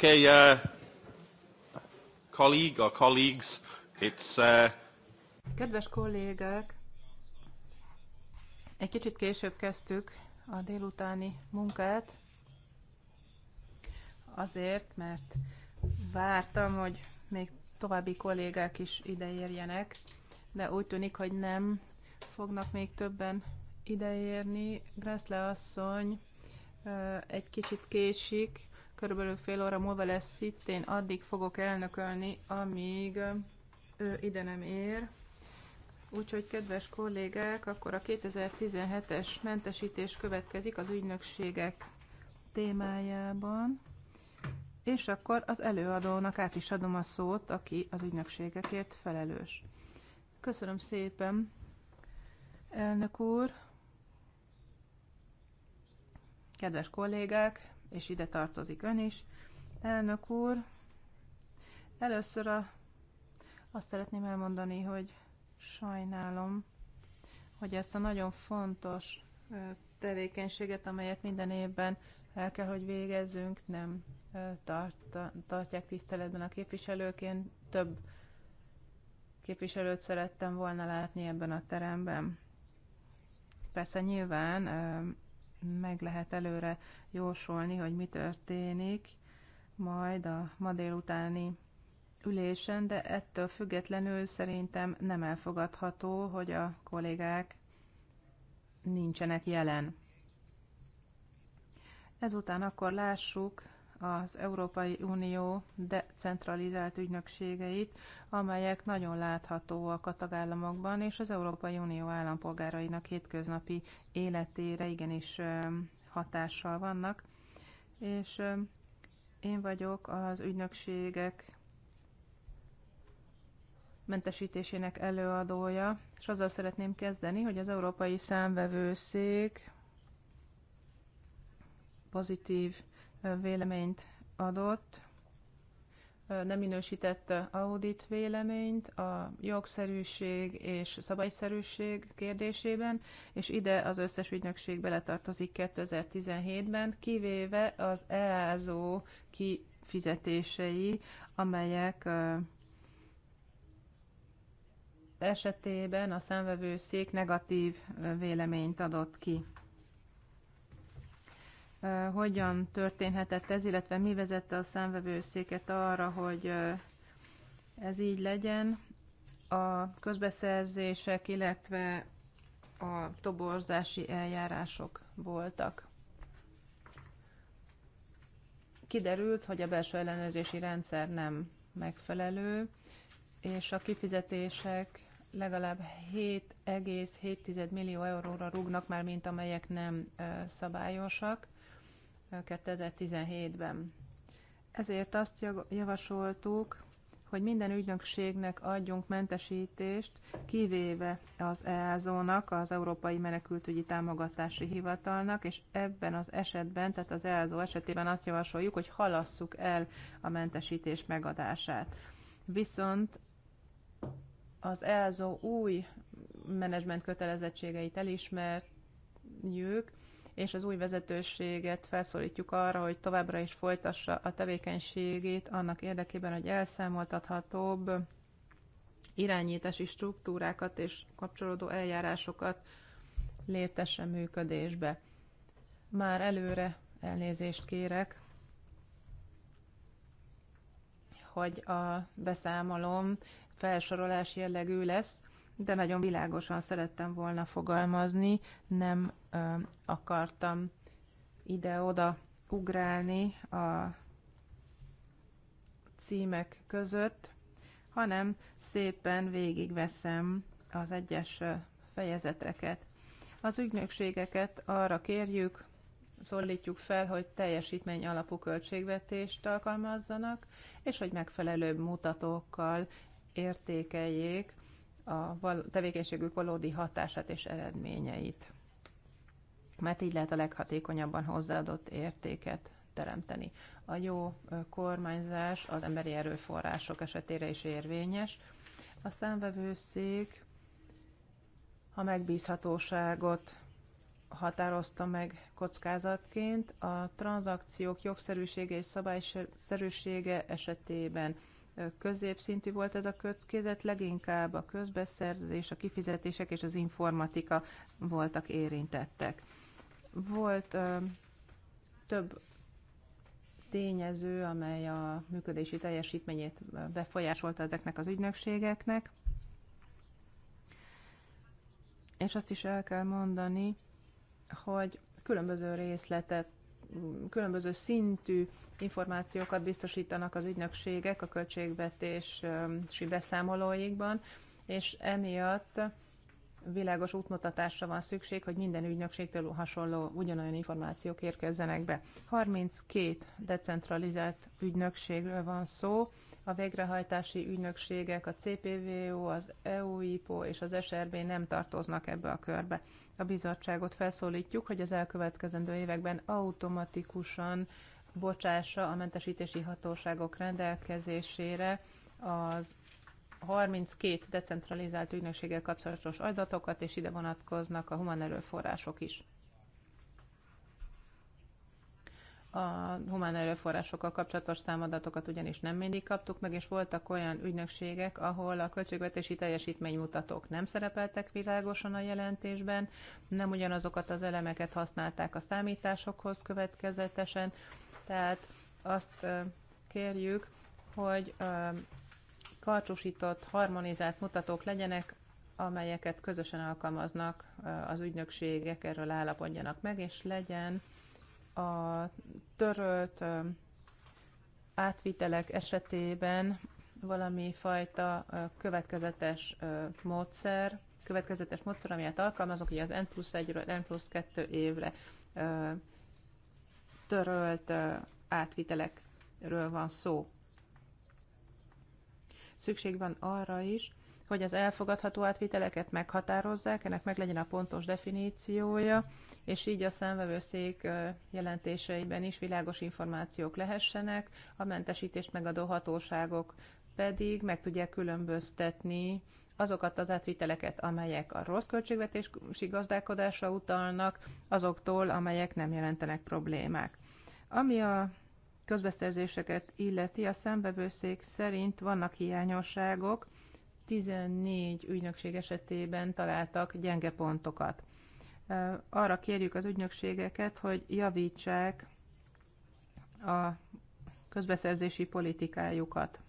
Okay, uh, colleague or colleagues, it's... Uh... Kedves kollégák, egy kicsit később kezdtük a délutáni munkát, azért, mert vártam, hogy még további kollégák is ideérjenek, de úgy tűnik, hogy nem fognak még többen ideérni. Gressle asszony egy kicsit késik, körülbelül fél óra múlva lesz itt, én addig fogok elnökölni, amíg ő ide nem ér. Úgyhogy, kedves kollégák, akkor a 2017-es mentesítés következik az ügynökségek témájában. És akkor az előadónak át is adom a szót, aki az ügynökségekért felelős. Köszönöm szépen, elnök úr! Kedves kollégák, és ide tartozik ön is. Elnök úr, először a, azt szeretném elmondani, hogy sajnálom, hogy ezt a nagyon fontos tevékenységet, amelyet minden évben el kell, hogy végezzünk, nem tart, tartják tiszteletben a képviselők. Én több képviselőt szerettem volna látni ebben a teremben. Persze nyilván meg lehet előre jósolni, hogy mi történik majd a ma délutáni ülésen, de ettől függetlenül szerintem nem elfogadható, hogy a kollégák nincsenek jelen. Ezután akkor lássuk, az Európai Unió decentralizált ügynökségeit, amelyek nagyon láthatóak a tagállamokban, és az Európai Unió állampolgárainak hétköznapi életére igenis hatással vannak. És én vagyok az ügynökségek mentesítésének előadója, és azzal szeretném kezdeni, hogy az Európai Számvevőszék pozitív véleményt adott, nem minősítette audit véleményt a jogszerűség és szabályszerűség kérdésében, és ide az összes ügynökség beletartozik 2017-ben, kivéve az EASO kifizetései, amelyek esetében a szék negatív véleményt adott ki hogyan történhetett ez, illetve mi vezette a számvevőszéket arra, hogy ez így legyen. A közbeszerzések, illetve a toborzási eljárások voltak. Kiderült, hogy a belső ellenőrzési rendszer nem megfelelő, és a kifizetések legalább 7,7 millió euróra rúgnak már, mint amelyek nem szabályosak 2017-ben. Ezért azt javasoltuk, hogy minden ügynökségnek adjunk mentesítést, kivéve az EASO-nak, az Európai Menekültügyi Támogatási Hivatalnak, és ebben az esetben, tehát az EASO esetében azt javasoljuk, hogy halasszuk el a mentesítés megadását. Viszont az EASO új menedzsment kötelezettségeit elismerjük, és az új vezetőséget felszólítjuk arra, hogy továbbra is folytassa a tevékenységét annak érdekében, hogy elszámoltathatóbb irányítási struktúrákat és kapcsolódó eljárásokat léptessen működésbe. Már előre elnézést kérek, hogy a beszámolom felsorolás jellegű lesz, de nagyon világosan szerettem volna fogalmazni, nem akartam ide-oda ugrálni a címek között, hanem szépen végigveszem az egyes fejezeteket. Az ügynökségeket arra kérjük, szólítjuk fel, hogy teljesítmény alapú költségvetést alkalmazzanak, és hogy megfelelőbb mutatókkal értékeljék a tevékenységük valódi hatását és eredményeit mert így lehet a leghatékonyabban hozzáadott értéket teremteni. A jó kormányzás az emberi erőforrások esetére is érvényes. A számvevőszék a megbízhatóságot határozta meg kockázatként, a tranzakciók jogszerűsége és szabályszerűsége esetében középszintű volt ez a kockázat, leginkább a közbeszerzés, a kifizetések és az informatika voltak érintettek. Volt ö, több tényező, amely a működési teljesítményét befolyásolta ezeknek az ügynökségeknek. És azt is el kell mondani, hogy különböző részletet, különböző szintű információkat biztosítanak az ügynökségek a költségvetési beszámolóikban, és emiatt világos útmutatásra van szükség, hogy minden ügynökségtől hasonló ugyanolyan információk érkezzenek be. 32 decentralizált ügynökségről van szó, a végrehajtási ügynökségek, a CPVO, az EUIPO és az SRB nem tartoznak ebbe a körbe. A bizottságot felszólítjuk, hogy az elkövetkezendő években automatikusan bocsássa a mentesítési hatóságok rendelkezésére az 32 decentralizált ügynökséggel kapcsolatos adatokat, és ide vonatkoznak a human erőforrások is. A humán erőforrásokkal kapcsolatos számadatokat ugyanis nem mindig kaptuk meg, és voltak olyan ügynökségek, ahol a költségvetési teljesítménymutatók nem szerepeltek világosan a jelentésben, nem ugyanazokat az elemeket használták a számításokhoz következetesen, tehát azt kérjük, hogy karcsúsított, harmonizált mutatók legyenek, amelyeket közösen alkalmaznak az ügynökségek, erről állapodjanak meg, és legyen a törölt átvitelek esetében valami fajta következetes módszer, következetes módszer, amelyet alkalmazok, hogy az N plusz 1-ről N plusz 2 évre törölt átvitelekről van szó szükség van arra is, hogy az elfogadható átviteleket meghatározzák, ennek meg legyen a pontos definíciója, és így a számvevőszék jelentéseiben is világos információk lehessenek, a mentesítést megadó hatóságok pedig meg tudják különböztetni azokat az átviteleket, amelyek a rossz költségvetési gazdálkodásra utalnak, azoktól, amelyek nem jelentenek problémák. Ami a közbeszerzéseket illeti, a számbevőszék szerint vannak hiányosságok, 14 ügynökség esetében találtak gyenge pontokat. Arra kérjük az ügynökségeket, hogy javítsák a közbeszerzési politikájukat.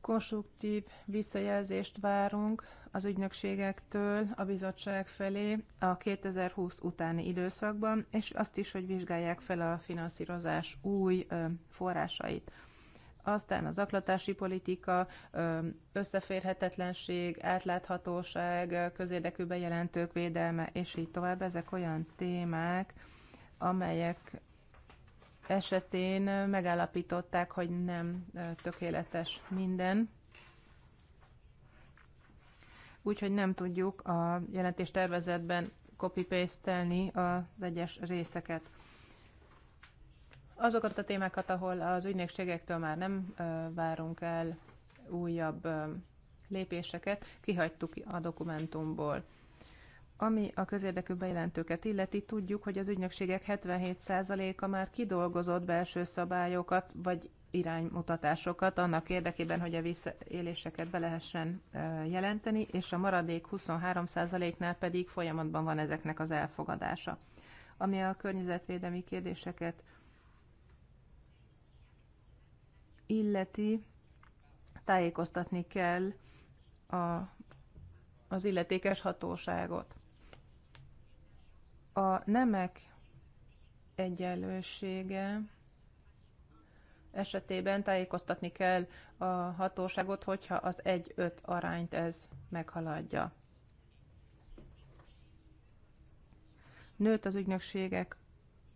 Konstruktív visszajelzést várunk az ügynökségektől a bizottság felé a 2020 utáni időszakban, és azt is, hogy vizsgálják fel a finanszírozás új forrásait. Aztán az aklatási politika, összeférhetetlenség, átláthatóság, közérdekű bejelentők védelme, és így tovább. Ezek olyan témák, amelyek esetén megállapították, hogy nem tökéletes minden, úgyhogy nem tudjuk a jelentés tervezetben copy-paste-telni az egyes részeket. Azokat a témákat, ahol az ügynökségektől már nem várunk el újabb lépéseket, kihagytuk a dokumentumból. Ami a közérdekű bejelentőket illeti, tudjuk, hogy az ügynökségek 77%-a már kidolgozott belső szabályokat, vagy iránymutatásokat annak érdekében, hogy a visszaéléseket be lehessen jelenteni, és a maradék 23%-nál pedig folyamatban van ezeknek az elfogadása. Ami a környezetvédelmi kérdéseket illeti, tájékoztatni kell a, az illetékes hatóságot. A nemek egyenlősége esetében tájékoztatni kell a hatóságot, hogyha az 1-5 arányt ez meghaladja. Nőtt az ügynökségek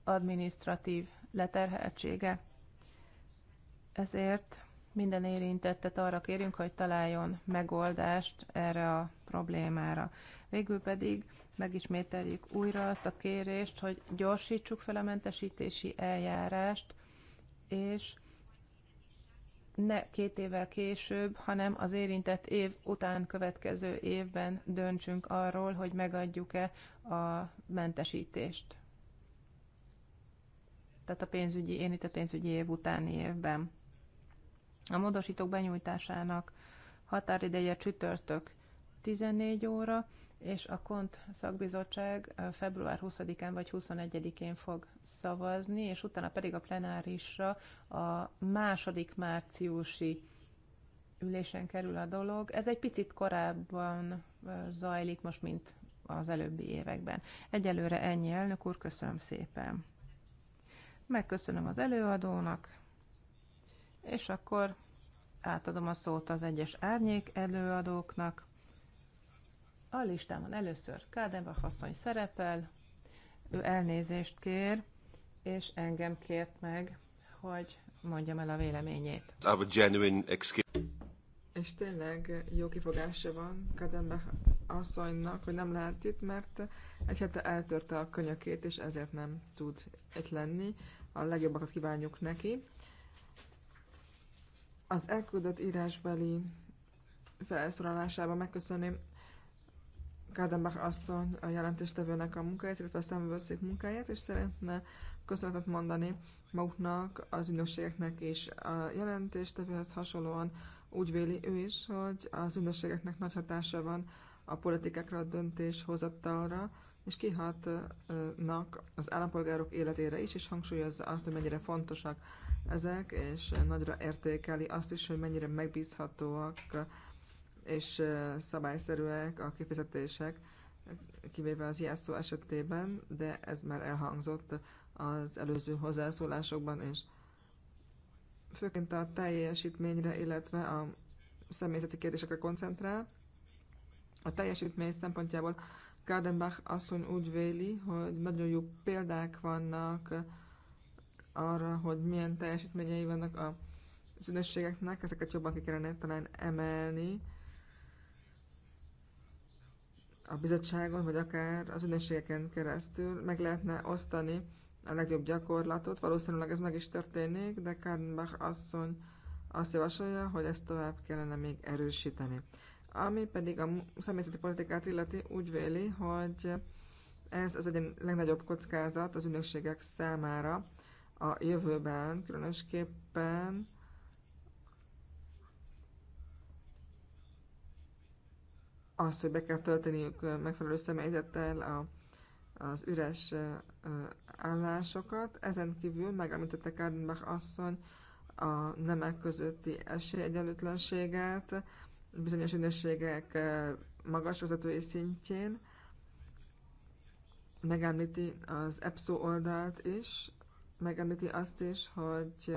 administratív leterheltsége, ezért minden érintettet arra kérünk, hogy találjon megoldást erre a problémára. Végül pedig megismételjük újra azt a kérést, hogy gyorsítsuk fel a mentesítési eljárást, és ne két évvel később, hanem az érintett év után következő évben döntsünk arról, hogy megadjuk-e a mentesítést. Tehát a pénzügyi, én itt a pénzügyi év utáni évben. A módosítók benyújtásának határideje csütörtök 14 óra, és a KONT szakbizottság február 20-án vagy 21-én fog szavazni, és utána pedig a plenárisra a második márciusi ülésen kerül a dolog. Ez egy picit korábban zajlik most, mint az előbbi években. Egyelőre ennyi, elnök úr, köszönöm szépen. Megköszönöm az előadónak, és akkor átadom a szót az egyes árnyék előadóknak. A listámon először Kádenbach asszony szerepel, ő elnézést kér, és engem kért meg, hogy mondjam el a véleményét. I have a genuine excuse. És tényleg jó kifogása van Kadenbach asszonynak, hogy nem lehet itt, mert egy hete eltörte a könyökét, és ezért nem tud itt lenni. A legjobbakat kívánjuk neki. Az elküldött írásbeli felszólalásában megköszönném Kádenbach asszony a jelentéstevőnek a munkáját, illetve a számvőszék munkáját, és szeretne köszönetet mondani maguknak, az ügynökségeknek és a jelentéstevőhez hasonlóan úgy véli ő is, hogy az ügynökségeknek nagy hatása van a politikákra, a döntéshozattalra, és kihatnak az állampolgárok életére is, és hangsúlyozza azt, hogy mennyire fontosak ezek, és nagyra értékeli azt is, hogy mennyire megbízhatóak és szabályszerűek a kifizetések, kivéve az jelszó esetében, de ez már elhangzott az előző hozzászólásokban is. Főként a teljesítményre, illetve a személyzeti kérdésekre koncentrál. A teljesítmény szempontjából Gardenbach asszony úgy véli, hogy nagyon jó példák vannak arra, hogy milyen teljesítményei vannak a az ügynökségeknek, ezeket jobban ki kellene talán emelni, a bizottságon, vagy akár az ügynökségeken keresztül meg lehetne osztani a legjobb gyakorlatot. Valószínűleg ez meg is történik, de Kárnbach asszony azt javasolja, hogy ezt tovább kellene még erősíteni. Ami pedig a személyzeti politikát illeti, úgy véli, hogy ez az egyik legnagyobb kockázat az ügynökségek számára a jövőben, különösképpen az, hogy be kell tölteniük megfelelő személyzettel a, az üres állásokat. Ezen kívül megemlítette Kárdenbach asszony a nemek közötti esélyegyenlőtlenséget, bizonyos ügynökségek magas vezetői szintjén. Megemlíti az EPSO oldalt is, megemlíti azt is, hogy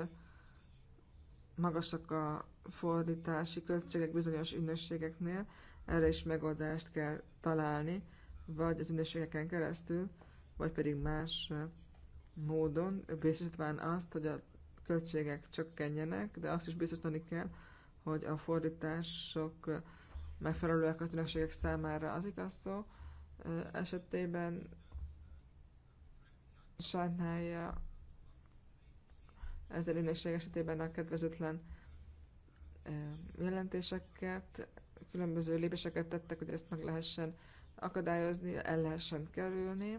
magasak a fordítási költségek bizonyos ügynökségeknél, erre is megoldást kell találni, vagy az ünnepségeken keresztül, vagy pedig más módon, biztosítván azt, hogy a költségek csökkenjenek, de azt is biztosítani kell, hogy a fordítások megfelelőek az ünnepségek számára. Az igaz szó esetében sajnálja ezen ünnepség esetében a kedvezetlen jelentéseket, különböző lépéseket tettek, hogy ezt meg lehessen akadályozni, el lehessen kerülni,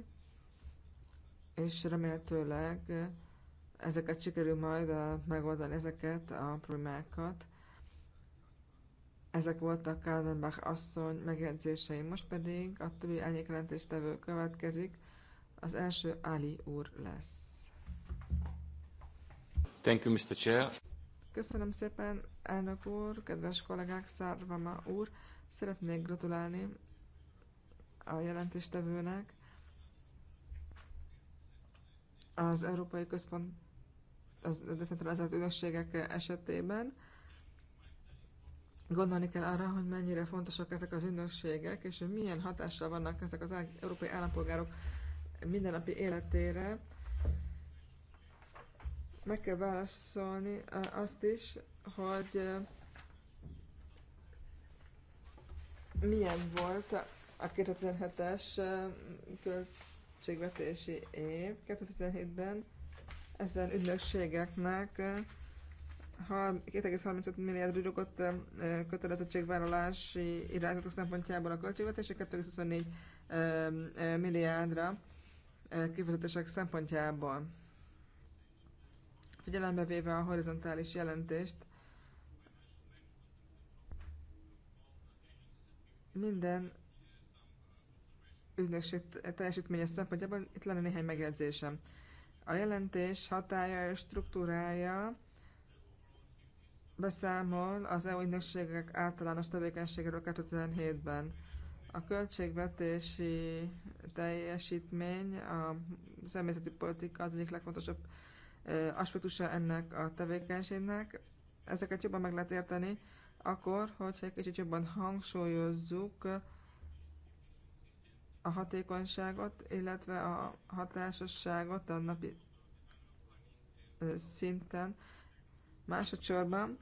és remélhetőleg ezeket sikerül majd a, eh, megoldani ezeket a problémákat. Ezek voltak Kádenbach asszony megjegyzései, most pedig a többi elnyékelentéstevő következik, az első Ali úr lesz. Thank you, Mr. Chair. Köszönöm szépen, elnök úr, kedves kollégák, Szárvama úr. Szeretnék gratulálni a jelentéstevőnek az Európai Központ az decentralizált ügynökségek esetében. Gondolni kell arra, hogy mennyire fontosak ezek az ügynökségek, és hogy milyen hatással vannak ezek az európai állampolgárok mindennapi életére meg kell válaszolni azt is, hogy milyen volt a 2007-es költségvetési év. 2017-ben ezen ügynökségeknek 2,35 milliárd rúgott kötelezettségvállalási irányzatok szempontjából a költségvetési 2,24 milliárdra kifizetések szempontjából figyelembe véve a horizontális jelentést, minden ügynökség teljesítménye szempontjából itt lenne néhány megjegyzésem. A jelentés hatája és struktúrája beszámol az EU ügynökségek általános tevékenységéről 2007-ben. A költségvetési teljesítmény, a személyzeti politika az egyik legfontosabb aspektusa ennek a tevékenységnek. Ezeket jobban meg lehet érteni, akkor, hogyha egy kicsit jobban hangsúlyozzuk a hatékonyságot, illetve a hatásosságot a napi szinten. Másodszorban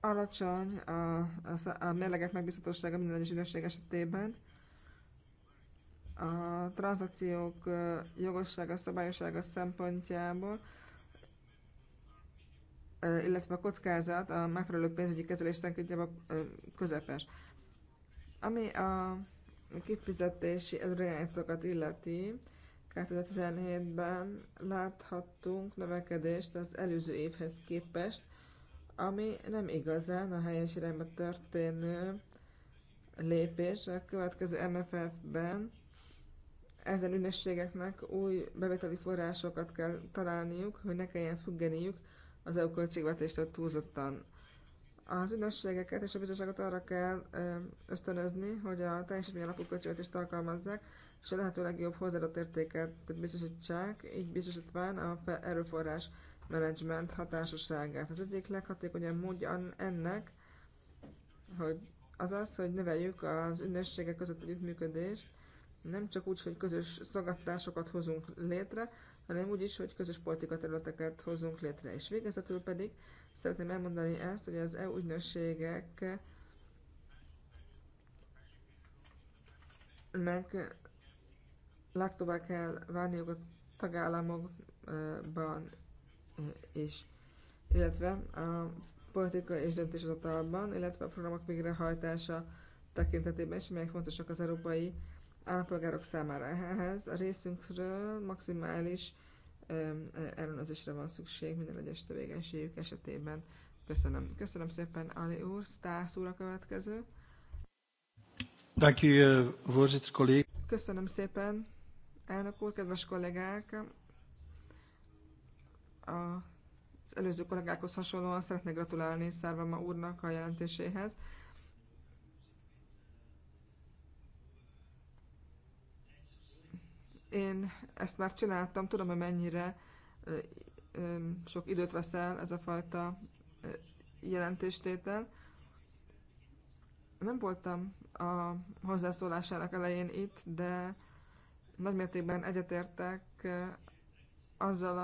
alacsony a, a, a mérlegek megbízhatósága minden egyes ügynökség esetében, a tranzakciók jogossága, szabályossága szempontjából, illetve a kockázat a megfelelő pénzügyi kezelés szempontjából közepes. Ami a kifizetési előrejelzőket illeti, 2017-ben láthattunk növekedést az előző évhez képest, ami nem igazán a helyes irányba történő lépés a következő MFF-ben ezen ügynökségeknek új bevételi forrásokat kell találniuk, hogy ne kelljen függeniük az EU költségvetéstől túlzottan. Az ügynökségeket és a bizottságot arra kell ösztönözni, hogy a teljesítmény alapú költségvetést alkalmazzák, és a lehető legjobb hozzáadott értéket biztosítsák, így biztosítván a erőforrás menedzsment hatásosságát. Az egyik leghatékonyabb módja ennek, hogy az az, hogy növeljük az ügynökségek között együttműködést, nem csak úgy, hogy közös szolgáltatásokat hozunk létre, hanem úgy is, hogy közös politika területeket hozunk létre. És végezetül pedig szeretném elmondani ezt, hogy az EU ügynökségek meg legtovább kell várniuk a tagállamokban eh, is, illetve a politika és döntéshozatalban, illetve a programok végrehajtása tekintetében is, melyek fontosak az európai állampolgárok számára ehhez. A részünkről maximális ellenőrzésre van szükség minden egyes tevékenységük esetében. Köszönöm. Köszönöm szépen, Ali úr. Stász úr a következő. Uh, Köszönöm szépen, elnök úr, kedves kollégák. Az előző kollégákhoz hasonlóan szeretnék gratulálni Szárvama úrnak a jelentéséhez. Én ezt már csináltam, tudom, hogy mennyire sok időt veszel ez a fajta jelentéstétel. Nem voltam a hozzászólásának elején itt, de nagymértékben egyetértek azzal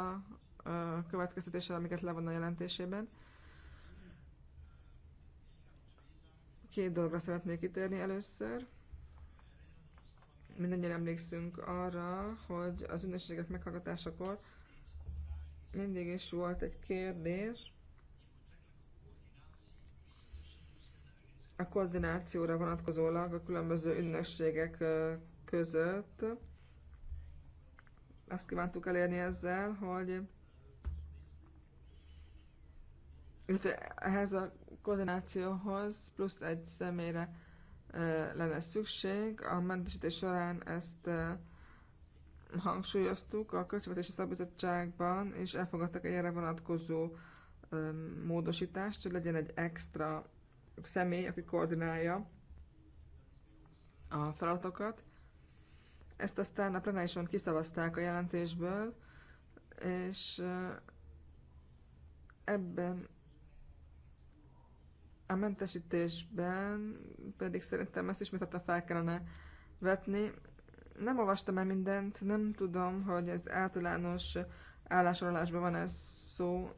a következtetéssel, amiket levon a jelentésében. Két dologra szeretnék kitérni először. Mindannyian emlékszünk arra, hogy az ünnepségek meghallgatásakor mindig is volt egy kérdés a koordinációra vonatkozólag a különböző ünnepségek között. Azt kívántuk elérni ezzel, hogy ehhez a koordinációhoz plusz egy személyre lenne szükség. A mentesítés során ezt hangsúlyoztuk a Költségvetési Szabizottságban, és elfogadtak egy erre vonatkozó módosítást, hogy legyen egy extra személy, aki koordinálja a feladatokat. Ezt aztán a plenárison kiszavazták a jelentésből, és ebben a mentesítésben pedig szerintem ezt ismét fel kellene vetni. Nem olvastam el mindent, nem tudom, hogy ez általános állásorolásban van ez szó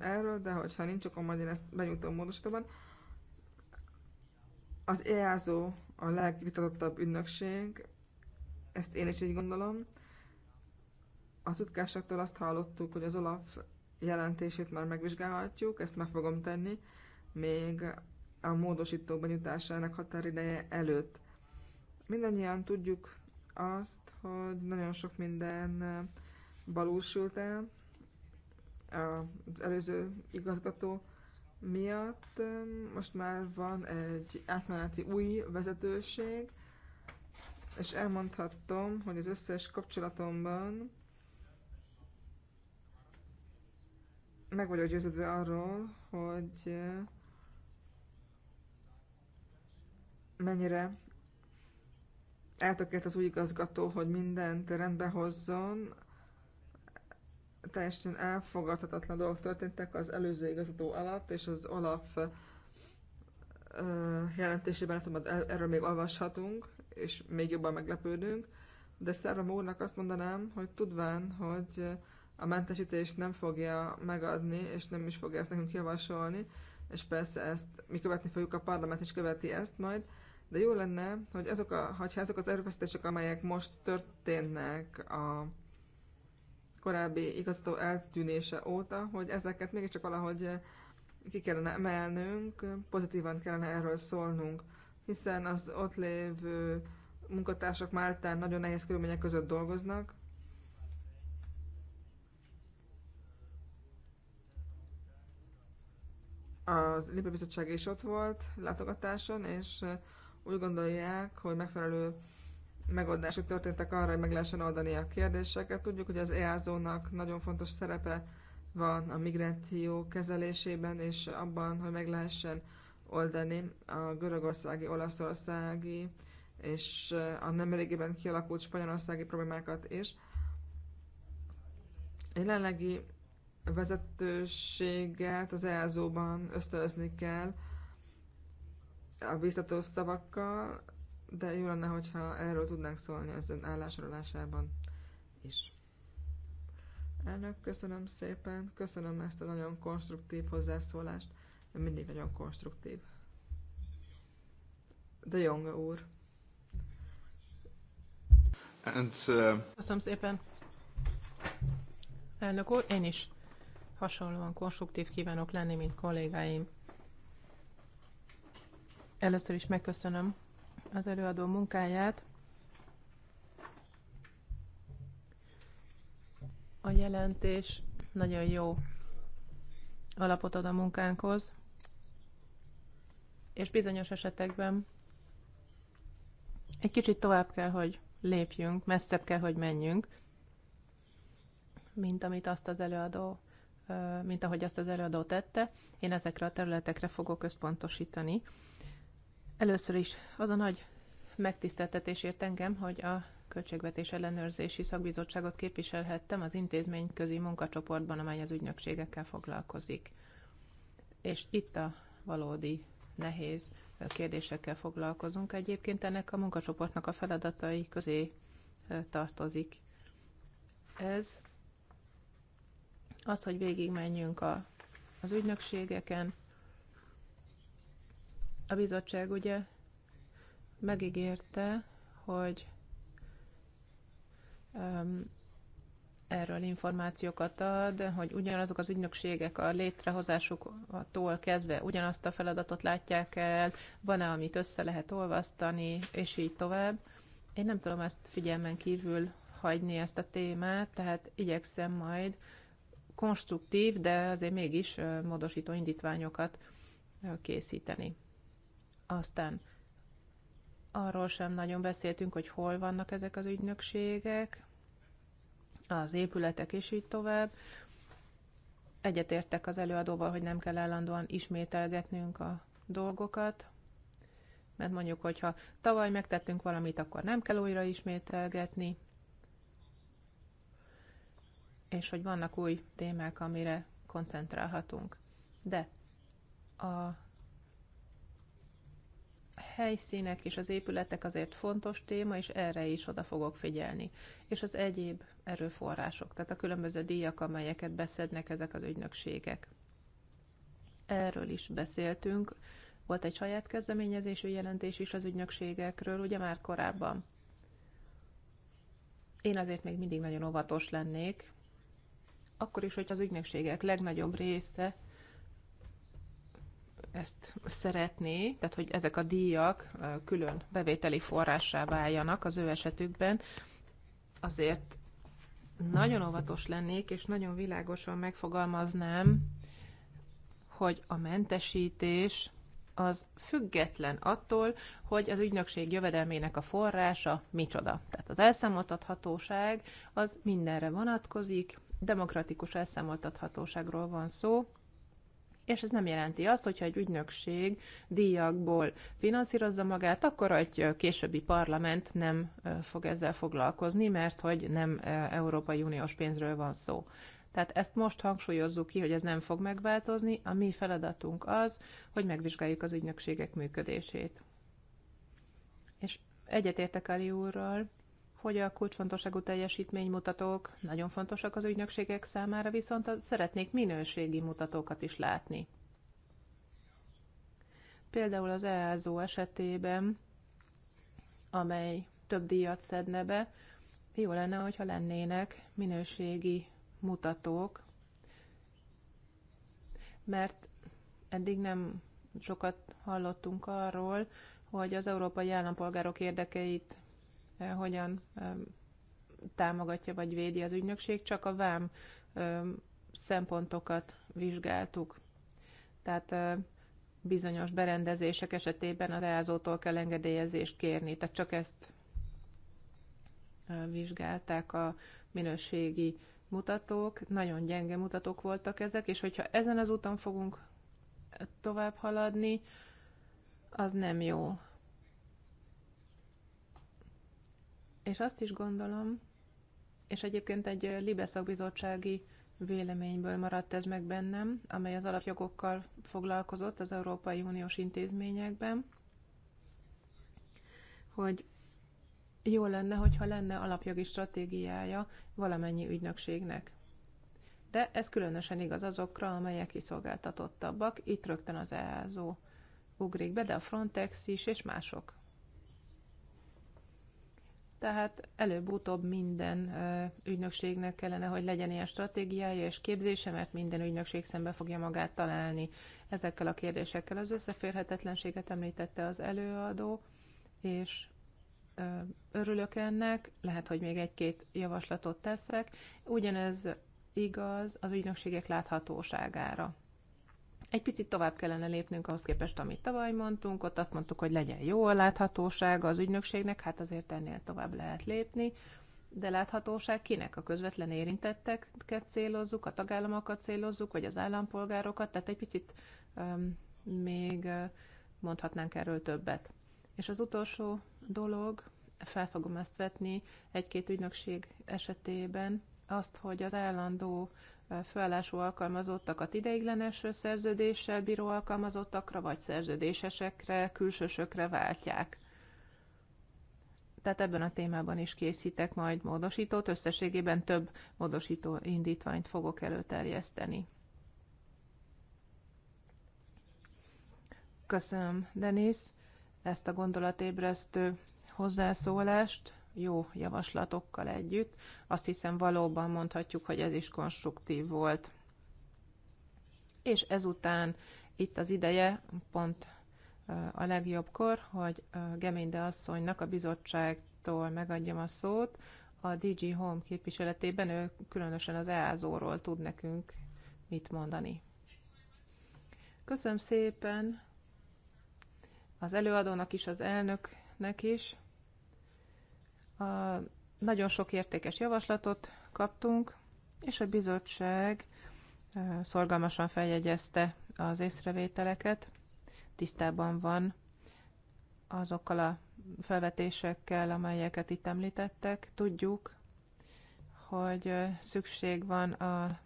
erről, de hogyha nincs, akkor majd én ezt benyújtom módosítóban. Az EASO a legvitatottabb ügynökség, ezt én is így gondolom. A tudkásoktól azt hallottuk, hogy az Olaf jelentését már megvizsgálhatjuk, ezt meg fogom tenni, még a módosítók benyújtásának határideje előtt. Mindannyian tudjuk azt, hogy nagyon sok minden valósult el az előző igazgató miatt. Most már van egy átmeneti új vezetőség, és elmondhattam, hogy az összes kapcsolatomban meg vagyok győződve arról, hogy mennyire eltökélt az új igazgató, hogy mindent rendbe hozzon, teljesen elfogadhatatlan dolgok történtek az előző igazgató alatt, és az Olaf jelentésében, nem tudom, hát erről még olvashatunk, és még jobban meglepődünk, de Szerra úrnak azt mondanám, hogy tudván, hogy a mentesítést nem fogja megadni, és nem is fogja ezt nekünk javasolni, és persze ezt mi követni fogjuk, a parlament is követi ezt majd, de jó lenne, hogy azok a, hogyha azok az erőfeszítések, amelyek most történnek a korábbi igazgató eltűnése óta, hogy ezeket mégiscsak valahogy ki kellene emelnünk, pozitívan kellene erről szólnunk, hiszen az ott lévő munkatársak Máltán nagyon nehéz körülmények között dolgoznak, az Libe Bizottság is ott volt látogatáson, és úgy gondolják, hogy megfelelő megoldások történtek arra, hogy meg lehessen oldani a kérdéseket. Tudjuk, hogy az EASO-nak nagyon fontos szerepe van a migráció kezelésében, és abban, hogy meg lehessen oldani a görögországi, olaszországi és a elégében kialakult spanyolországi problémákat is. Jelenlegi vezetőséget az EASO-ban ösztönözni kell, a biztató szavakkal, de jó lenne, hogyha erről tudnánk szólni az ön állásolásában is. Elnök, köszönöm szépen, köszönöm ezt a nagyon konstruktív hozzászólást, mindig nagyon konstruktív. De Jong úr. And, uh... Köszönöm szépen. Elnök úr, én is hasonlóan konstruktív kívánok lenni, mint kollégáim. Először is megköszönöm az előadó munkáját. A jelentés nagyon jó alapot ad a munkánkhoz, és bizonyos esetekben egy kicsit tovább kell, hogy lépjünk, messzebb kell, hogy menjünk, mint amit azt az előadó, mint ahogy azt az előadó tette. Én ezekre a területekre fogok központosítani. Először is az a nagy megtiszteltetés ért engem, hogy a Költségvetés Ellenőrzési Szakbizottságot képviselhettem az intézmény közi munkacsoportban, amely az ügynökségekkel foglalkozik. És itt a valódi nehéz kérdésekkel foglalkozunk. Egyébként ennek a munkacsoportnak a feladatai közé tartozik. Ez az, hogy végigmenjünk a, az ügynökségeken, a bizottság ugye megígérte, hogy um, erről információkat ad, hogy ugyanazok az ügynökségek a létrehozásuktól kezdve ugyanazt a feladatot látják el, van-e, amit össze lehet olvasztani, és így tovább. Én nem tudom ezt figyelmen kívül hagyni ezt a témát, tehát igyekszem majd konstruktív, de azért mégis módosító indítványokat készíteni. Aztán arról sem nagyon beszéltünk, hogy hol vannak ezek az ügynökségek, az épületek és így tovább. Egyetértek az előadóval, hogy nem kell állandóan ismételgetnünk a dolgokat, mert mondjuk, hogyha tavaly megtettünk valamit, akkor nem kell újra ismételgetni, és hogy vannak új témák, amire koncentrálhatunk. De a helyszínek és az épületek azért fontos téma, és erre is oda fogok figyelni. És az egyéb erőforrások, tehát a különböző díjak, amelyeket beszednek ezek az ügynökségek. Erről is beszéltünk. Volt egy saját kezdeményezésű jelentés is az ügynökségekről, ugye már korábban. Én azért még mindig nagyon óvatos lennék, akkor is, hogy az ügynökségek legnagyobb része ezt szeretné, tehát hogy ezek a díjak külön bevételi forrássá váljanak az ő esetükben, azért nagyon óvatos lennék, és nagyon világosan megfogalmaznám, hogy a mentesítés az független attól, hogy az ügynökség jövedelmének a forrása micsoda. Tehát az elszámoltathatóság az mindenre vonatkozik, demokratikus elszámoltathatóságról van szó, és ez nem jelenti azt, hogyha egy ügynökség díjakból finanszírozza magát, akkor egy későbbi parlament nem fog ezzel foglalkozni, mert hogy nem Európai Uniós pénzről van szó. Tehát ezt most hangsúlyozzuk ki, hogy ez nem fog megváltozni. A mi feladatunk az, hogy megvizsgáljuk az ügynökségek működését. És egyetértek Ali úrral, hogy a kulcsfontosságú teljesítménymutatók nagyon fontosak az ügynökségek számára, viszont szeretnék minőségi mutatókat is látni. Például az EASO esetében, amely több díjat szedne be, jó lenne, hogyha lennének minőségi mutatók, mert eddig nem sokat hallottunk arról, hogy az európai állampolgárok érdekeit Eh, hogyan támogatja vagy védi az ügynökség, csak a vám szempontokat vizsgáltuk. Tehát eh, bizonyos berendezések esetében az easo kell engedélyezést kérni, tehát csak ezt eh, vizsgálták a minőségi mutatók, nagyon gyenge mutatók voltak ezek, és hogyha ezen az úton fogunk tovább haladni, az nem jó. És azt is gondolom, és egyébként egy Libeszakbizottsági véleményből maradt ez meg bennem, amely az alapjogokkal foglalkozott az Európai Uniós intézményekben, hogy jó lenne, hogyha lenne alapjogi stratégiája valamennyi ügynökségnek. De ez különösen igaz azokra, amelyek kiszolgáltatottabbak, itt rögtön az EASO ugrik be, de a Frontex is, és mások tehát előbb-utóbb minden ügynökségnek kellene, hogy legyen ilyen stratégiája és képzése, mert minden ügynökség szembe fogja magát találni ezekkel a kérdésekkel. Az összeférhetetlenséget említette az előadó, és örülök ennek, lehet, hogy még egy-két javaslatot teszek. Ugyanez igaz az ügynökségek láthatóságára egy picit tovább kellene lépnünk ahhoz képest, amit tavaly mondtunk, ott azt mondtuk, hogy legyen jó a láthatóság az ügynökségnek, hát azért ennél tovább lehet lépni, de láthatóság kinek? A közvetlen érintetteket célozzuk, a tagállamokat célozzuk, vagy az állampolgárokat, tehát egy picit um, még mondhatnánk erről többet. És az utolsó dolog, fel fogom ezt vetni egy-két ügynökség esetében, azt, hogy az állandó főállású alkalmazottakat ideiglenes szerződéssel bíró alkalmazottakra, vagy szerződésesekre, külsősökre váltják. Tehát ebben a témában is készítek majd módosítót, összességében több módosító indítványt fogok előterjeszteni. Köszönöm, Denis, ezt a gondolatébresztő hozzászólást jó javaslatokkal együtt. Azt hiszem valóban mondhatjuk, hogy ez is konstruktív volt. És ezután itt az ideje, pont a legjobbkor, hogy Geminde asszonynak a bizottságtól megadjam a szót. A DG Home képviseletében ő különösen az EASO-ról tud nekünk mit mondani. Köszönöm szépen az előadónak is, az elnöknek is. A, nagyon sok értékes javaslatot kaptunk, és a bizottság szorgalmasan feljegyezte az észrevételeket, tisztában van azokkal a felvetésekkel, amelyeket itt említettek. Tudjuk, hogy szükség van a,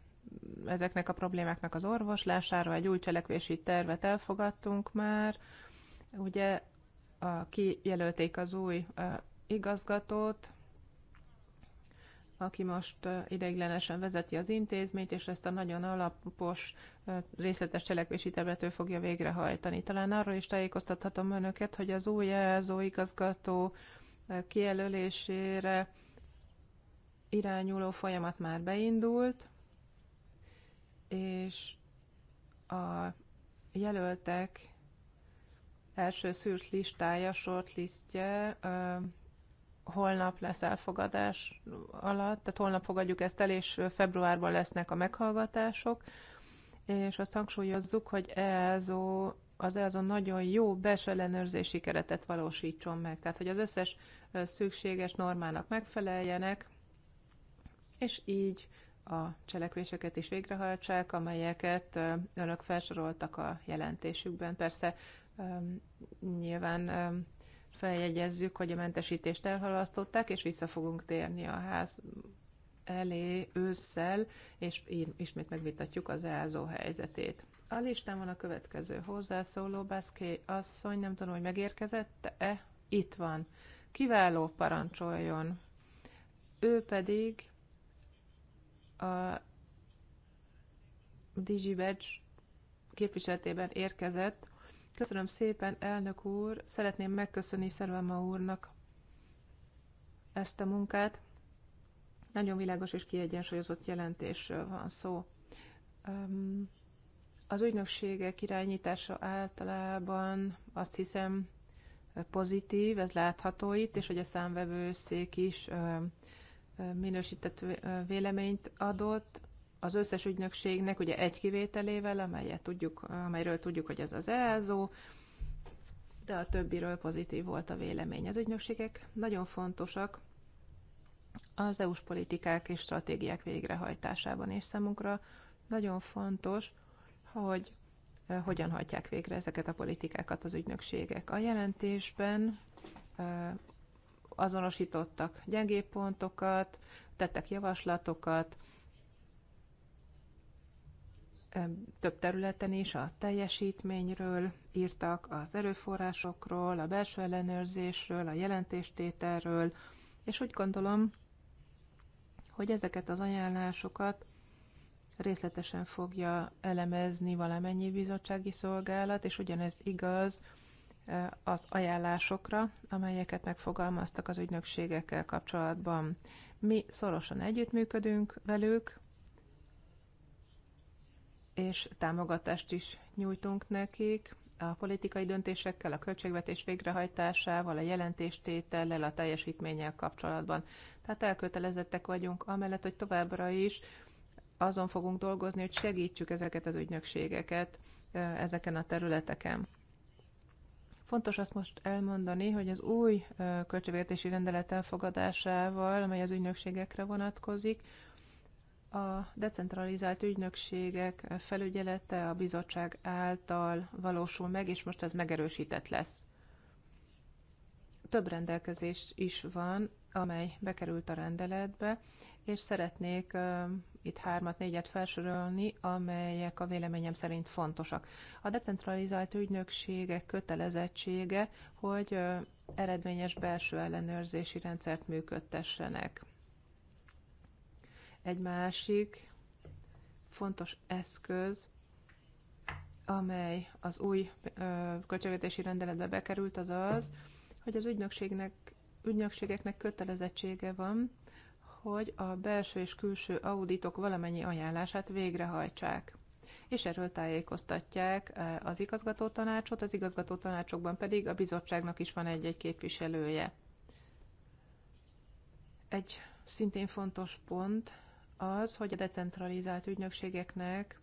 ezeknek a problémáknak az orvoslására, egy új cselekvési tervet elfogadtunk már, ugye a, kijelölték az új igazgatót, aki most ideiglenesen vezeti az intézményt, és ezt a nagyon alapos, részletes cselekvési tervet ő fogja végrehajtani. Talán arról is tájékoztathatom önöket, hogy az új jelzó igazgató kijelölésére irányuló folyamat már beindult, és a jelöltek első szűrt listája, shortlistje holnap lesz elfogadás alatt, tehát holnap fogadjuk ezt el, és februárban lesznek a meghallgatások, és azt hangsúlyozzuk, hogy EASO, az EASO nagyon jó belső ellenőrzési keretet valósítson meg, tehát hogy az összes szükséges normának megfeleljenek, és így a cselekvéseket is végrehajtsák, amelyeket önök felsoroltak a jelentésükben. Persze nyilván feljegyezzük, hogy a mentesítést elhalasztották, és vissza fogunk térni a ház elé ősszel, és ismét megvitatjuk az EASO helyzetét. A listán van a következő hozzászóló, Baszké asszony, nem tudom, hogy megérkezett-e? Itt van. Kiváló parancsoljon. Ő pedig a DigiBadge képviseletében érkezett, Köszönöm szépen, elnök úr. Szeretném megköszönni Szervama úrnak ezt a munkát. Nagyon világos és kiegyensúlyozott jelentésről van szó. Az ügynökségek irányítása általában azt hiszem pozitív, ez látható itt, és hogy a számvevőszék is minősített véleményt adott az összes ügynökségnek, ugye egy kivételével, amelyet tudjuk, amelyről tudjuk, hogy ez az EASO, de a többiről pozitív volt a vélemény. Az ügynökségek nagyon fontosak az EU-s politikák és stratégiák végrehajtásában, és számunkra nagyon fontos, hogy eh, hogyan hajtják végre ezeket a politikákat az ügynökségek. A jelentésben eh, azonosítottak gyengébb pontokat, tettek javaslatokat, több területen is a teljesítményről írtak, az erőforrásokról, a belső ellenőrzésről, a jelentéstételről, és úgy gondolom, hogy ezeket az ajánlásokat részletesen fogja elemezni valamennyi bizottsági szolgálat, és ugyanez igaz az ajánlásokra, amelyeket megfogalmaztak az ügynökségekkel kapcsolatban. Mi szorosan együttműködünk velük, és támogatást is nyújtunk nekik a politikai döntésekkel, a költségvetés végrehajtásával, a jelentéstétellel, a teljesítménnyel kapcsolatban. Tehát elkötelezettek vagyunk, amellett, hogy továbbra is azon fogunk dolgozni, hogy segítsük ezeket az ügynökségeket ezeken a területeken. Fontos azt most elmondani, hogy az új költségvetési rendelet elfogadásával, amely az ügynökségekre vonatkozik, a decentralizált ügynökségek felügyelete a bizottság által valósul meg, és most ez megerősített lesz. Több rendelkezés is van, amely bekerült a rendeletbe, és szeretnék itt hármat, négyet felsorolni, amelyek a véleményem szerint fontosak. A decentralizált ügynökségek kötelezettsége, hogy eredményes belső ellenőrzési rendszert működtessenek egy másik fontos eszköz, amely az új költségvetési rendeletbe bekerült, az az, hogy az ügynökségnek, ügynökségeknek kötelezettsége van, hogy a belső és külső auditok valamennyi ajánlását végrehajtsák. És erről tájékoztatják az igazgató tanácsot, az igazgató tanácsokban pedig a bizottságnak is van egy-egy képviselője. Egy szintén fontos pont, az, hogy a decentralizált ügynökségeknek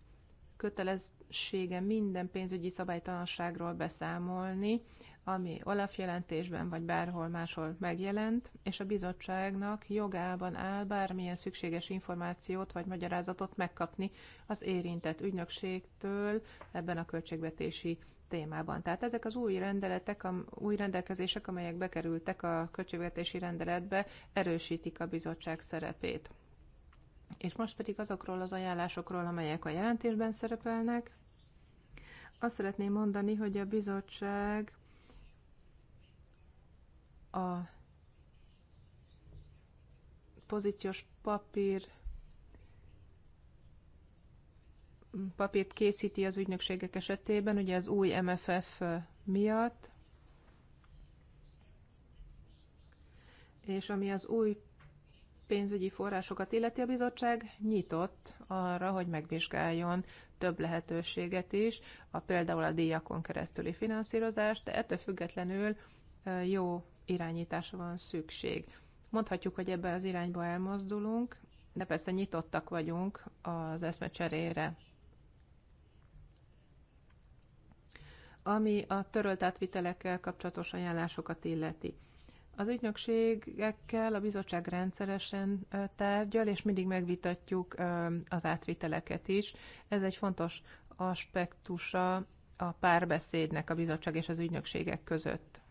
kötelessége minden pénzügyi szabálytalanságról beszámolni, ami Olaf jelentésben vagy bárhol máshol megjelent, és a bizottságnak jogában áll bármilyen szükséges információt vagy magyarázatot megkapni az érintett ügynökségtől ebben a költségvetési témában. Tehát ezek az új rendeletek, a, új rendelkezések, amelyek bekerültek a költségvetési rendeletbe, erősítik a bizottság szerepét. És most pedig azokról az ajánlásokról, amelyek a jelentésben szerepelnek. Azt szeretném mondani, hogy a bizottság a pozíciós papír papírt készíti az ügynökségek esetében, ugye az új MFF miatt, és ami az új pénzügyi forrásokat illeti, a bizottság nyitott arra, hogy megvizsgáljon több lehetőséget is, a, például a díjakon keresztüli finanszírozást, de ettől függetlenül jó irányításra van szükség. Mondhatjuk, hogy ebben az irányba elmozdulunk, de persze nyitottak vagyunk az eszmecserére. Ami a törölt átvitelekkel kapcsolatos ajánlásokat illeti. Az ügynökségekkel a bizottság rendszeresen tárgyal, és mindig megvitatjuk az átviteleket is. Ez egy fontos aspektusa a párbeszédnek a bizottság és az ügynökségek között.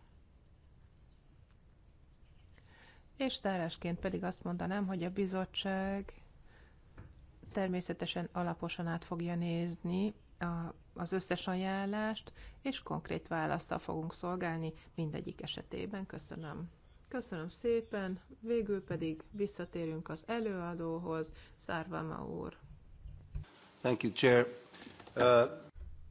És zárásként pedig azt mondanám, hogy a bizottság természetesen alaposan át fogja nézni a az összes ajánlást, és konkrét válaszsal fogunk szolgálni mindegyik esetében. Köszönöm. Köszönöm szépen, végül pedig visszatérünk az előadóhoz, Szárvama úr. Thank you, Chair. Uh...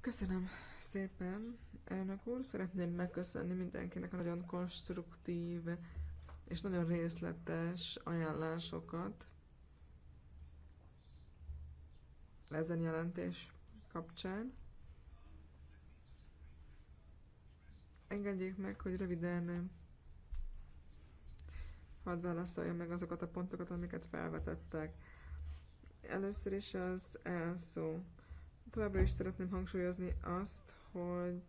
Köszönöm szépen, elnök úr. Szeretném megköszönni mindenkinek a nagyon konstruktív és nagyon részletes ajánlásokat ezen jelentés kapcsán. Engedjék meg, hogy röviden eh, hadd válaszoljam meg azokat a pontokat, amiket felvetettek. Először is az elszó. Továbbra is szeretném hangsúlyozni azt, hogy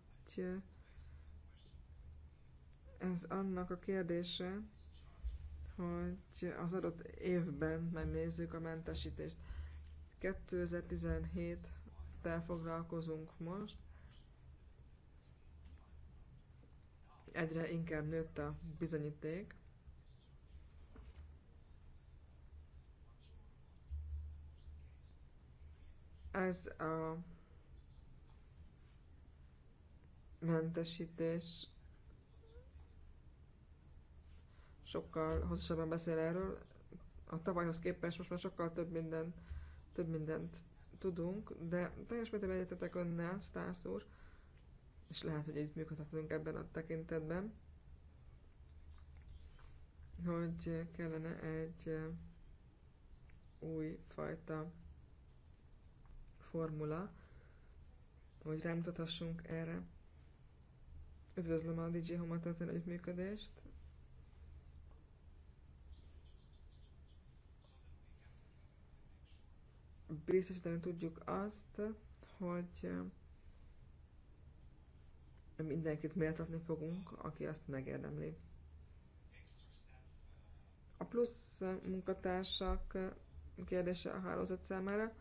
ez annak a kérdése, hogy az adott évben megnézzük a mentesítést. 2017-tel foglalkozunk most, egyre inkább nőtt a bizonyíték. Ez a mentesítés sokkal hosszabban beszél erről. A tavalyhoz képest most már sokkal több, minden, több mindent tudunk, de teljes mértékben egyetetek önnel, Stász úr, és lehet, hogy így működhetünk ebben a tekintetben, hogy kellene egy új fajta formula, hogy rámutathassunk erre. Üdvözlöm a DJ Homa történő együttműködést. Biztosítani tudjuk azt, hogy mindenkit méltatni fogunk, aki azt megérdemli. A plusz munkatársak kérdése a hálózat számára.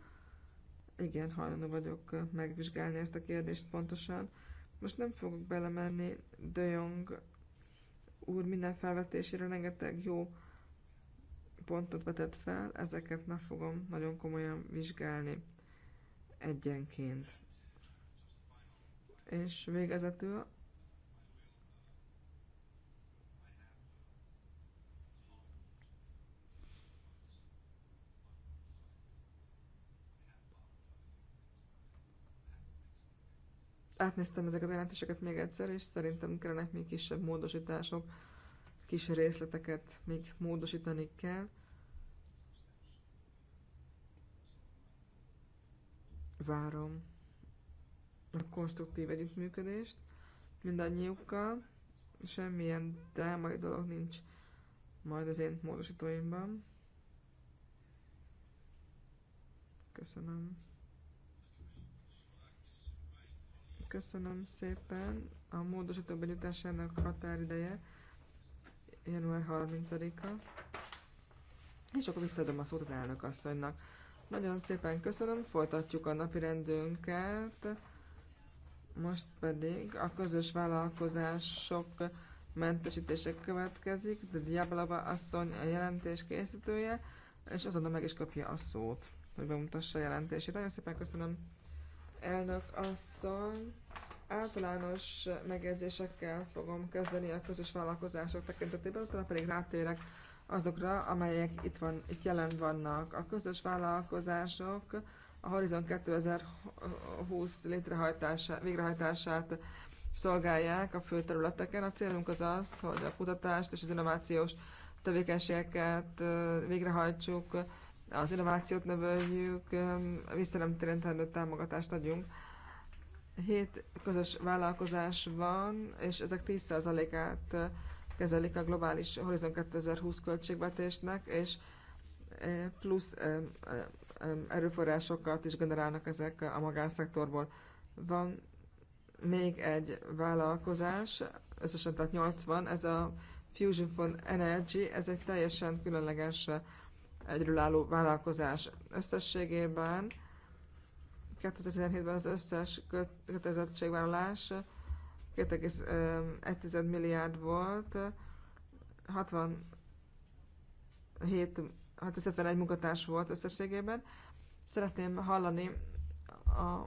Igen, hajlandó vagyok megvizsgálni ezt a kérdést pontosan. Most nem fogok belemenni De Jong úr minden felvetésére rengeteg jó pontot vetett fel, ezeket meg fogom nagyon komolyan vizsgálni egyenként. És végezetül átnéztem ezeket a jelentéseket még egyszer, és szerintem kellenek még kisebb módosítások, kis részleteket még módosítani kell. Várom konstruktív együttműködést mindannyiukkal. Semmilyen drámai dolog nincs majd az én módosítóimban. Köszönöm. Köszönöm szépen. A módosító benyújtásának határideje január 30-a. És akkor visszaadom a szót az elnök asszonynak. Nagyon szépen köszönöm, folytatjuk a napirendünket. Most pedig a közös vállalkozások mentesítése következik, de Diablava asszony a jelentés készítője, és azonnal meg is kapja a szót, hogy bemutassa a jelentését. Nagyon szépen köszönöm, elnök asszony. Általános megjegyzésekkel fogom kezdeni a közös vállalkozások tekintetében, utána pedig rátérek azokra, amelyek itt, van, itt jelen vannak. A közös vállalkozások a Horizon 2020 létrehajtását, végrehajtását szolgálják a fő területeken. A célunk az az, hogy a kutatást és az innovációs tevékenységeket végrehajtsuk, az innovációt növeljük, visszanemtérintendő támogatást adjunk. Hét közös vállalkozás van, és ezek 10%-át kezelik a globális Horizon 2020 költségvetésnek, és plusz erőforrásokat is generálnak ezek a magánszektorból. Van még egy vállalkozás, összesen tehát 80, ez a Fusion for Energy, ez egy teljesen különleges egyrülálló álló vállalkozás. Összességében 2017-ben az összes kötelezettségvállalás 2,1 milliárd volt, 67 651 hát munkatárs volt összességében. Szeretném hallani a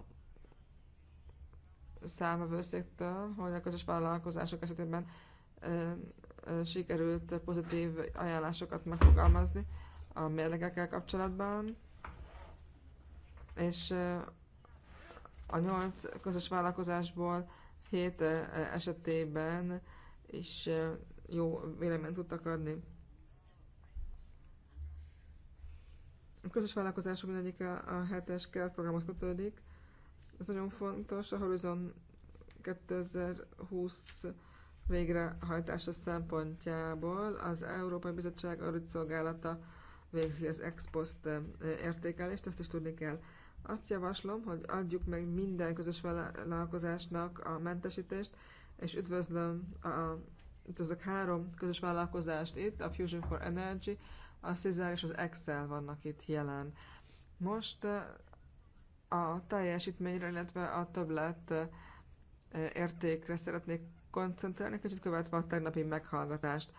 számvevőszéktől, hogy a közös vállalkozások esetében ö, ö, sikerült pozitív ajánlásokat megfogalmazni a mérlegekkel kapcsolatban, és ö, a nyolc közös vállalkozásból hét esetében is jó véleményt tudtak adni. A közös vállalkozások mindegyik a hetes keretprogramhoz kötődik. Ez nagyon fontos, a Horizon 2020 végrehajtása szempontjából az Európai Bizottság Arügy Szolgálata végzi az ex post eh, értékelést, ezt is tudni kell. Azt javaslom, hogy adjuk meg minden közös vállalkozásnak a mentesítést, és üdvözlöm a, azok három közös vállalkozást itt, a Fusion for Energy, a Cezar és az Excel vannak itt jelen. Most eh, a teljesítményre, illetve a többlet eh, értékre szeretnék koncentrálni, kicsit követve a tegnapi meghallgatást.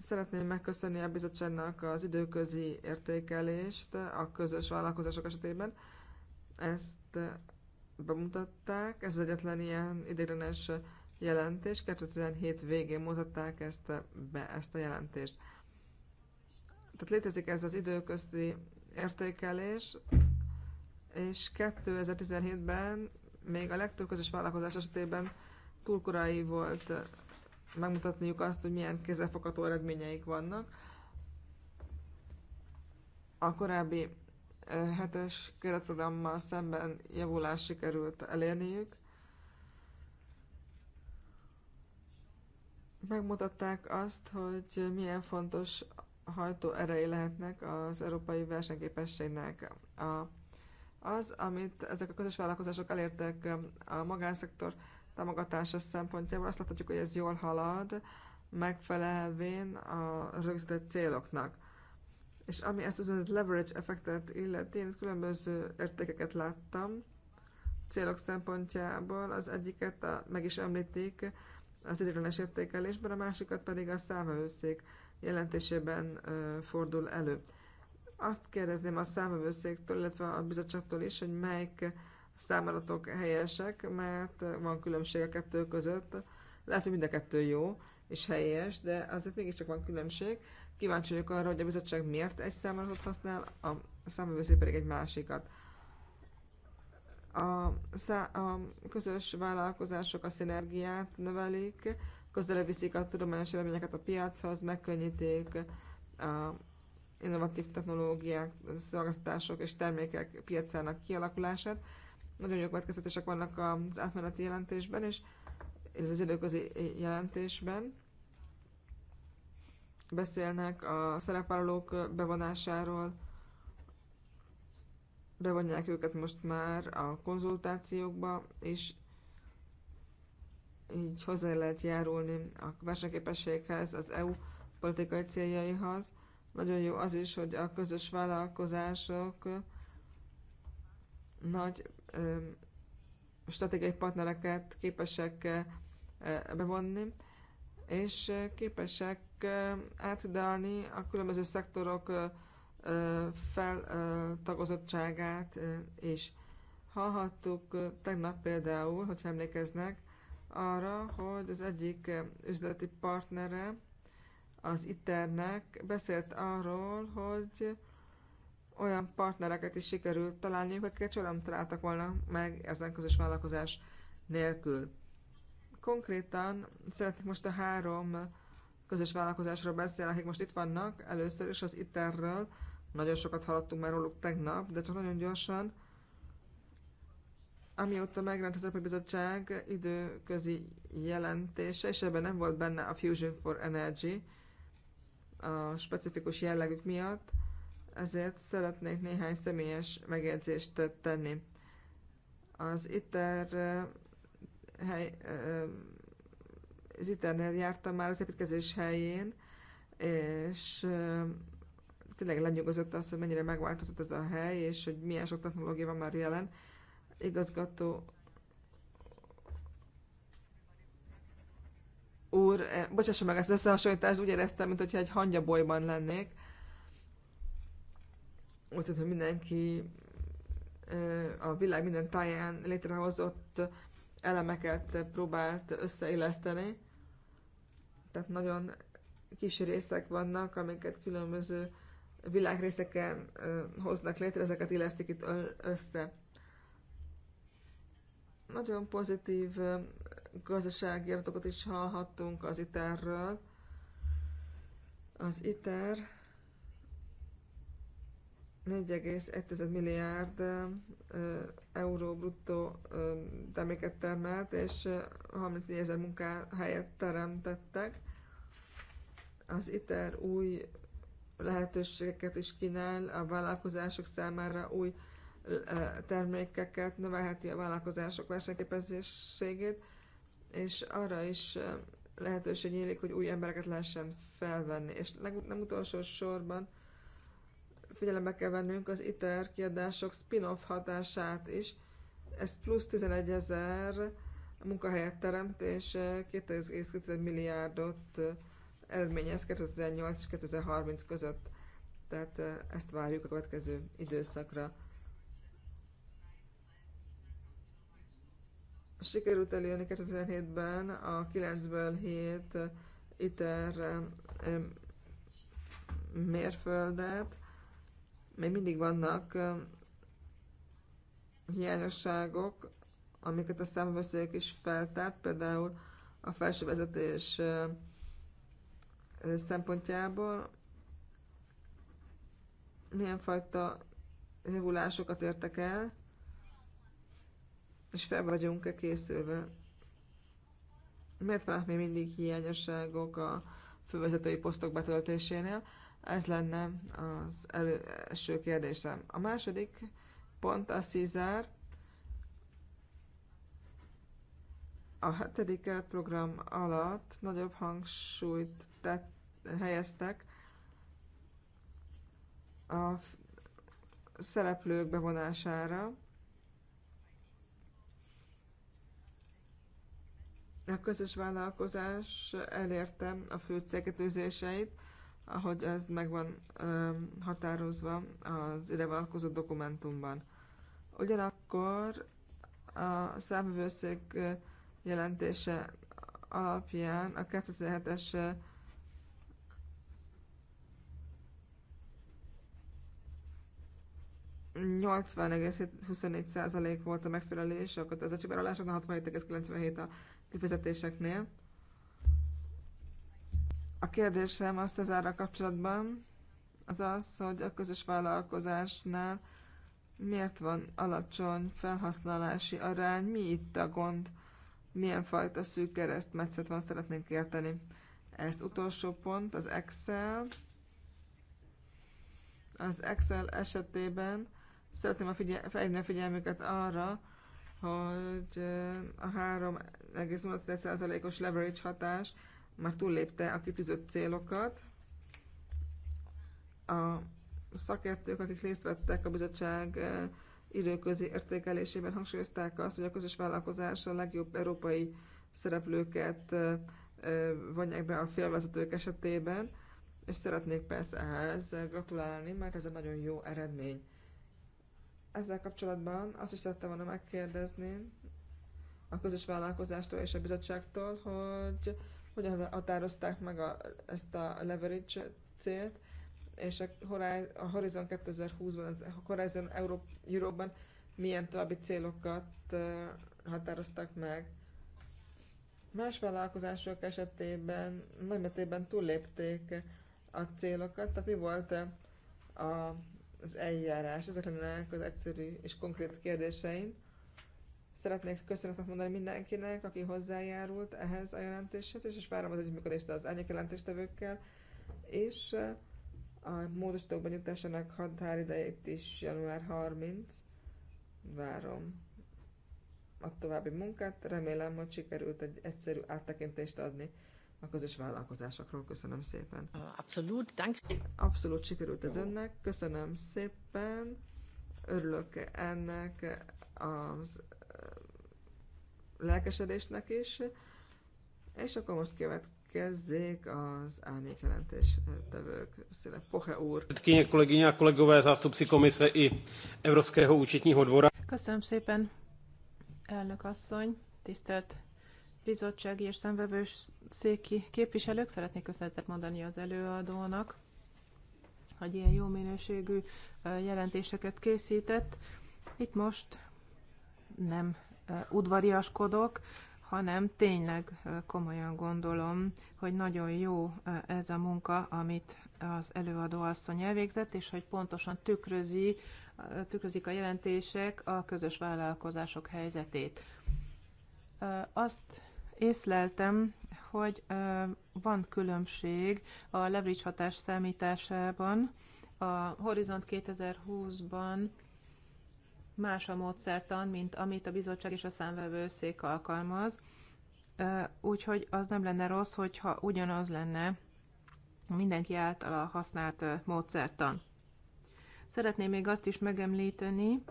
Szeretném megköszönni a bizottságnak az időközi értékelést a közös vállalkozások esetében. Ezt eh, bemutatták, ez az egyetlen ilyen ideiglenes jelentés, 2017 végén mutatták ezt be, ezt a jelentést tehát létezik ez az időközi értékelés, és 2017-ben még a legtöbb közös vállalkozás esetében túl korai volt megmutatniuk azt, hogy milyen kézzelfogható eredményeik vannak. A korábbi hetes keretprogrammal szemben javulás sikerült elérniük. Megmutatták azt, hogy milyen fontos hajtó erei lehetnek az európai versenyképességnek. A, az, amit ezek a közös vállalkozások elértek a magánszektor támogatása szempontjából, azt láthatjuk, hogy ez jól halad, megfelelvén a rögzített céloknak. És ami ezt az leverage effektet illeti, én különböző értékeket láttam célok szempontjából. Az egyiket a, meg is említik az ideiglenes értékelésben, a másikat pedig a számhőszék jelentésében fordul elő. Azt kérdezném a számvevőszéktől, illetve a bizottságtól is, hogy melyik számadatok helyesek, mert van különbség a kettő között. Lehet, hogy mind a kettő jó és helyes, de azért mégiscsak van különbség. Kíváncsi vagyok arra, hogy a bizottság miért egy számadatot használ, a számvevőszék pedig egy másikat. A, szá- a közös vállalkozások a szinergiát növelik, közelebb viszik a tudományos eredményeket a piachoz, megkönnyítik a innovatív technológiák, szolgáltatások és termékek piacának kialakulását. Nagyon jó következtetések vannak az átmeneti jelentésben, és az időközi jelentésben beszélnek a szerepvállalók bevonásáról, bevonják őket most már a konzultációkba, és így hozzá lehet járulni a versenyképességhez, az EU politikai céljaihoz. Nagyon jó az is, hogy a közös vállalkozások nagy ö, stratégiai partnereket képesek bevonni, és képesek átdalni a különböző szektorok feltagozottságát is. Hallhattuk tegnap például, hogy emlékeznek, arra, hogy az egyik eh, üzleti partnere az ITER-nek beszélt arról, hogy olyan partnereket is sikerült találniuk, akiket soha nem találtak volna meg ezen közös vállalkozás nélkül. Konkrétan szeretnék most a három közös vállalkozásról beszélni, akik most itt vannak. Először is az ITER-ről. Nagyon sokat hallottunk már róluk tegnap, de csak nagyon gyorsan amióta megrend az Európai Bizottság időközi jelentése, és ebben nem volt benne a Fusion for Energy a specifikus jellegük miatt, ezért szeretnék néhány személyes megjegyzést tenni. Az ITER eh, hely, eh, az ITER-nél jártam már az építkezés helyén, és eh, tényleg lenyugozott az, hogy mennyire megváltozott ez a hely, és hogy milyen sok technológia van már jelen igazgató úr, eh, bocsássa meg ezt összehasonlítást, úgy éreztem, mint hogyha egy hangyabolyban lennék. Úgy tudom, hogy mindenki eh, a világ minden táján létrehozott elemeket próbált összeilleszteni. Tehát nagyon kis részek vannak, amiket különböző világrészeken eh, hoznak létre, ezeket illesztik itt össze. Nagyon pozitív gazdasági adatokat is hallhattunk az ITER-ről. Az ITER 4,1 milliárd euró bruttó terméket termelt, és 34 ezer munkahelyet teremtettek. Az ITER új lehetőségeket is kínál a vállalkozások számára, új termékeket, növelheti a vállalkozások versenyképességét, és arra is lehetőség nyílik, hogy új embereket lehessen felvenni. És nem utolsó sorban figyelembe kell vennünk az ITER kiadások spin-off hatását is. Ez plusz 11 ezer munkahelyet teremt, és 2,2 milliárdot eredményez 2008 és 2030 között. Tehát ezt várjuk a következő időszakra. Sikerült elérni 2007-ben a 9-ből 7 iter mérföldet. Még mindig vannak hiányosságok, amiket a számveszélyek is feltárt, például a felső vezetés szempontjából milyen fajta javulásokat értek el és fel vagyunk-e készülve. Miért vannak még mindig hiányosságok a fővezetői posztok betöltésénél? Ez lenne az első kérdésem. A második pont a Cizár. A hetedik program alatt nagyobb hangsúlyt tett, helyeztek a szereplők bevonására, A közös vállalkozás elérte a fő célkitűzéseit, ahogy ez meg van ö, határozva az ide vonatkozó dokumentumban. Ugyanakkor a számvevőszék jelentése alapján a 2007-es százalék volt a megfelelés, akkor a kötelezettségvállalásoknak 67,97 a kifizetéseknél. A kérdésem a Cezára kapcsolatban az az, hogy a közös vállalkozásnál miért van alacsony felhasználási arány, mi itt a gond, milyen fajta szűk keresztmetszet van, szeretnénk érteni. Ezt utolsó pont, az Excel. Az Excel esetében szeretném a figyel- felhívni a figyelmüket arra, hogy a 3,8%-os leverage hatás már túllépte a kitűzött célokat. A szakértők, akik részt vettek a bizottság időközi értékelésében hangsúlyozták azt, hogy a közös vállalkozás a legjobb európai szereplőket vonják be a félvezetők esetében, és szeretnék persze ehhez gratulálni, mert ez egy nagyon jó eredmény. Ezzel kapcsolatban azt is szerettem volna megkérdezni a közös vállalkozástól és a bizottságtól, hogy hogyan határozták meg a, ezt a leverage célt, és a Horizon 2020-ban, a Horizon Europe-ban milyen további célokat határoztak meg. Más vállalkozások esetében nagymetében túllépték a célokat, tehát mi volt a az eljárás. Ezek lennének az egyszerű és konkrét kérdéseim. Szeretnék köszönetet mondani mindenkinek, aki hozzájárult ehhez a jelentéshez, és, várom az együttműködést az ányek jelentéstevőkkel, és eh, a módosítók benyújtásának határidejét is január 30. Várom a további munkát, remélem, hogy sikerült egy egyszerű áttekintést adni a közös vállalkozásokról. Köszönöm szépen. Abszolút, dank. Abszolút sikerült ez önnek. Köszönöm szépen. Örülök ennek az lelkesedésnek is. És akkor most következzék az árnyék jelentés tevők. Széle Poche úr. Kénye kolegyně a kolegové, zástupci komise i Evropského účetního dvora. Köszönöm szépen, elnök asszony, tisztelt bizottsági és szemvevős széki képviselők. Szeretnék köszönetet mondani az előadónak, hogy ilyen jó minőségű jelentéseket készített. Itt most nem udvariaskodok, hanem tényleg komolyan gondolom, hogy nagyon jó ez a munka, amit az előadó asszony elvégzett, és hogy pontosan tükrözi, tükrözik a jelentések a közös vállalkozások helyzetét. Azt észleltem, hogy van különbség a leverage hatás számításában. A Horizont 2020-ban más a módszertan, mint amit a bizottság és a számvevőszék alkalmaz. Úgyhogy az nem lenne rossz, hogyha ugyanaz lenne mindenki által használt módszertan. Szeretném még azt is megemlíteni,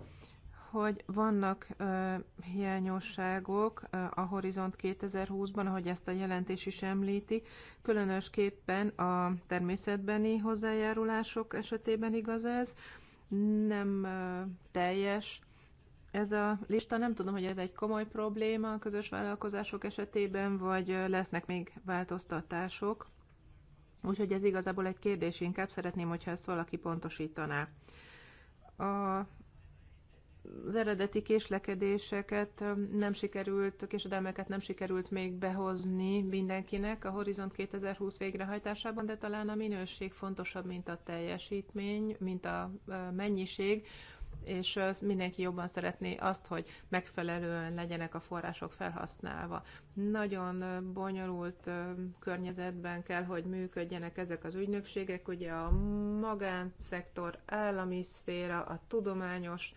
hogy vannak ö, hiányosságok ö, a Horizont 2020-ban, ahogy ezt a jelentés is említi, különösképpen a természetbeni hozzájárulások esetében igaz ez, nem ö, teljes. Ez a lista, nem tudom, hogy ez egy komoly probléma a közös vállalkozások esetében, vagy lesznek még változtatások. Úgyhogy ez igazából egy kérdés, inkább szeretném, hogyha ezt valaki pontosítaná. A az eredeti késlekedéseket nem sikerült, késedelmeket nem sikerült még behozni mindenkinek a Horizont 2020 végrehajtásában, de talán a minőség fontosabb, mint a teljesítmény, mint a mennyiség, és mindenki jobban szeretné azt, hogy megfelelően legyenek a források felhasználva. Nagyon bonyolult környezetben kell, hogy működjenek ezek az ügynökségek, ugye a magánszektor, állami szféra, a tudományos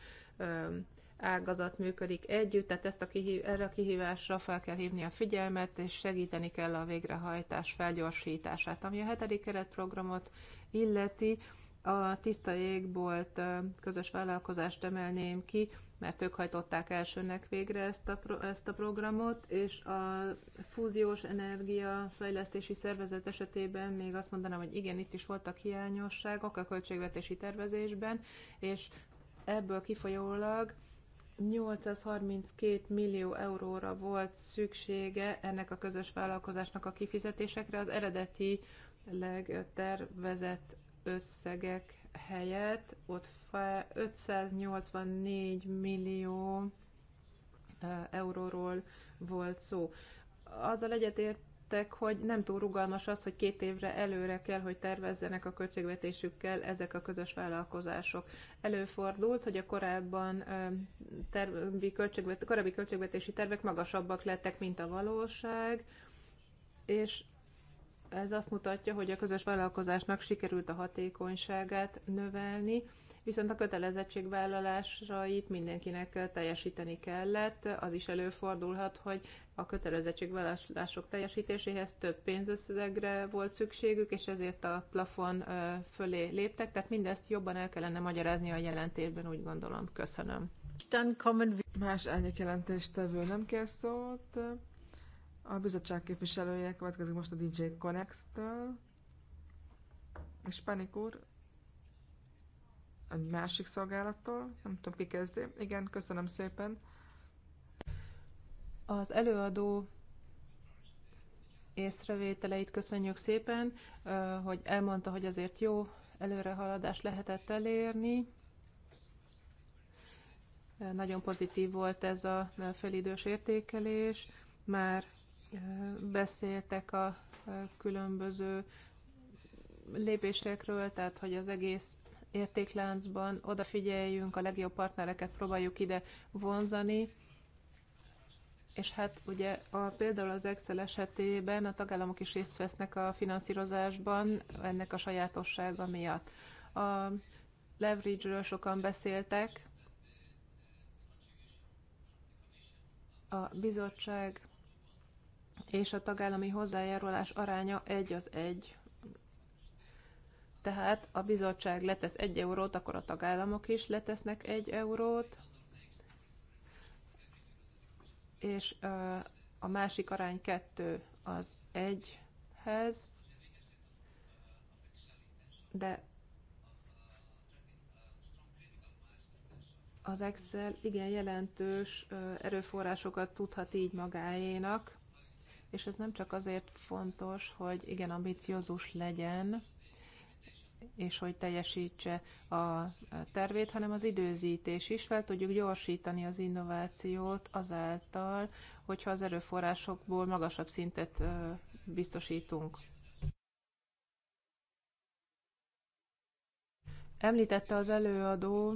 ágazat működik együtt, tehát ezt a kihív, erre a kihívásra fel kell hívni a figyelmet, és segíteni kell a végrehajtás felgyorsítását. Ami a hetedik keretprogramot illeti, a tiszta jégbolt közös vállalkozást emelném ki, mert ők hajtották elsőnek végre ezt a, pro, ezt a programot, és a fúziós energia fejlesztési szervezet esetében még azt mondanám, hogy igen, itt is voltak hiányosságok a költségvetési tervezésben, és ebből kifolyólag 832 millió euróra volt szüksége ennek a közös vállalkozásnak a kifizetésekre az eredeti legtervezett összegek helyett ott 584 millió euróról volt szó. Azzal egyetért említettek, hogy nem túl rugalmas az, hogy két évre előre kell, hogy tervezzenek a költségvetésükkel ezek a közös vállalkozások. Előfordult, hogy a korábban tervi költségvet, korábbi költségvetési tervek magasabbak lettek, mint a valóság, és ez azt mutatja, hogy a közös vállalkozásnak sikerült a hatékonyságát növelni, viszont a kötelezettségvállalásait mindenkinek teljesíteni kellett. Az is előfordulhat, hogy a kötelezettségvállalások teljesítéséhez több pénzösszegre volt szükségük, és ezért a plafon fölé léptek, tehát mindezt jobban el kellene magyarázni a jelentésben, úgy gondolom. Köszönöm. Más elnyek jelentéstevő nem kér szót. A bizottság képviselője következik most a DJ Connect-től. És Panik úr, egy másik szolgálattól. Nem tudom, ki kezdi. Igen, köszönöm szépen. Az előadó észrevételeit köszönjük szépen, hogy elmondta, hogy azért jó előrehaladást lehetett elérni. Nagyon pozitív volt ez a felidős értékelés. Már beszéltek a különböző lépésekről, tehát hogy az egész értékláncban odafigyeljünk, a legjobb partnereket próbáljuk ide vonzani, és hát ugye a, például az Excel esetében a tagállamok is részt vesznek a finanszírozásban ennek a sajátossága miatt. A leverage-ről sokan beszéltek. A bizottság és a tagállami hozzájárulás aránya egy az egy. Tehát a bizottság letesz egy eurót, akkor a tagállamok is letesznek egy eurót, és a másik arány kettő az egyhez, de az Excel igen jelentős erőforrásokat tudhat így magáénak, és ez nem csak azért fontos, hogy igen ambiciózus legyen, és hogy teljesítse a tervét, hanem az időzítés is. Fel tudjuk gyorsítani az innovációt azáltal, hogyha az erőforrásokból magasabb szintet biztosítunk. Említette az előadó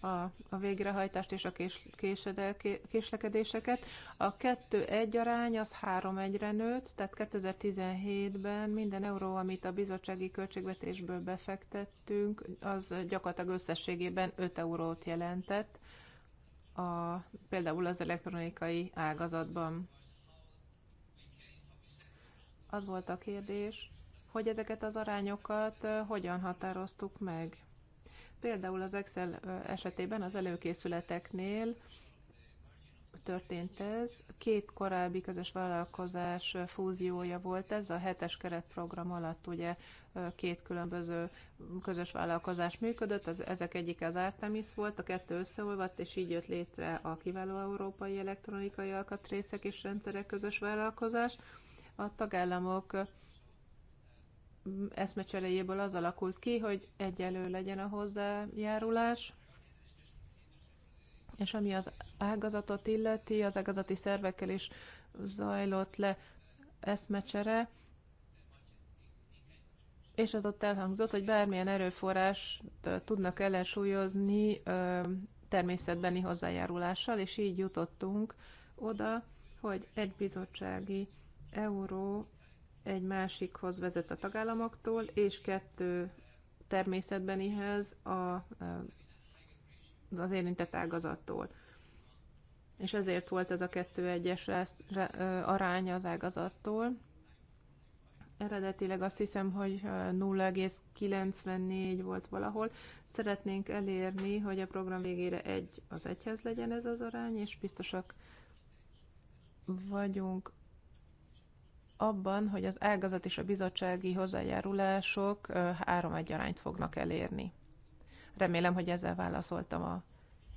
a, a végrehajtást és a kés, késedel, késlekedéseket. A 2-1 arány az 3-1-re nőtt, tehát 2017-ben minden euró, amit a bizottsági költségvetésből befektettünk, az gyakorlatilag összességében 5 eurót jelentett, a, például az elektronikai ágazatban. Az volt a kérdés, hogy ezeket az arányokat eh, hogyan határoztuk meg Például az Excel esetében az előkészületeknél történt ez. Két korábbi közös vállalkozás fúziója volt ez, a hetes keretprogram alatt ugye két különböző közös vállalkozás működött, az, ezek egyik az Artemis volt, a kettő összeolvadt, és így jött létre a kiváló európai elektronikai alkatrészek és rendszerek közös vállalkozás. A tagállamok eszmecseréjéből az alakult ki, hogy egyelő legyen a hozzájárulás, és ami az ágazatot illeti, az ágazati szervekkel is zajlott le eszmecsere, és az ott elhangzott, hogy bármilyen erőforrást tudnak ellensúlyozni természetbeni hozzájárulással, és így jutottunk oda, hogy egy bizottsági euró egy másikhoz vezet a tagállamoktól, és kettő természetbenihez a, az érintett ágazattól. És ezért volt ez a kettő egyes aránya az ágazattól. Eredetileg azt hiszem, hogy 0,94 volt valahol. Szeretnénk elérni, hogy a program végére egy az egyhez legyen ez az arány, és biztosak vagyunk abban, hogy az ágazat és a bizottsági hozzájárulások három egyarányt fognak elérni. Remélem, hogy ezzel válaszoltam a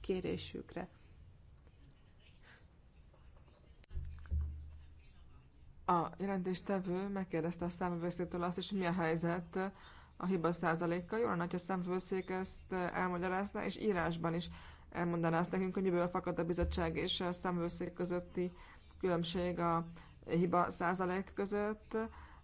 kérésükre. A jelentéstevő megkérdezte a számvőszéktől azt is, hogy mi a helyzet a hiba százalékkal. Jó lenne, a számvőszék ezt elmagyarázna, és írásban is elmondaná azt nekünk, hogy miből fakad a bizottság és a számvőszék közötti különbség a hiba százalék között,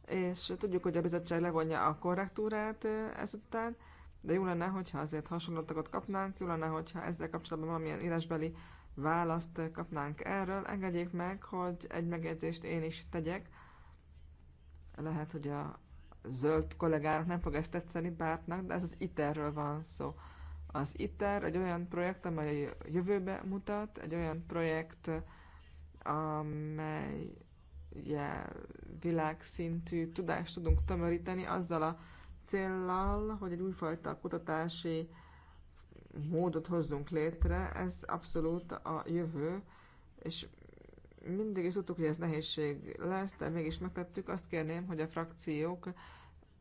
és tudjuk, hogy a bizottság levonja a korrektúrát ezután, de jó lenne, hogyha azért hasonlatokat kapnánk, jó lenne, hogyha ezzel kapcsolatban valamilyen írásbeli választ kapnánk erről. Engedjék meg, hogy egy megjegyzést én is tegyek. Lehet, hogy a zöld kollégának nem fog ezt tetszeni Bártnak, de ez az ITER-ről van szó. Az ITER egy olyan projekt, amely a jövőbe mutat, egy olyan projekt, amely ugye világszintű tudást tudunk tömöríteni azzal a céllal, hogy egy újfajta kutatási módot hozzunk létre, ez abszolút a jövő, és mindig is tudtuk, hogy ez nehézség lesz, de mégis megtettük. Azt kérném, hogy a frakciók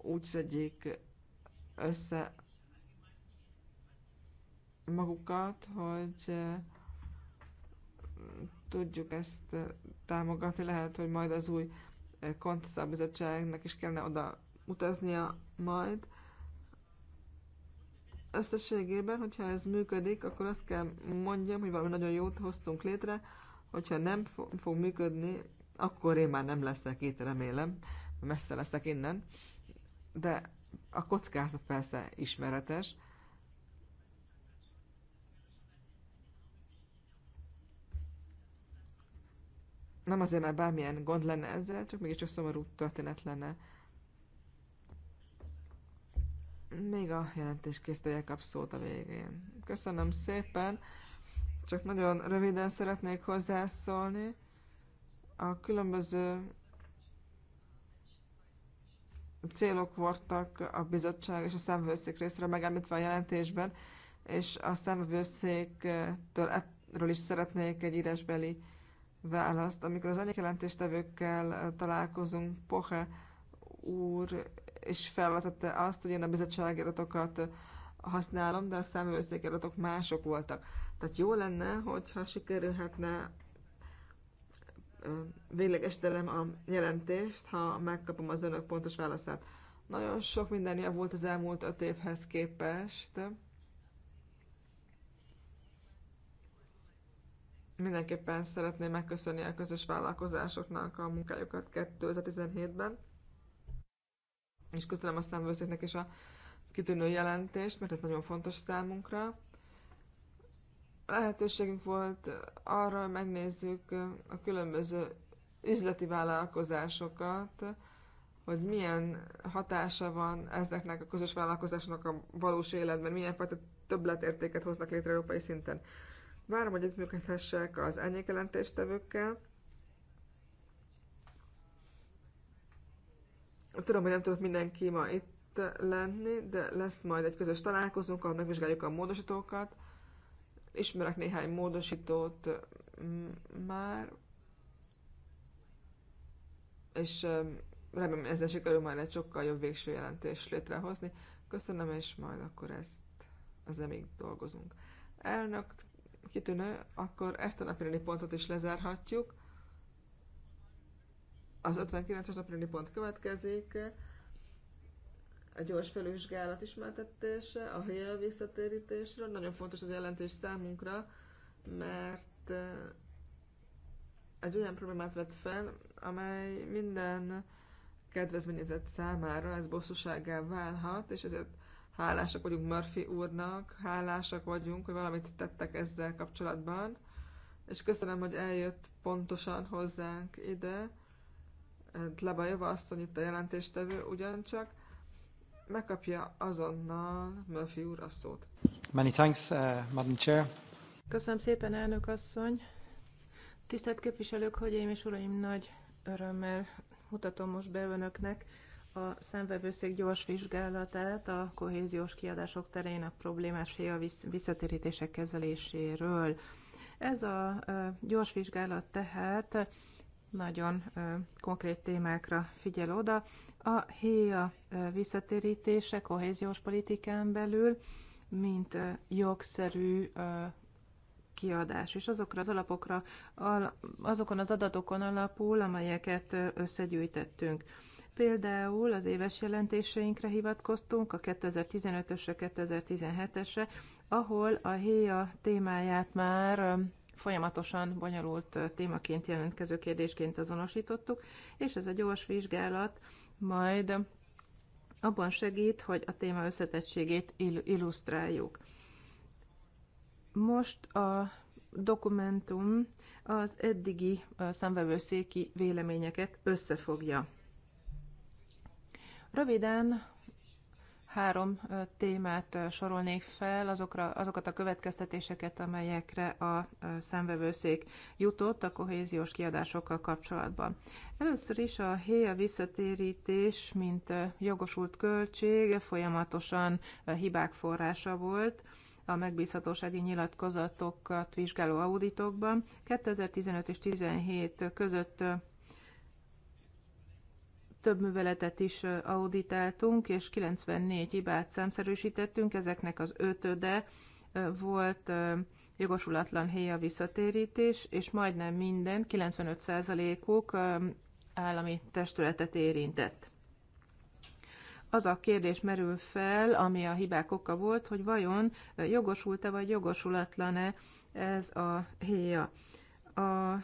úgy szedjék össze magukat, hogy tudjuk ezt eh, támogatni. Lehet, hogy majd az új eh, kontasszalbizottságnak is kellene oda utaznia majd. Összességében, hogyha ez működik, akkor azt kell mondjam, hogy valami nagyon jót hoztunk létre, hogyha nem fog működni, akkor én már nem leszek itt, remélem, messze leszek innen. De a kockázat persze ismeretes, nem azért, mert bármilyen gond lenne ezzel, csak mégiscsak szomorú történet lenne. Még a jelentés készítője kap szót a végén. Köszönöm szépen, csak nagyon röviden szeretnék hozzászólni. A különböző célok voltak a bizottság és a számvőszék részre megemlítve a jelentésben, és a számvőszéktől erről is szeretnék egy írásbeli választ. Amikor az anyák jelentéstevőkkel eh, találkozunk, Poche úr és felvetette azt, hogy én a bizottsági adatokat eh, használom, de a számvevőszéki adatok mások voltak. Tehát jó lenne, hogyha sikerülhetne eh, véglegesítelem a jelentést, ha megkapom az önök pontos válaszát. Nagyon sok minden javult az elmúlt öt évhez képest mindenképpen szeretném megköszönni a közös vállalkozásoknak a munkájukat 2017-ben. És köszönöm a számvőszéknek is a kitűnő jelentést, mert ez nagyon fontos számunkra. Lehetőségünk volt arra, hogy megnézzük a különböző üzleti vállalkozásokat, hogy milyen hatása van ezeknek a közös vállalkozásoknak a valós életben, milyen fajta többletértéket hoznak létre európai szinten. Várom, hogy együttműködhessek az az elnyékelentéstevőkkel. Tudom, hogy nem tudok mindenki ma itt lenni, de lesz majd egy közös találkozónk, ahol megvizsgáljuk a módosítókat. Ismerek néhány módosítót mm, már, és mm, remélem ezzel sikerül majd egy sokkal jobb végső jelentés létrehozni. Köszönöm, és majd akkor ezt az amíg dolgozunk. Elnök, kitűnő, akkor ezt a napirendi pontot is lezárhatjuk. Az 59-es napirendi pont következik, a gyors felvizsgálat ismertetése, a helye visszatérítésről. Nagyon fontos az jelentés számunkra, mert egy olyan problémát vett fel, amely minden kedvezményezett számára ez bosszúságá válhat, és ezért hálásak vagyunk Murphy úrnak, hálásak vagyunk, hogy valamit tettek ezzel kapcsolatban, és köszönöm, hogy eljött pontosan hozzánk ide. Dlabajova asszony itt a jelentéstevő ugyancsak, megkapja azonnal Murphy úr a szót. Many thanks, uh, Madam Chair. Köszönöm szépen, elnök asszony. Tisztelt képviselők, én és uraim, nagy örömmel mutatom most be önöknek a szemvevőszék gyors vizsgálatát a kohéziós kiadások terén a problémás a visszatérítések kezeléséről. Ez a gyors vizsgálat tehát nagyon konkrét témákra figyel oda. A héja visszatérítése kohéziós politikán belül, mint jogszerű kiadás, és azokra az alapokra, azokon az adatokon alapul, amelyeket összegyűjtettünk. Például az éves jelentéseinkre hivatkoztunk, a 2015-ösre, 2017-esre, ahol a héja témáját már folyamatosan bonyolult témaként jelentkező kérdésként azonosítottuk, és ez a gyors vizsgálat majd abban segít, hogy a téma összetettségét illusztráljuk. Most a dokumentum az eddigi számvevőszéki véleményeket összefogja. Röviden három témát sorolnék fel, azokra, azokat a következtetéseket, amelyekre a szemvevőszék jutott a kohéziós kiadásokkal kapcsolatban. Először is a héja visszatérítés, mint jogosult költség folyamatosan hibák forrása volt, a megbízhatósági nyilatkozatokat vizsgáló auditokban. 2015 és 2017 között több műveletet is auditáltunk, és 94 hibát számszerűsítettünk, ezeknek az ötöde volt jogosulatlan a visszatérítés, és majdnem minden, 95%-uk állami testületet érintett. Az a kérdés merül fel, ami a hibák oka volt, hogy vajon jogosult-e vagy jogosulatlan-e ez a héja. A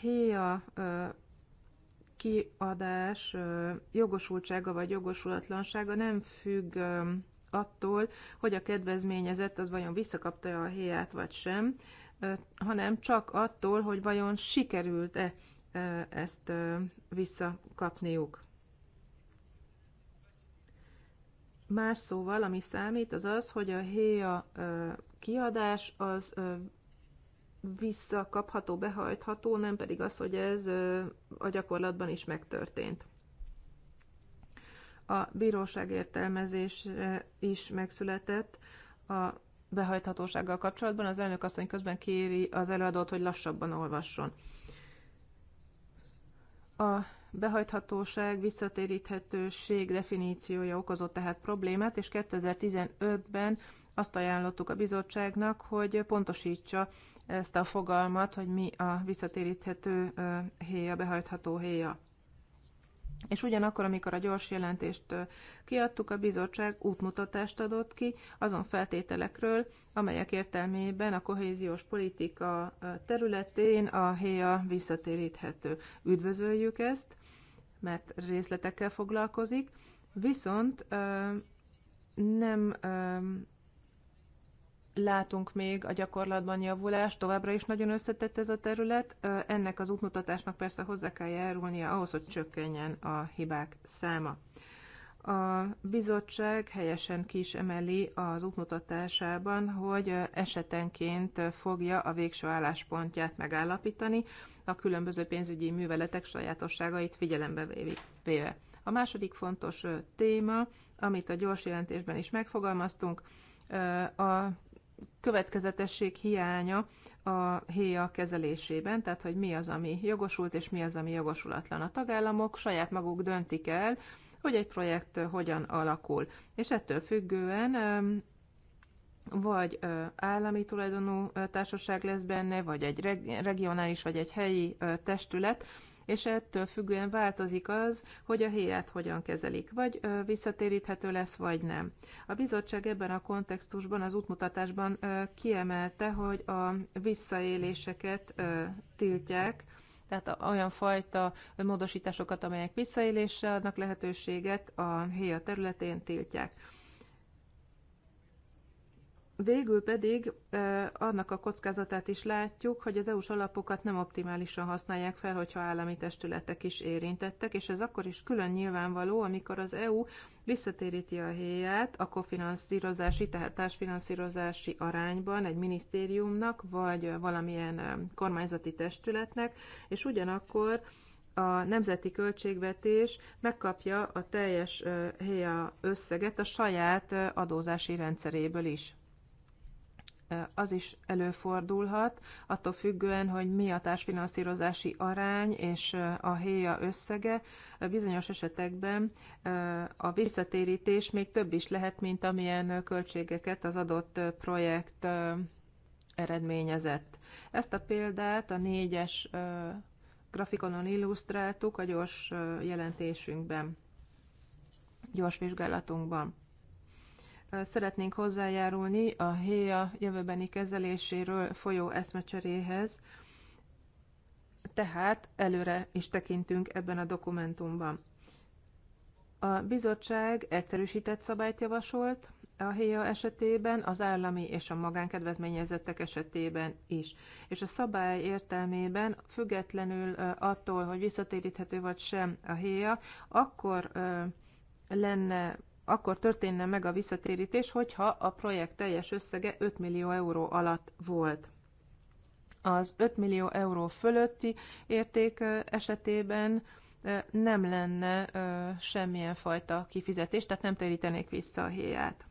héja kiadás jogosultsága vagy jogosulatlansága nem függ attól, hogy a kedvezményezett az vajon visszakapta a héját vagy sem, hanem csak attól, hogy vajon sikerült-e ezt visszakapniuk. Más szóval, ami számít, az az, hogy a héja kiadás az visszakapható, behajtható, nem pedig az, hogy ez a gyakorlatban is megtörtént. A bíróság értelmezésre is megszületett a behajthatósággal kapcsolatban. Az elnök asszony közben kéri az előadót, hogy lassabban olvasson. A behajthatóság, visszatéríthetőség definíciója okozott tehát problémát, és 2015-ben azt ajánlottuk a bizottságnak, hogy pontosítsa ezt a fogalmat, hogy mi a visszatéríthető héja, behajtható héja. És ugyanakkor, amikor a gyors jelentést kiadtuk, a bizottság útmutatást adott ki azon feltételekről, amelyek értelmében a kohéziós politika területén a héja visszatéríthető. Üdvözöljük ezt, mert részletekkel foglalkozik, viszont nem látunk még a gyakorlatban javulást, továbbra is nagyon összetett ez a terület. Ennek az útmutatásnak persze hozzá kell járulnia ahhoz, hogy csökkenjen a hibák száma. A bizottság helyesen kis emeli az útmutatásában, hogy esetenként fogja a végső álláspontját megállapítani, a különböző pénzügyi műveletek sajátosságait figyelembe véve. A második fontos téma, amit a gyors jelentésben is megfogalmaztunk, a következetesség hiánya a héja kezelésében, tehát hogy mi az, ami jogosult, és mi az, ami jogosulatlan. A tagállamok saját maguk döntik el, hogy egy projekt hogyan alakul. És ettől függően vagy állami tulajdonú társaság lesz benne, vagy egy regionális, vagy egy helyi testület, és ettől függően változik az, hogy a héját hogyan kezelik, vagy visszatéríthető lesz, vagy nem. A bizottság ebben a kontextusban, az útmutatásban kiemelte, hogy a visszaéléseket tiltják, tehát olyan fajta módosításokat, amelyek visszaélésre adnak lehetőséget, a héja területén tiltják Végül pedig annak a kockázatát is látjuk, hogy az EU-s alapokat nem optimálisan használják fel, hogyha állami testületek is érintettek, és ez akkor is külön nyilvánvaló, amikor az EU visszatéríti a héját a kofinanszírozási, tehát társfinanszírozási arányban egy minisztériumnak, vagy valamilyen kormányzati testületnek, és ugyanakkor a nemzeti költségvetés megkapja a teljes héja összeget a saját adózási rendszeréből is az is előfordulhat, attól függően, hogy mi a társfinanszírozási arány és a héja összege. Bizonyos esetekben a visszatérítés még több is lehet, mint amilyen költségeket az adott projekt eredményezett. Ezt a példát a négyes grafikonon illusztráltuk a gyors jelentésünkben, gyors vizsgálatunkban. Szeretnénk hozzájárulni a héja jövőbeni kezeléséről folyó eszmecseréhez, tehát előre is tekintünk ebben a dokumentumban. A bizottság egyszerűsített szabályt javasolt a héja esetében, az állami és a magánkedvezményezettek esetében is. És a szabály értelmében, függetlenül attól, hogy visszatéríthető vagy sem a héja, akkor lenne akkor történne meg a visszatérítés, hogyha a projekt teljes összege 5 millió euró alatt volt. Az 5 millió euró fölötti érték esetében nem lenne semmilyen fajta kifizetés, tehát nem térítenék vissza a héját.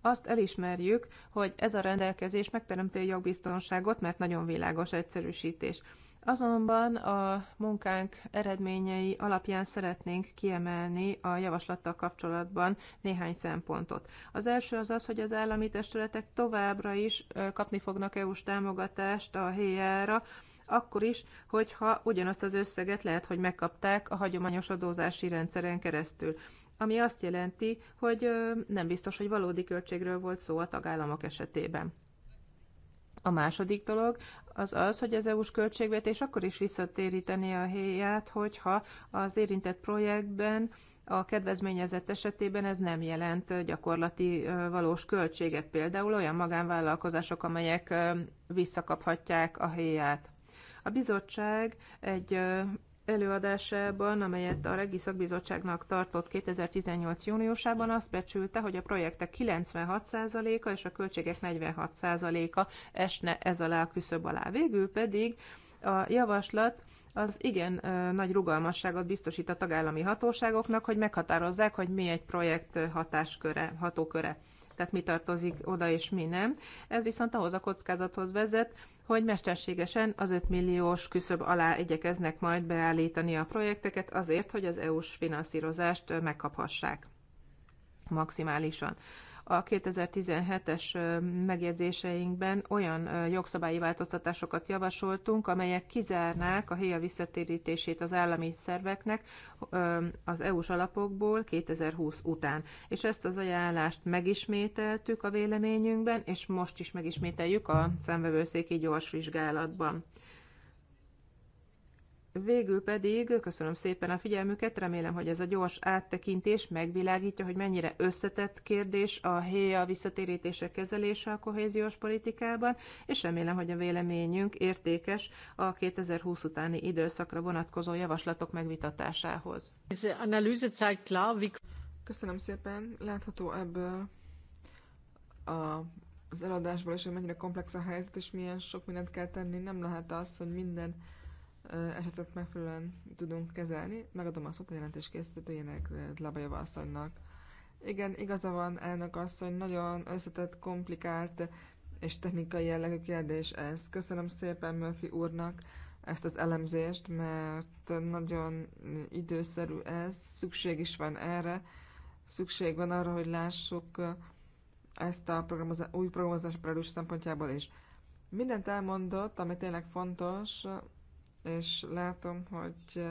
Azt elismerjük, hogy ez a rendelkezés megteremti a jogbiztonságot, mert nagyon világos egyszerűsítés. Azonban a munkánk eredményei alapján szeretnénk kiemelni a javaslattal kapcsolatban néhány szempontot. Az első az az, hogy az állami testületek továbbra is kapni fognak EU-s támogatást a héjára, e akkor is, hogyha ugyanazt az összeget lehet, hogy megkapták a hagyományos adózási rendszeren keresztül. Ami azt jelenti, hogy nem biztos, hogy valódi költségről volt szó a tagállamok esetében. A második dolog az az, hogy az EU-s költségvetés akkor is visszatéríteni a héját, hogyha az érintett projektben a kedvezményezett esetében ez nem jelent gyakorlati valós költséget, például olyan magánvállalkozások, amelyek visszakaphatják a helyét. A bizottság egy előadásában, amelyet a Regi Szakbizottságnak tartott 2018. júniusában, azt becsülte, hogy a projektek 96%-a és a költségek 46%-a esne ez alá a küszöb alá. Végül pedig a javaslat az igen nagy rugalmasságot biztosít a tagállami hatóságoknak, hogy meghatározzák, hogy mi egy projekt hatásköre, hatóköre tehát mi tartozik oda és mi nem. Ez viszont ahhoz a kockázathoz vezet, hogy mesterségesen az 5 milliós küszöb alá igyekeznek majd beállítani a projekteket azért, hogy az EU-s finanszírozást megkaphassák maximálisan a 2017-es megjegyzéseinkben olyan jogszabályi változtatásokat javasoltunk, amelyek kizárnák a héja visszatérítését az állami szerveknek az EU-s alapokból 2020 után. És ezt az ajánlást megismételtük a véleményünkben, és most is megismételjük a szemvevőszéki gyors vizsgálatban. Végül pedig köszönöm szépen a figyelmüket, remélem, hogy ez a gyors áttekintés megvilágítja, hogy mennyire összetett kérdés a héja visszatérítése kezelése a kohéziós politikában, és remélem, hogy a véleményünk értékes a 2020 utáni időszakra vonatkozó javaslatok megvitatásához. Köszönöm szépen, látható ebből a az eladásból is, hogy mennyire komplex a helyzet, és milyen sok mindent kell tenni. Nem lehet az, hogy minden esetet megfelelően tudunk kezelni. Megadom a szót a jelentés készítőjének, Dlabajeva asszonynak. Igen, igaza van, elnök asszony, nagyon összetett, komplikált és technikai jellegű kérdés ez. Köszönöm szépen Murphy úrnak ezt az elemzést, mert nagyon időszerű ez, szükség is van erre, szükség van arra, hogy lássuk ezt a új programozás szempontjából is. Mindent elmondott, ami tényleg fontos, és látom, hogy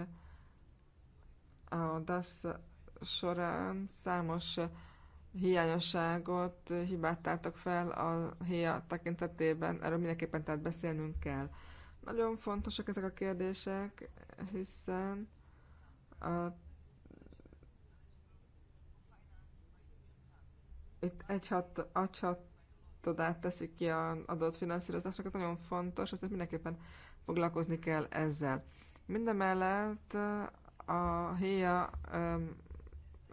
a DASZ során számos hiányosságot, hibát tártak fel a HIA e tekintetében, erről mindenképpen tehát beszélnünk kell. Nagyon fontosak ezek a kérdések, hiszen a itt egy hat, teszik ki az adott finanszírozásnak, ez nagyon fontos, ezért mindenképpen foglalkozni kell ezzel. Mindemellett a héja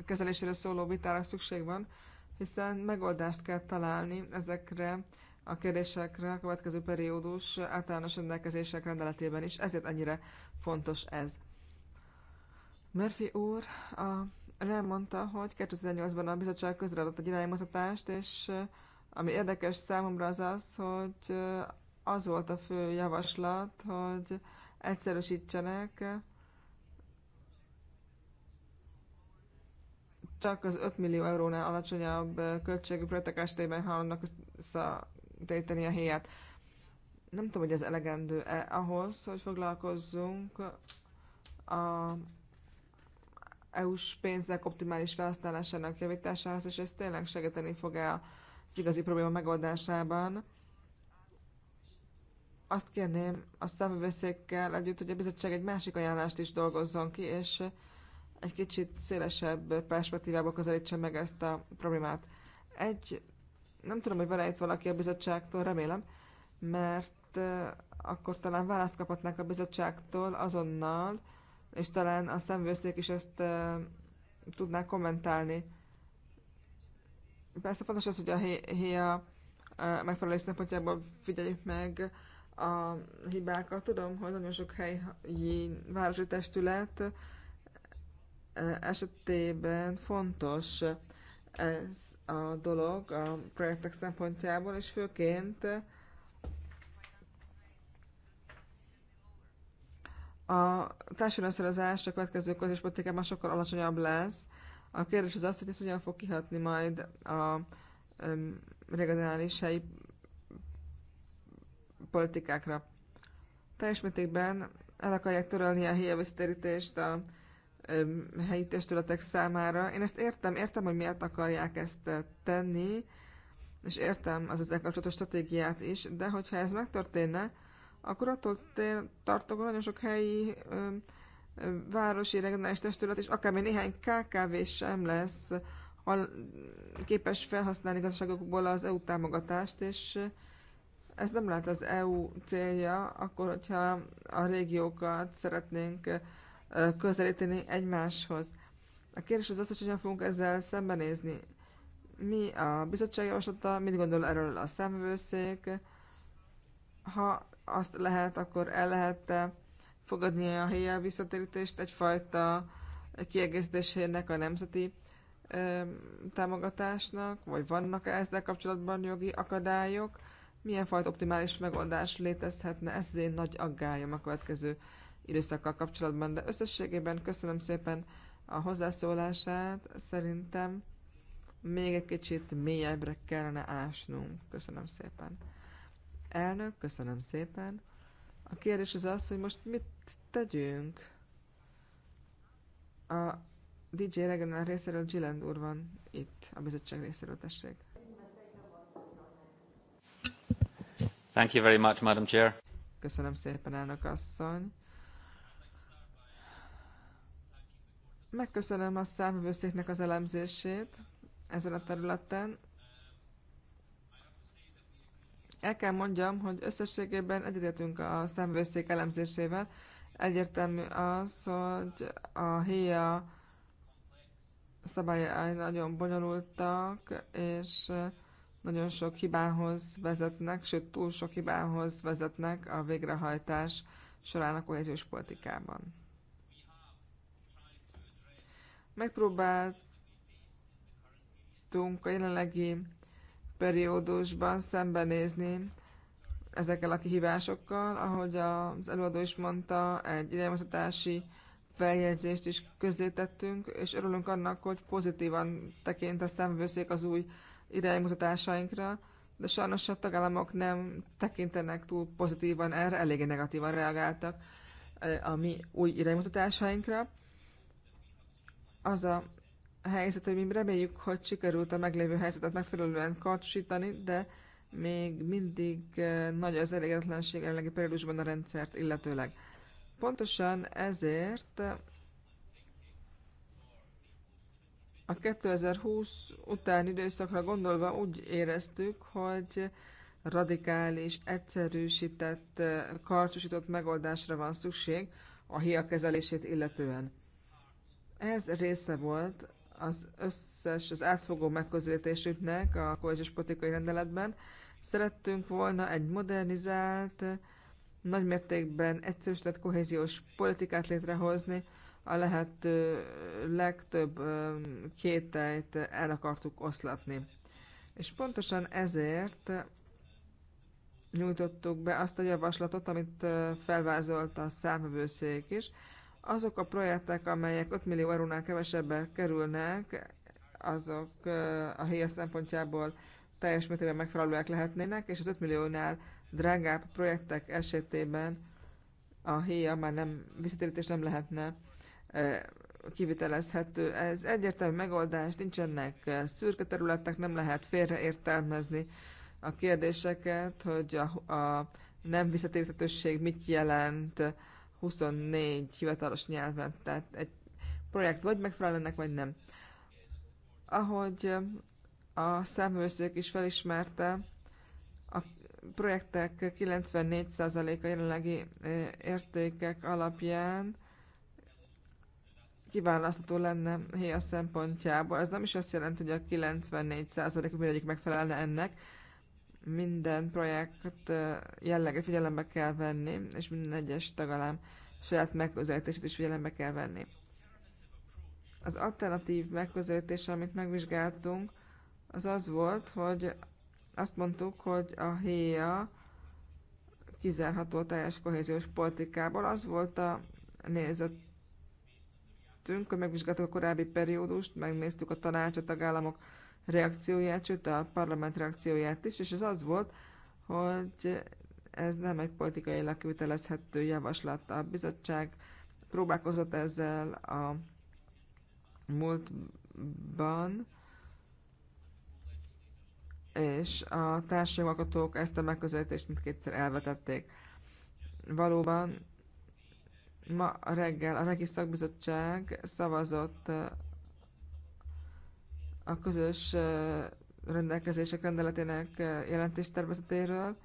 kezelésére szóló vitára szükség van, hiszen megoldást kell találni ezekre a kérdésekre a következő periódus általános rendelkezések rendeletében is, ezért ennyire fontos ez. Murphy úr a, elmondta, hogy 2008-ban a bizottság közreadott egy iránymutatást, és ami érdekes számomra az az, hogy az volt a fő javaslat, hogy egyszerűsítsenek csak az 5 millió eurónál alacsonyabb költségű projektek esetében hallanak visszatéteni a helyet. Nem tudom, hogy ez elegendő-e ahhoz, hogy foglalkozzunk a EU-s pénzek optimális felhasználásának javításához, és ez tényleg segíteni fog-e az igazi probléma megoldásában azt kérném a számvevőszékkel együtt, hogy a bizottság egy másik ajánlást is dolgozzon ki, és egy kicsit szélesebb perspektívába közelítse meg ezt a problémát. Egy, nem tudom, hogy van itt valaki a bizottságtól, remélem, mert akkor talán választ kaphatnánk a bizottságtól azonnal, és talán a szemvőszék is ezt tudná kommentálni. Persze fontos az, hogy a héja megfelelő szempontjából figyeljük meg a hibákat. Tudom, hogy nagyon sok helyi városi testület e, esetében fontos ez a dolog a projektek szempontjából, és főként a társadalomszerezás a következő közös politikában sokkal alacsonyabb lesz. A kérdés az az, hogy ez hogyan fog kihatni majd a regionális helyi politikákra. Teljes mértékben el akarják törölni a héjavisztérítést a helyi testületek számára. Én ezt értem, értem, hogy miért akarják ezt eh, tenni, és értem az ezzel kapcsolatos stratégiát is, de hogyha ez megtörténne, akkor attól tartok, nagyon sok helyi ö, ö, városi regionális testület, és akármi néhány KKV sem lesz hal, képes felhasználni gazdaságokból az EU támogatást, és eh, ez nem lehet az EU célja, akkor, hogyha a régiókat szeretnénk közelíteni egymáshoz. A kérdés az az, hogy hogyan fogunk ezzel szembenézni. Mi a bizottság javaslata, mit gondol erről a szemvőszék? Ha azt lehet, akkor el lehet -e fogadni a helyi visszatérítést egyfajta kiegészítésének a nemzeti ö, támogatásnak, vagy vannak -e ezzel kapcsolatban jogi akadályok? milyen fajta optimális megoldás létezhetne, ez az én nagy aggályom a következő időszakkal kapcsolatban. De összességében köszönöm szépen a hozzászólását, szerintem még egy kicsit mélyebbre kellene ásnunk. Köszönöm szépen. Elnök, köszönöm szépen. A kérdés az az, hogy most mit tegyünk? A DJ Regenál részéről Gillend úr van itt, a bizottság részéről tessék. Thank you very much, Madam Chair. Köszönöm szépen, elnök asszony. Megköszönöm a számvőszéknek az elemzését ezen a területen. El kell mondjam, hogy összességében egyetértünk a számvőszék elemzésével. Egyértelmű az, hogy a hia szabályai nagyon bonyolultak, és nagyon sok hibához vezetnek, sőt túl sok hibához vezetnek a végrehajtás során a kohéziós politikában. Megpróbáltunk a jelenlegi periódusban szembenézni ezekkel a kihívásokkal, ahogy az előadó is mondta, egy iránymutatási feljegyzést is közzétettünk, és örülünk annak, hogy pozitívan tekint a szemvőszék az új iránymutatásainkra, de sajnos a tagállamok nem tekintenek túl pozitívan erre, eléggé negatívan reagáltak eh, a mi új iránymutatásainkra. Az a helyzet, hogy mi reméljük, hogy sikerült a meglévő helyzetet megfelelően kartosítani, de még mindig eh, nagy az elégedetlenség jelenlegi periódusban a rendszert illetőleg. Pontosan ezért A 2020 után időszakra gondolva úgy éreztük, hogy radikális, egyszerűsített, karcsúsított megoldásra van szükség a HIA kezelését illetően. Ez része volt az összes, az átfogó megközelítésüknek a kohéziós politikai rendeletben. Szerettünk volna egy modernizált, nagymértékben egyszerűsített kohéziós politikát létrehozni, a lehető legtöbb kételyt el akartuk oszlatni. És pontosan ezért nyújtottuk be azt a javaslatot, amit felvázolt a számvevőszék is. Azok a projektek, amelyek 5 millió eurónál kevesebbe kerülnek, azok a helyes szempontjából teljes mértékben megfelelőek lehetnének, és az 5 milliónál drágább projektek esetében a héja már nem, visszatérítés nem lehetne kivitelezhető. Ez egyértelmű megoldás, nincsenek szürke területek, nem lehet félreértelmezni a kérdéseket, hogy a, a nem visszatérhetőség mit jelent 24 hivatalos nyelven. Tehát egy projekt vagy megfelel ennek, vagy nem. Ahogy a számőszék is felismerte, a projektek 94%-a jelenlegi értékek alapján kiválasztható lenne héja szempontjából. Ez nem is azt jelenti, hogy a 94% mindegyik megfelelne ennek. Minden projekt jellege figyelembe kell venni, és minden egyes tagalám saját megközelítését is figyelembe kell venni. Az alternatív megközelítés, amit megvizsgáltunk, az az volt, hogy azt mondtuk, hogy a héja kizárható teljes kohéziós politikából. Az volt a nézet tettünk, hogy megvizsgáltuk a korábbi periódust, megnéztük a tanács, a tagállamok reakcióját, sőt a parlament reakcióját is, és ez az volt, hogy ez nem egy politikai kivitelezhető javaslat. A bizottság próbálkozott ezzel a múltban, és a társadalmakatók ezt a megközelítést mindkétszer elvetették. Valóban Ma reggel a Regi Szakbizottság szavazott a közös rendelkezések rendeletének jelentéstervezetéről,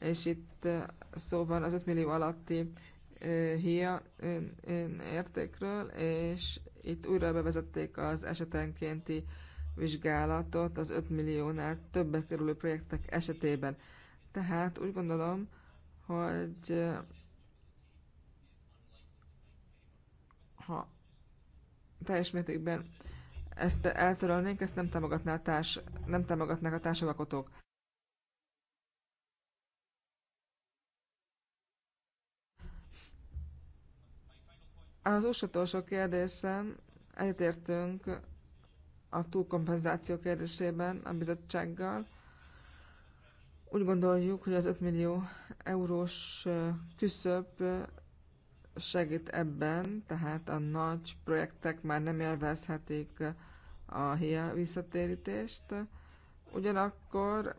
és itt szó van az 5 millió alatti hia értékről, és itt újra bevezették az esetenkénti vizsgálatot az 5 milliónál többek kerülő projektek esetében. Tehát úgy gondolom, hogy ha teljes mértékben ezt eltörölnénk, ezt nem, támogatná a társ, nem támogatnák a társadalkotók. Az utolsó kérdésem, egyetértünk a túlkompenzáció kérdésében a bizottsággal. Úgy gondoljuk, hogy az 5 millió eurós küszöb segít ebben, tehát a nagy projektek már nem élvezhetik a HIA visszatérítést. Ugyanakkor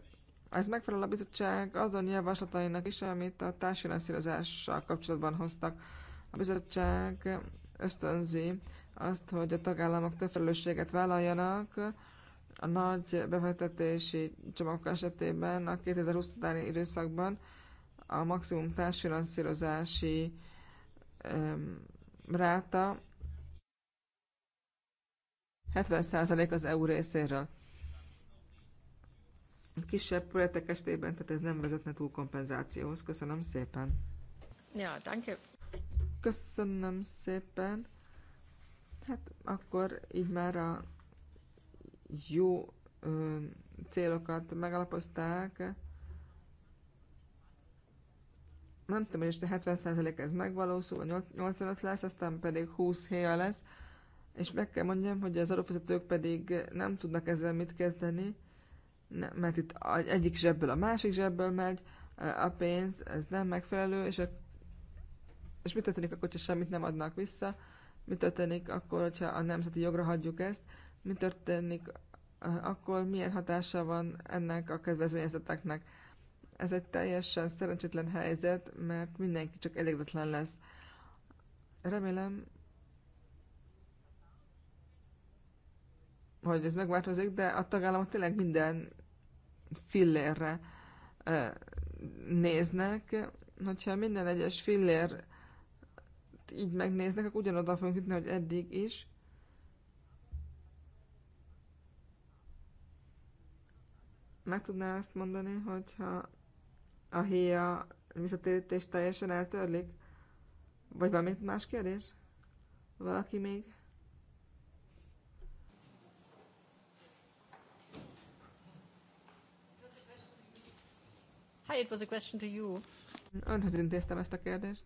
ez megfelel a bizottság azon javaslatainak is, amit a társfinanszírozással kapcsolatban hoztak. A bizottság ösztönzi azt, hogy a tagállamok több felelősséget vállaljanak a nagy befektetési csomagok esetében a 2020 utáni időszakban a maximum társfinanszírozási ráta 70% az EU részéről. Kisebb projektek estében, tehát ez nem vezetne túl kompenzációhoz. Köszönöm szépen. Ja, danke. Köszönöm szépen. Hát akkor így már a jó ö, célokat megalapozták nem tudom, hogy este 70% ez megvalósul, 85 lesz, aztán pedig 20 héja lesz, és meg kell mondjam, hogy az adófizetők pedig nem tudnak ezzel mit kezdeni, mert itt egyik zsebből a másik zsebből megy a pénz, ez nem megfelelő, és, a, és mit történik akkor, hogyha semmit nem adnak vissza, mi történik akkor, hogyha a nemzeti jogra hagyjuk ezt, mi történik eh, akkor, milyen hatása van ennek a kedvezményezeteknek ez egy teljesen szerencsétlen helyzet, mert mindenki csak elégedetlen lesz. Remélem, hogy ez megváltozik, de a tagállamok tényleg minden fillérre néznek. Hogyha minden egyes fillér így megnéznek, akkor ugyanoda fogunk jutni, hogy eddig is. Meg tudná azt mondani, hogyha a héja visszatérítést teljesen eltörlik? Vagy valami más kérdés? Valaki még? Hi, it was a question to you. Önhöz intéztem ezt a kérdést.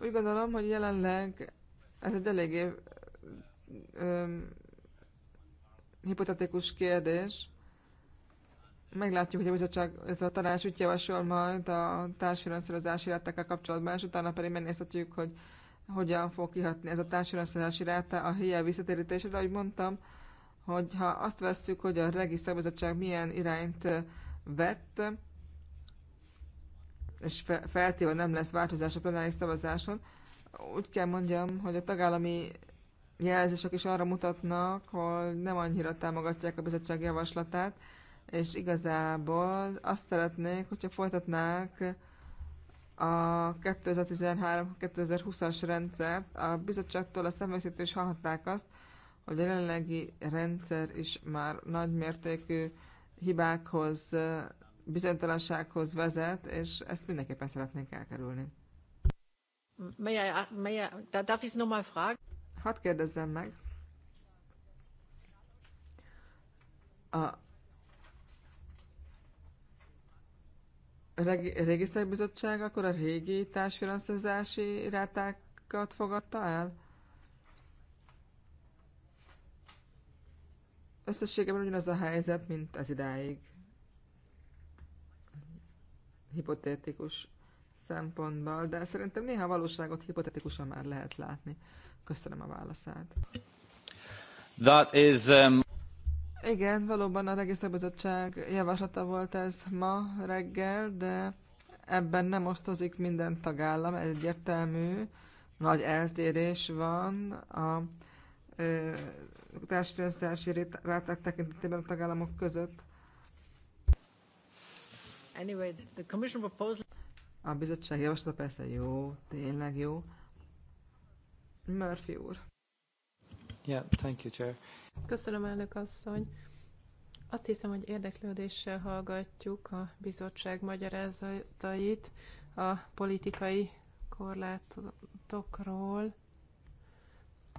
Úgy gondolom, hogy jelenleg ez egy eléggé hipotetikus kérdés meglátjuk, hogy a bizottság, illetve a tanács úgy javasol majd a társadalmi rátákkal kapcsolatban, és utána pedig megnézhetjük, hogy hogyan fog kihatni ez a társadalmi ráta a hiány visszatérítésre, Ahogy mondtam, hogy ha azt vesszük, hogy a regi szakbizottság milyen irányt vett, és feltéve nem lesz változás a plenáris szavazáson, úgy kell mondjam, hogy a tagállami jelzések is arra mutatnak, hogy nem annyira támogatják a bizottság javaslatát, és igazából azt szeretnék, hogyha folytatnák a 2013-2020-as rendszert, a bizottságtól a szemvészítő is hallhatták azt, hogy a jelenlegi rendszer is már nagymértékű hibákhoz, bizonytalansághoz vezet, és ezt mindenképpen szeretnénk elkerülni. May I, may I, darf ich nochmal fragen? Hadd kérdezzem meg. A régi bizottság akkor a régi társfinanszírozási rátákat fogadta el? Összességében ugyanaz a helyzet, mint az idáig. Hipotetikus szempontból, de szerintem néha valóságot hipotetikusan már lehet látni. Köszönöm a válaszát. That is, um... Igen, valóban a regiszterbizottság javaslata volt ez ma reggel, de ebben nem osztozik minden tagállam, ez egyértelmű, nagy eltérés van a társadalmi ráták tekintetében a tagállamok között. Anyway, the commission proposal... A bizottság javaslata persze jó, tényleg jó. Murphy úr. Yeah, thank you, Chair. Köszönöm, elnök asszony. Azt hiszem, hogy érdeklődéssel hallgatjuk a bizottság magyarázatait a politikai korlátokról.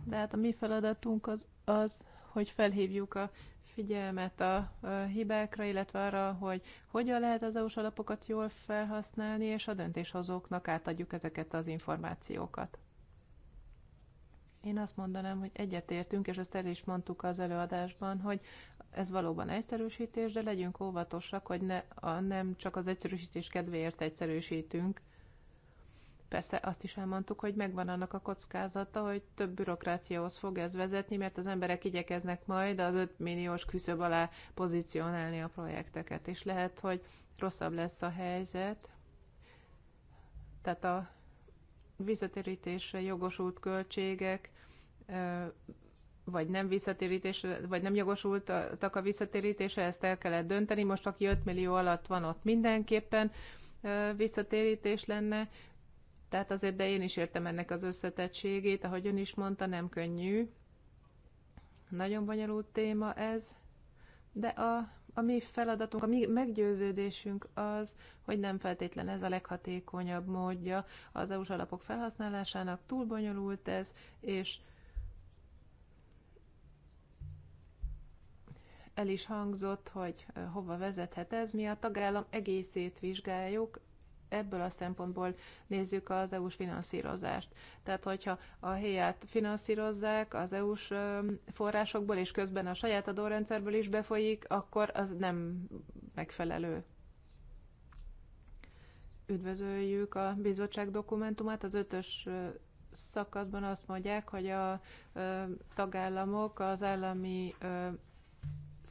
De hát a mi feladatunk az, az hogy felhívjuk a figyelmet a, a hibákra, illetve arra, hogy hogyan lehet az EU-s alapokat jól felhasználni, és a döntéshozóknak átadjuk ezeket az információkat. Én azt mondanám, hogy egyetértünk, és ezt el is mondtuk az előadásban, hogy ez valóban egyszerűsítés, de legyünk óvatosak, hogy ne, a, nem csak az egyszerűsítés kedvéért egyszerűsítünk. Persze azt is elmondtuk, hogy megvan annak a kockázata, hogy több bürokráciahoz fog ez vezetni, mert az emberek igyekeznek majd az 5 milliós küszöb alá pozícionálni a projekteket, és lehet, hogy rosszabb lesz a helyzet. Tehát a visszatérítésre jogosult költségek vagy nem visszatérítésre, vagy nem jogosultak a visszatérítése, ezt el kellett dönteni. Most aki 5 millió alatt van, ott mindenképpen visszatérítés lenne. Tehát azért, de én is értem ennek az összetettségét, ahogy ön is mondta, nem könnyű. Nagyon bonyolult téma ez, de a, a mi feladatunk, a mi meggyőződésünk az, hogy nem feltétlen ez a leghatékonyabb módja az EU-s alapok felhasználásának, túl bonyolult ez, és El is hangzott, hogy hova vezethet ez. Mi a tagállam egészét vizsgáljuk, ebből a szempontból nézzük az EU-s finanszírozást. Tehát, hogyha a helyet finanszírozzák az EU-s forrásokból, és közben a saját adórendszerből is befolyik, akkor az nem megfelelő. Üdvözöljük a bizottság dokumentumát. Az ötös szakaszban azt mondják, hogy a tagállamok az állami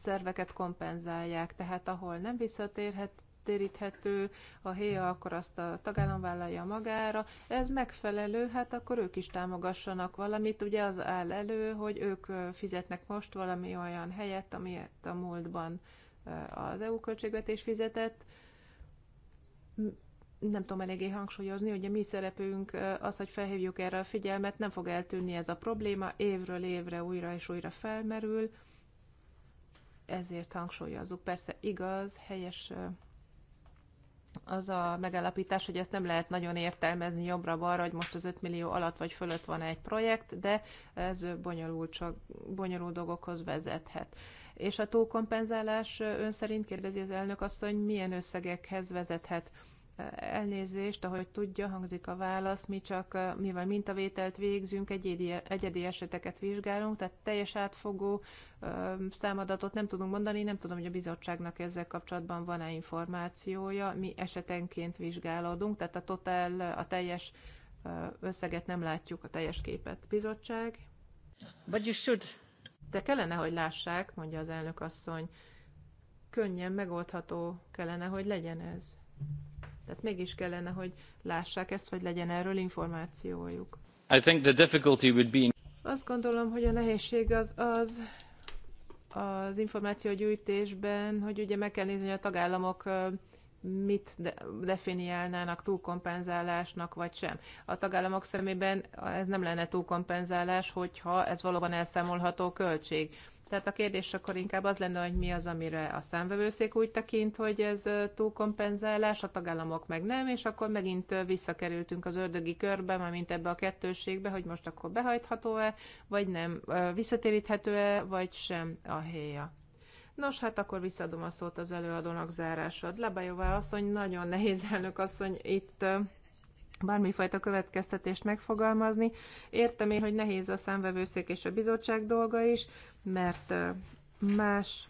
szerveket kompenzálják. Tehát ahol nem visszatérhet, téríthető a héja, akkor azt a tagállam vállalja magára. Ez megfelelő, hát akkor ők is támogassanak valamit. Ugye az áll elő, hogy ők fizetnek most valami olyan helyet, amilyet a múltban az EU költségvetés fizetett. Nem tudom eléggé hangsúlyozni, hogy a mi szerepünk az, hogy felhívjuk erre a figyelmet, nem fog eltűnni ez a probléma, évről évre újra és újra felmerül ezért hangsúlyozzuk. Persze igaz, helyes az a megállapítás, hogy ezt nem lehet nagyon értelmezni jobbra-balra, hogy most az 5 millió alatt vagy fölött van egy projekt, de ez bonyolult, csak bonyolult dolgokhoz vezethet. És a túlkompenzálás ön szerint kérdezi az elnök hogy milyen összegekhez vezethet? Elnézést, ahogy tudja, hangzik a válasz, mi csak, eh, mivel mintavételt végzünk, egyedi, egyedi eseteket vizsgálunk, tehát teljes átfogó eh, számadatot nem tudunk mondani, nem tudom, hogy a bizottságnak ezzel kapcsolatban van-e információja, mi esetenként vizsgálódunk, tehát a totál, a teljes eh, összeget nem látjuk, a teljes képet. Bizottság? But you should. De kellene, hogy lássák, mondja az elnök asszony. Könnyen megoldható kellene, hogy legyen ez. Tehát mégis kellene, hogy lássák ezt, vagy legyen erről információjuk. I think the difficulty would be Azt gondolom, hogy a nehézség az az, az információgyűjtésben, hogy ugye meg kell nézni, hogy a tagállamok mit de, definiálnának túlkompenzálásnak, vagy sem. A tagállamok szemében ez nem lenne túlkompenzálás, hogyha ez valóban elszámolható költség. Tehát a kérdés akkor inkább az lenne, hogy mi az, amire a számvevőszék úgy tekint, hogy ez túlkompenzálás, a tagállamok meg nem, és akkor megint visszakerültünk az ördögi körbe, mint ebbe a kettőségbe, hogy most akkor behajtható-e, vagy nem, visszatéríthető-e, vagy sem a héja. Nos, hát akkor visszadom a szót az előadónak zárásod. Lebajová asszony, nagyon nehéz elnök asszony itt bármifajta következtetést megfogalmazni. Értem én, hogy nehéz a számvevőszék és a bizottság dolga is, mert más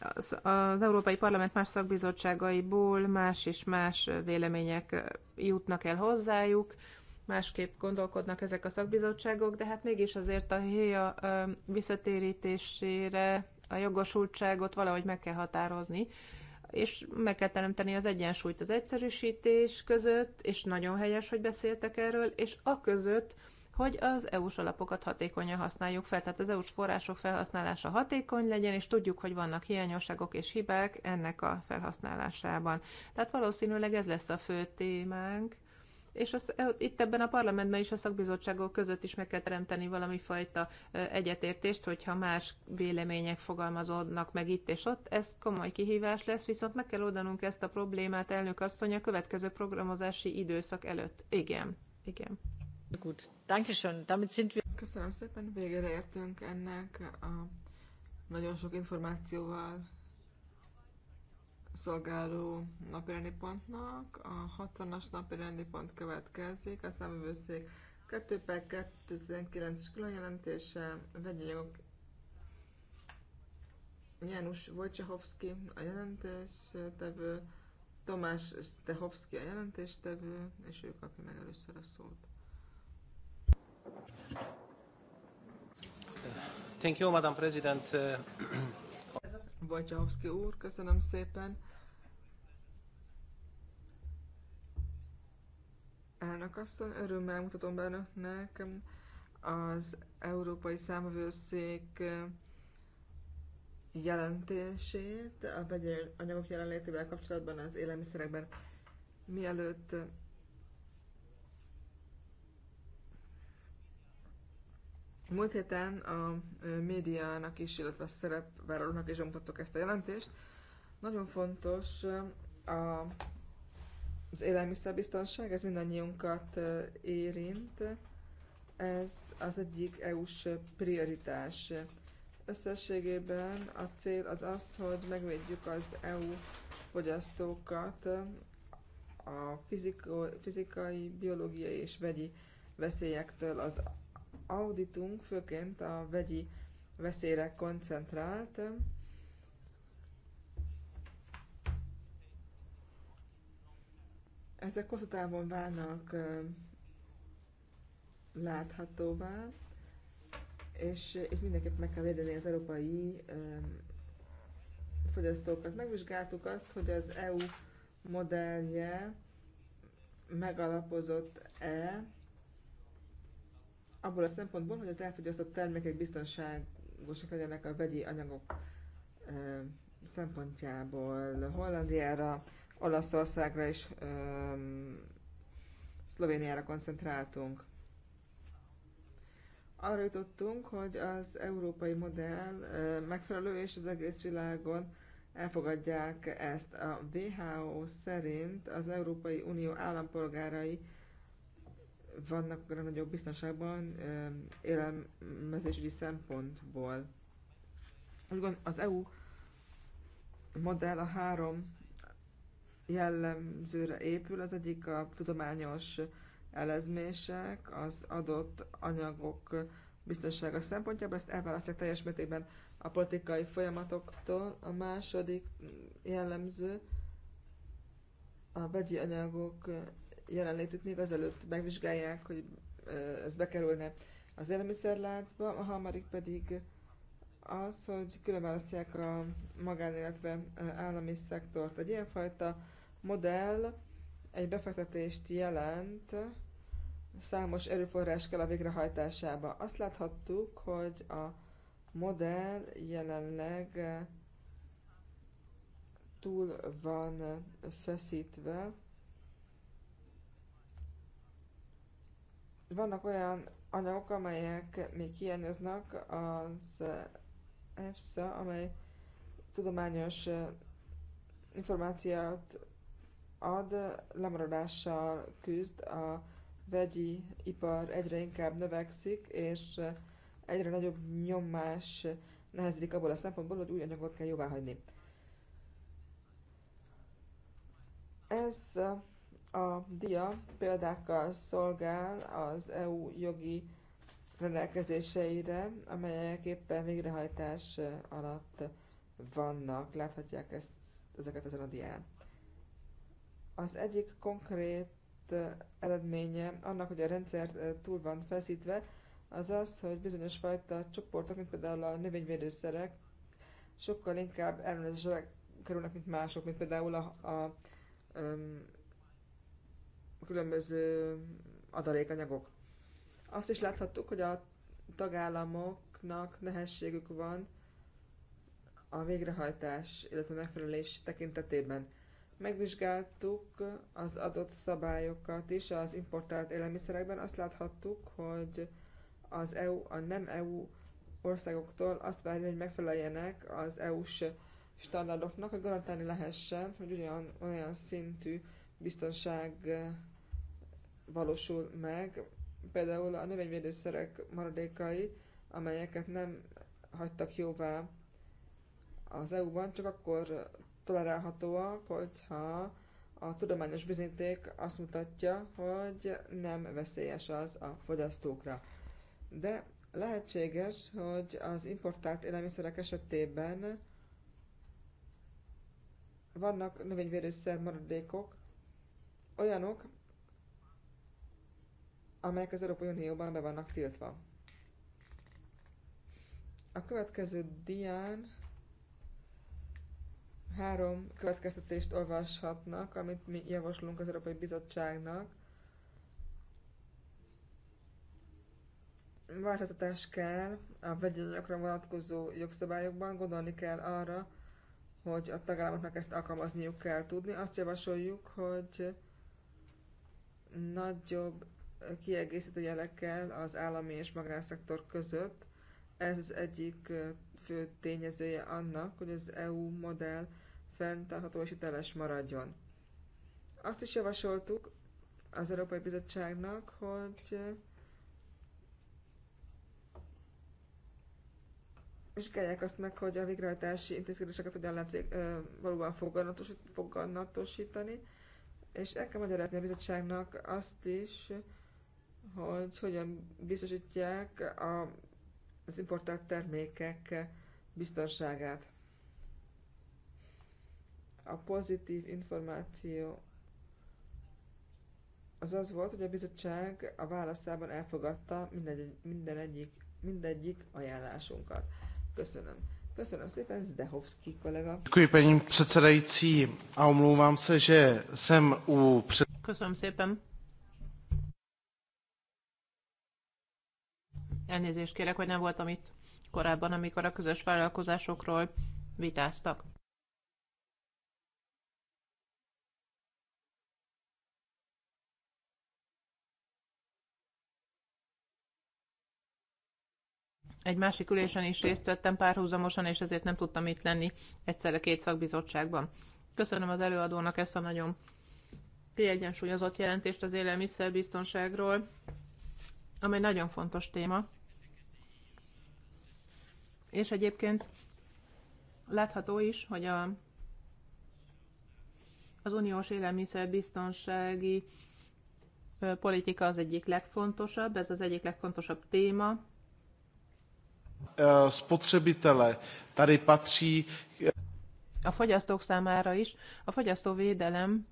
az, az Európai Parlament más szakbizottságaiból más és más vélemények jutnak el hozzájuk, másképp gondolkodnak ezek a szakbizottságok, de hát mégis azért a héja visszatérítésére a jogosultságot valahogy meg kell határozni, és meg kell teremteni az egyensúlyt az egyszerűsítés között, és nagyon helyes, hogy beszéltek erről, és a között, hogy az EU-s alapokat hatékonyan használjuk fel, tehát az EU-s források felhasználása hatékony legyen, és tudjuk, hogy vannak hiányosságok és hibák ennek a felhasználásában. Tehát valószínűleg ez lesz a fő témánk, és az, e, itt ebben a parlamentben is a szakbizottságok között is meg kell teremteni valami fajta e, egyetértést, hogyha más vélemények fogalmazódnak meg itt és ott. Ez komoly kihívás lesz, viszont meg kell oldanunk ezt a problémát, elnök asszony, a következő programozási időszak előtt. Igen, igen. Gut, danke schön. Damit sind wir... Köszönöm szépen, végére értünk ennek a nagyon sok információval szolgáló napirendi pontnak. A 60-as napirendi pont következik, a számövőszék 2 per 2019 es különjelentése, vegyi jogok János Wojciechowski a jelentéstevő, Tomás Stehovski a jelentéstevő, és ő kapja meg először a szót. Thank you, Madam President. Wojciechowski úr, köszönöm szépen. Elnök asszony, örömmel mutatom be önöknek az Európai Számvevőszék eh, jelentését a vegyi anyagok jelenlétével kapcsolatban az élelmiszerekben. Mielőtt Múlt héten a médiának is, illetve a szerepvállalónak is bemutattuk ezt a jelentést. Nagyon fontos a, az élelmiszerbiztonság, ez mindannyiunkat érint. Ez az egyik EU-s prioritás. Összességében a cél az az, hogy megvédjük az EU fogyasztókat a fizikai, biológiai és vegyi veszélyektől, az auditunk főként a vegyi veszélyre koncentrált. Ezek hosszú távon válnak láthatóvá, és és mindenképp meg kell védeni az európai fogyasztókat. Megvizsgáltuk azt, hogy az EU modellje megalapozott-e abból a szempontból, hogy az elfogyasztott termékek biztonságosak legyenek a vegyi anyagok ö, szempontjából. Hollandiára, Olaszországra és ö, Szlovéniára koncentráltunk. Arra jutottunk, hogy az európai modell ö, megfelelő, és az egész világon elfogadják ezt. A WHO szerint az Európai Unió állampolgárai vannak a nagyobb biztonságban élelmezési szempontból. Az EU modell a három jellemzőre épül, az egyik a tudományos elezmések, az adott anyagok biztonsága szempontjából, ezt elválasztják teljes mértékben a politikai folyamatoktól. A második jellemző a vegyi anyagok jelenlétét még azelőtt megvizsgálják, hogy ez bekerülne az élelmiszerláncba, a harmadik pedig az, hogy különválasztják a magán, illetve állami szektort. Egy ilyenfajta modell egy befektetést jelent, számos erőforrás kell a végrehajtásába. Azt láthattuk, hogy a modell jelenleg túl van feszítve, Vannak olyan anyagok, amelyek még hiányoznak az eh, EFSA, amely tudományos eh, információt ad, lemaradással küzd, a vegyi ipar egyre inkább növekszik, és eh, egyre nagyobb nyomás nehezedik abból a szempontból, hogy új anyagot kell hagyni. Ez a dia példákkal szolgál az EU jogi rendelkezéseire, amelyek éppen végrehajtás alatt vannak. Láthatják ezt, ezeket ezen a dián. Az egyik konkrét eredménye annak, hogy a rendszer túl van feszítve, az az, hogy bizonyos fajta csoportok, mint például a növényvédőszerek, sokkal inkább ellenőrzésre kerülnek, mint mások, mint például a, a, a különböző adalékanyagok. Azt is láthattuk, hogy a tagállamoknak nehézségük van a végrehajtás, illetve megfelelés tekintetében. Megvizsgáltuk az adott szabályokat is az importált élelmiszerekben. Azt láthattuk, hogy az EU, a nem EU országoktól azt várja, hogy megfeleljenek az EU-s standardoknak, hogy garantálni lehessen, hogy ugyan, olyan szintű biztonság valósul meg, például a növényvédőszerek maradékai, amelyeket nem hagytak jóvá az EU-ban, csak akkor tolerálhatóak, hogyha a tudományos bizonyíték azt mutatja, hogy nem veszélyes az a fogyasztókra. De lehetséges, hogy az importált élelmiszerek esetében vannak növényvédőszer maradékok, olyanok, amelyek az Európai Unióban be vannak tiltva. A következő dián három következtetést olvashatnak, amit mi javaslunk az Európai Bizottságnak. Változtatás kell a vegyanyagokra vonatkozó jogszabályokban, gondolni kell arra, hogy a tagállamoknak ezt alkalmazniuk kell tudni. Azt javasoljuk, hogy nagyobb kiegészítő jelekkel az állami és magánszektor között. Ez az egyik fő tényezője annak, hogy az EU modell fenntartható és hiteles maradjon. Azt is javasoltuk az Európai Bizottságnak, hogy vizsgálják azt meg, hogy a végrehajtási intézkedéseket hogyan lehet vég, valóban foganatosítani, és el kell magyarázni a bizottságnak azt is, hogy hogyan biztosítják a, az importált termékek biztonságát. A pozitív információ az az volt, hogy a bizottság a válaszában elfogadta mindegy, minden egyik, mindegyik ajánlásunkat. Köszönöm. Köszönöm szépen, Zdehovszki kollega. Köszönöm, paní předsedající, a omlouvám se, že jsem u... Köszönöm szépen. Elnézést kérek, hogy nem voltam itt korábban, amikor a közös vállalkozásokról vitáztak. Egy másik ülésen is részt vettem párhuzamosan, és ezért nem tudtam itt lenni egyszerre két szakbizottságban. Köszönöm az előadónak ezt a nagyon kiegyensúlyozott jelentést az élelmiszerbiztonságról, amely nagyon fontos téma. És egyébként látható is, hogy a, az uniós élelmiszerbiztonsági politika az egyik legfontosabb, ez az egyik legfontosabb téma. Spotřebitele, tady patří... A fogyasztók számára is. A fogyasztóvédelem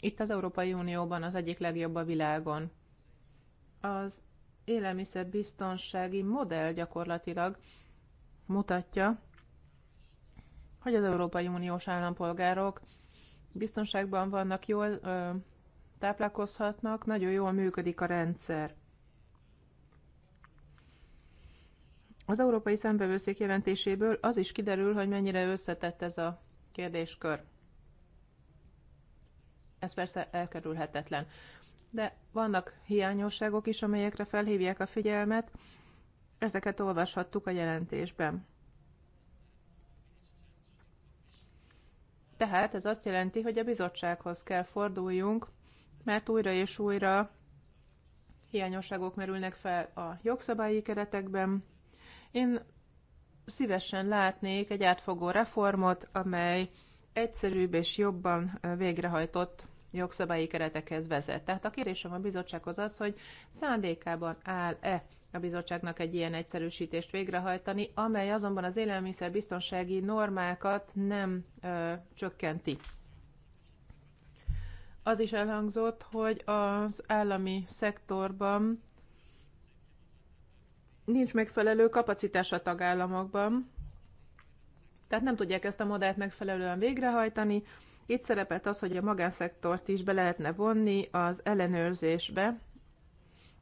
itt az Európai Unióban az egyik legjobb a világon. Az élelmiszerbiztonsági modell gyakorlatilag mutatja, hogy az Európai Uniós állampolgárok biztonságban vannak, jól ö, táplálkozhatnak, nagyon jól működik a rendszer. Az Európai Szembevőszék jelentéséből az is kiderül, hogy mennyire összetett ez a kérdéskör. Ez persze elkerülhetetlen de vannak hiányosságok is, amelyekre felhívják a figyelmet. Ezeket olvashattuk a jelentésben. Tehát ez azt jelenti, hogy a bizottsághoz kell forduljunk, mert újra és újra hiányosságok merülnek fel a jogszabályi keretekben. Én szívesen látnék egy átfogó reformot, amely egyszerűbb és jobban végrehajtott jogszabályi keretekhez vezet. Tehát a kérdésem a bizottsághoz az, hogy szándékában áll-e a bizottságnak egy ilyen egyszerűsítést végrehajtani, amely azonban az élelmiszerbiztonsági normákat nem ö, csökkenti. Az is elhangzott, hogy az állami szektorban nincs megfelelő kapacitás a tagállamokban, tehát nem tudják ezt a modellt megfelelően végrehajtani, itt szerepelt az, hogy a magánszektort is be lehetne vonni az ellenőrzésbe,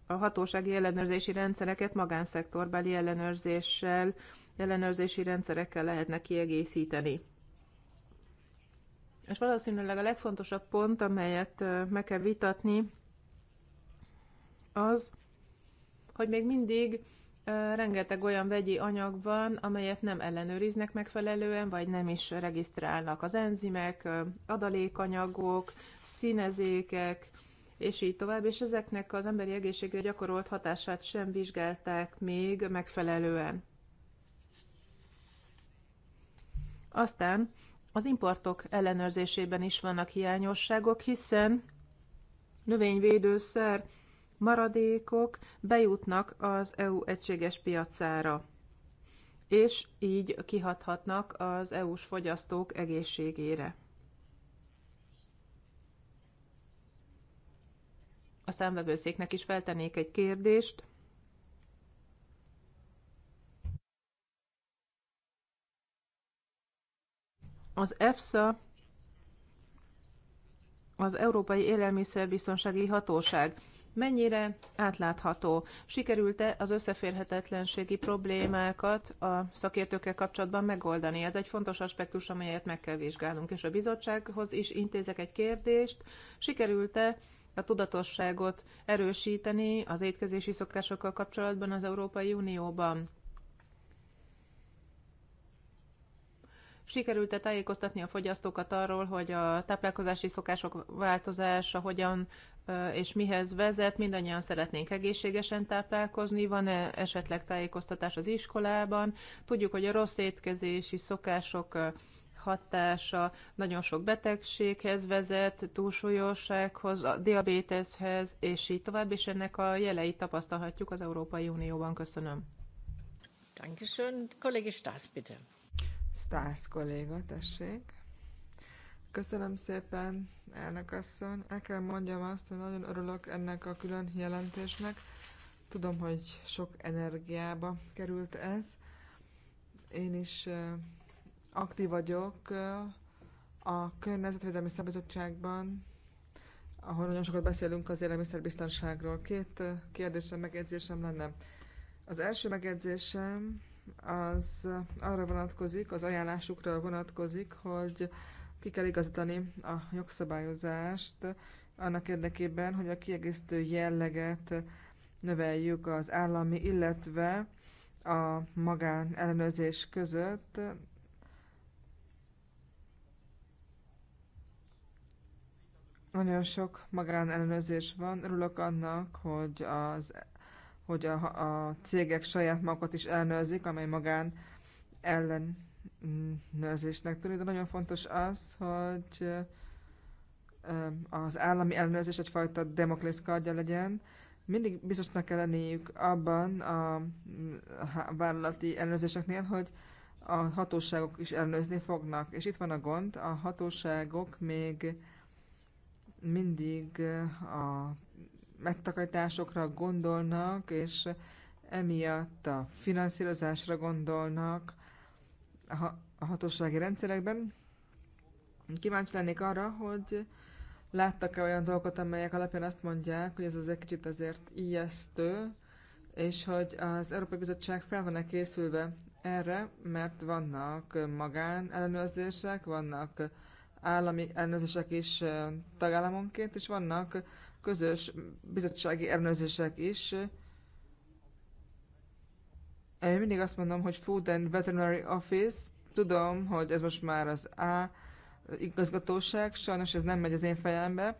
a hatósági ellenőrzési rendszereket magánszektorbeli ellenőrzéssel, ellenőrzési rendszerekkel lehetne kiegészíteni. És valószínűleg a legfontosabb pont, amelyet meg kell vitatni, az, hogy még mindig rengeteg olyan vegyi anyag van, amelyet nem ellenőriznek megfelelően, vagy nem is regisztrálnak az enzimek, adalékanyagok, színezékek, és így tovább, és ezeknek az emberi egészségre gyakorolt hatását sem vizsgálták még megfelelően. Aztán az importok ellenőrzésében is vannak hiányosságok, hiszen növényvédőszer, maradékok bejutnak az EU egységes piacára, és így kihathatnak az EU-s fogyasztók egészségére. A számvevőszéknek is feltennék egy kérdést. Az EFSA az Európai Élelmiszerbiztonsági Hatóság mennyire átlátható. Sikerült-e az összeférhetetlenségi problémákat a szakértőkkel kapcsolatban megoldani? Ez egy fontos aspektus, amelyet meg kell vizsgálnunk, és a bizottsághoz is intézek egy kérdést. Sikerült-e a tudatosságot erősíteni az étkezési szokásokkal kapcsolatban az Európai Unióban? Sikerült-e tájékoztatni a fogyasztókat arról, hogy a táplálkozási szokások változása hogyan és mihez vezet, mindannyian szeretnénk egészségesen táplálkozni, van-e esetleg tájékoztatás az iskolában, tudjuk, hogy a rossz étkezési szokások hatása nagyon sok betegséghez vezet, túlsúlyossághoz, a diabéteszhez, és így tovább, és ennek a jeleit tapasztalhatjuk az Európai Unióban. Köszönöm. Dankeschön. Kollégi Stász, bitte. Stász kolléga, tessék. Köszönöm szépen, elnök asszony. El kell mondjam azt, hogy nagyon örülök ennek a külön jelentésnek. Tudom, hogy sok energiába került ez. Én is aktív vagyok a Környezetvédelmi szabadságban, ahol nagyon sokat beszélünk az élelmiszerbiztonságról. Két kérdésem, megjegyzésem lenne. Az első megjegyzésem az arra vonatkozik, az ajánlásukra vonatkozik, hogy ki kell igazítani a jogszabályozást annak érdekében, hogy a kiegészítő jelleget növeljük az állami, illetve a magán ellenőrzés között. Nagyon sok magán ellenőrzés van. Örülök annak, hogy, az, hogy a, a cégek saját magukat is ellenőrzik, amely magán ellen ellenőrzésnek tűnik, de nagyon fontos az, hogy az állami ellenőrzés egyfajta demoklész kardja legyen. Mindig biztosnak kell lenniük abban a vállalati ellenőrzéseknél, hogy a hatóságok is ellenőrzni fognak. És itt van a gond, a hatóságok még mindig a megtakarításokra gondolnak, és emiatt a finanszírozásra gondolnak, a hatósági rendszerekben. Kíváncsi lennék arra, hogy láttak-e olyan dolgokat, amelyek alapján azt mondják, hogy ez az egy kicsit azért ijesztő, és hogy az Európai Bizottság fel van-e készülve erre, mert vannak magán ellenőrzések, vannak állami ellenőrzések is tagállamonként, és vannak közös bizottsági ellenőrzések is én mindig azt mondom, hogy Food and Veterinary Office, tudom, hogy ez most már az A igazgatóság, sajnos ez nem megy az én fejembe,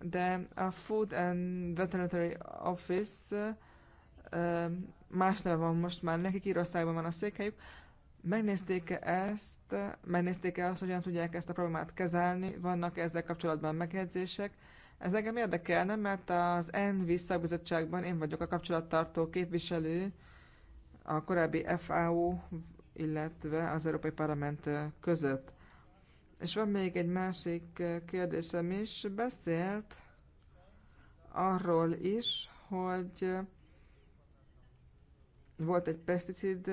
de a Food and Veterinary Office más neve van most már, nekik Írországban van a székhelyük. Megnézték-e ezt, megnézték-e azt, hogyan tudják ezt a problémát kezelni, vannak ezzel kapcsolatban megjegyzések. Ez engem érdekelne, mert az NV szakbizottságban én vagyok a kapcsolattartó képviselő, a korábbi FAO, illetve az Európai Parlament között. És van még egy másik kérdésem is. Beszélt arról is, hogy volt egy peszticid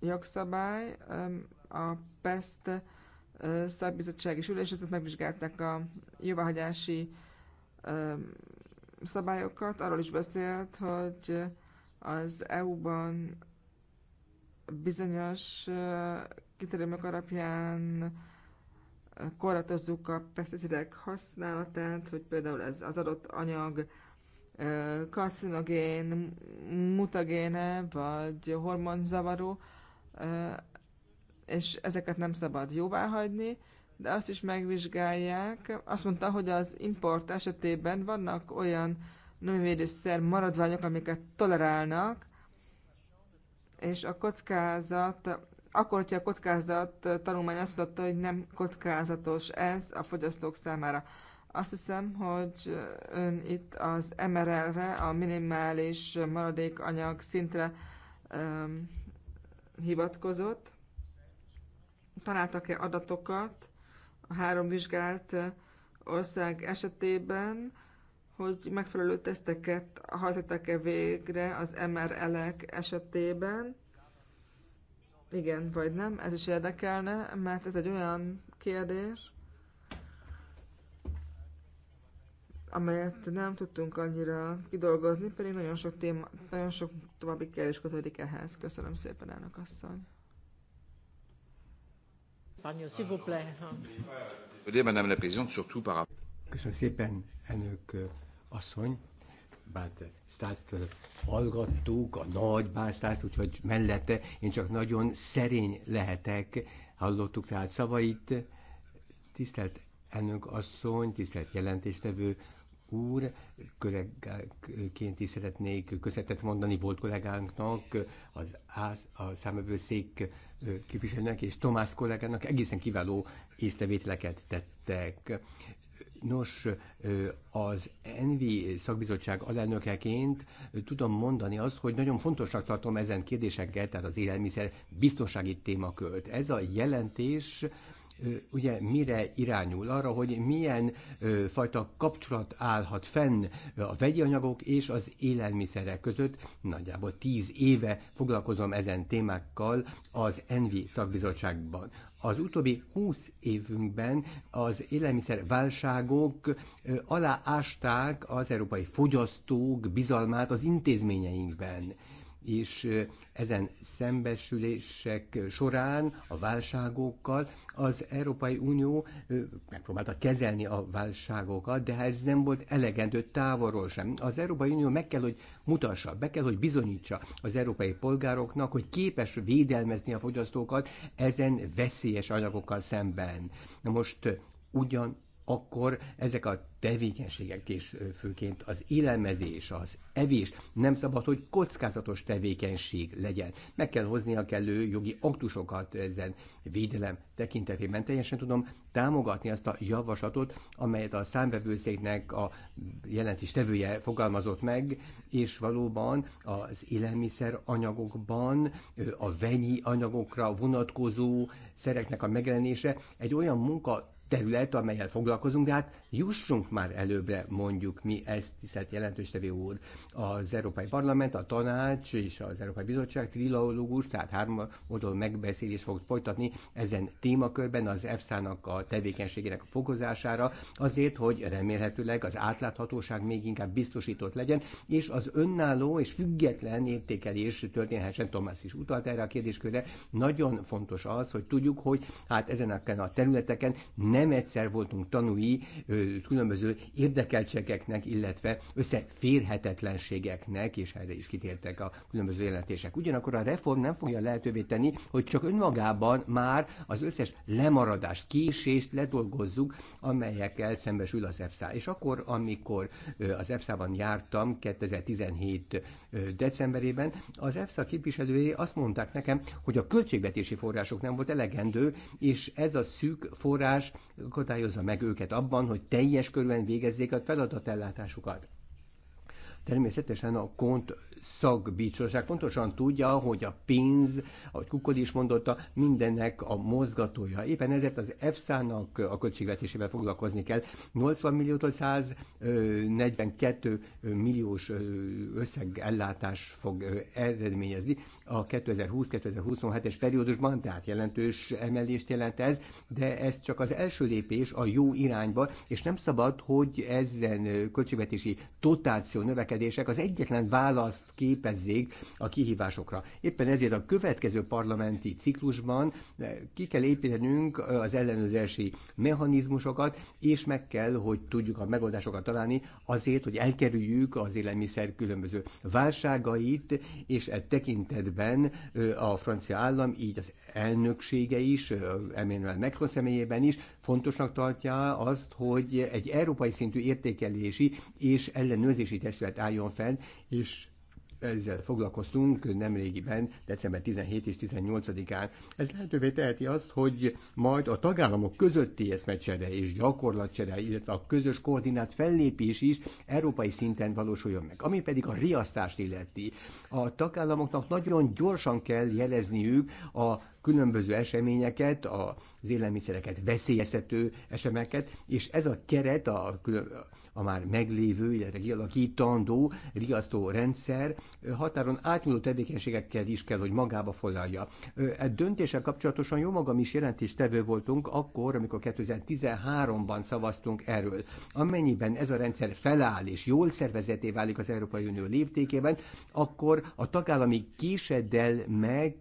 jogszabály, a PEST szakbizottsági ülés, ezt megvizsgálták a jóváhagyási szabályokat. Arról is beszélt, hogy az EU-ban bizonyos kritériumok alapján korlátozzuk a pesticidek használatát, hogy például ez az adott anyag karcinogén, mutagéne vagy hormonzavaró, és ezeket nem szabad jóvá hagyni, de azt is megvizsgálják. Azt mondta, hogy az import esetében vannak olyan növényvédőszer maradványok, amiket tolerálnak, és a kockázat, akkor, hogyha a kockázat tanulmány azt mondta, hogy nem kockázatos ez a fogyasztók számára. Azt hiszem, hogy ön itt az MRL-re, a minimális maradékanyag szintre um, hivatkozott. Találtak-e adatokat a három vizsgált ország esetében, hogy megfelelő teszteket hajtottak-e végre az mr ek esetében. Igen, vagy nem, ez is érdekelne, mert ez egy olyan kérdés, amelyet nem tudtunk annyira kidolgozni, pedig nagyon sok, téma, nagyon sok további kérdés kötődik ehhez. Köszönöm szépen, elnök asszony. Köszönöm szépen, elnök asszony, bár Stászt hallgattuk, a nagy Básztászt, úgyhogy mellette én csak nagyon szerény lehetek. Hallottuk tehát szavait. Tisztelt elnök asszony, tisztelt jelentéstevő úr, kollégáként is szeretnék köszönetet mondani volt kollégánknak, az a, a számövőszék képviselőnek és Tomás kollégának egészen kiváló észrevételeket tettek. Nos, az ENVI szakbizottság alelnökeként tudom mondani azt, hogy nagyon fontosnak tartom ezen kérdéseket, tehát az élelmiszer biztonsági témakölt. Ez a jelentés ugye mire irányul? Arra, hogy milyen fajta kapcsolat állhat fenn a vegyi anyagok és az élelmiszerek között. Nagyjából tíz éve foglalkozom ezen témákkal az Envi szakbizottságban. Az utóbbi 20 évünkben az élelmiszerválságok aláásták az európai fogyasztók bizalmát az intézményeinkben és ezen szembesülések során a válságokkal az Európai Unió megpróbálta kezelni a válságokat, de ez nem volt elegendő távolról sem. Az Európai Unió meg kell, hogy mutassa, be kell, hogy bizonyítsa az európai polgároknak, hogy képes védelmezni a fogyasztókat ezen veszélyes anyagokkal szemben. Na most ugyan akkor ezek a tevékenységek, és főként az élelmezés, az evés nem szabad, hogy kockázatos tevékenység legyen. Meg kell hozni a kellő jogi aktusokat ezen védelem tekintetében. Teljesen tudom támogatni azt a javaslatot, amelyet a számvevőszéknek a jelentés tevője fogalmazott meg, és valóban az élelmiszer anyagokban a vegyi anyagokra vonatkozó szereknek a megjelenése egy olyan munka terület, amelyel foglalkozunk, de hát jussunk már előbbre, mondjuk mi ezt, tisztelt jelentős tevő úr. Az Európai Parlament, a Tanács és az Európai Bizottság trilógus, tehát három oldalon megbeszélés fog folytatni ezen témakörben az EFSA-nak a tevékenységének a fokozására, azért, hogy remélhetőleg az átláthatóság még inkább biztosított legyen, és az önálló és független értékelés történhessen. Tomás is utalt erre a kérdéskörre. Nagyon fontos az, hogy tudjuk, hogy hát ezen a területeken nem nem egyszer voltunk tanúi különböző érdekeltségeknek, illetve összeférhetetlenségeknek, és erre is kitértek a különböző jelentések. Ugyanakkor a reform nem fogja lehetővé tenni, hogy csak önmagában már az összes lemaradást, késést ledolgozzuk, amelyekkel szembesül az EFSA. És akkor, amikor az EFSA-ban jártam 2017 decemberében, az EFSA képviselői azt mondták nekem, hogy a költségvetési források nem volt elegendő, és ez a szűk forrás akadályozza meg őket abban, hogy teljes körben végezzék a feladatellátásukat. Természetesen a kont szakbícsorság pontosan tudja, hogy a pénz, ahogy Kukod is mondotta, mindennek a mozgatója. Éppen ezért az EFSA-nak a költségvetésével foglalkozni kell. 80 milliótól 142 milliós összegellátás fog eredményezni a 2020-2027-es periódusban, tehát jelentős emelést jelent ez, de ez csak az első lépés a jó irányba, és nem szabad, hogy ezen költségvetési dotáció növekedés intézkedések az egyetlen választ képezzék a kihívásokra. Éppen ezért a következő parlamenti ciklusban eh, ki kell építenünk eh, az ellenőrzési mechanizmusokat, és meg kell, hogy tudjuk a megoldásokat találni azért, hogy elkerüljük az élelmiszer különböző válságait, és e tekintetben eh, a francia állam, így az elnöksége is, Emmanuel Macron személyében is fontosnak tartja azt, hogy egy európai szintű értékelési és ellenőrzési testület álljon fel, és ezzel foglalkoztunk nemrégiben, december 17 és 18-án. Ez lehetővé teheti azt, hogy majd a tagállamok közötti eszmecsere és gyakorlatcsere, illetve a közös koordinát fellépés is európai szinten valósuljon meg. Ami pedig a riasztást illeti. A tagállamoknak nagyon gyorsan kell jelezniük a különböző eseményeket, az élelmiszereket veszélyeztető eseményeket, és ez a keret, a, a már meglévő, illetve kialakítandó riasztó rendszer határon átnyúló tevékenységekkel is kell, hogy magába foglalja. E döntéssel kapcsolatosan jó magam is jelentéstevő voltunk akkor, amikor 2013-ban szavaztunk erről. Amennyiben ez a rendszer feláll és jól szervezeté válik az Európai Unió léptékében, akkor a tagállami meg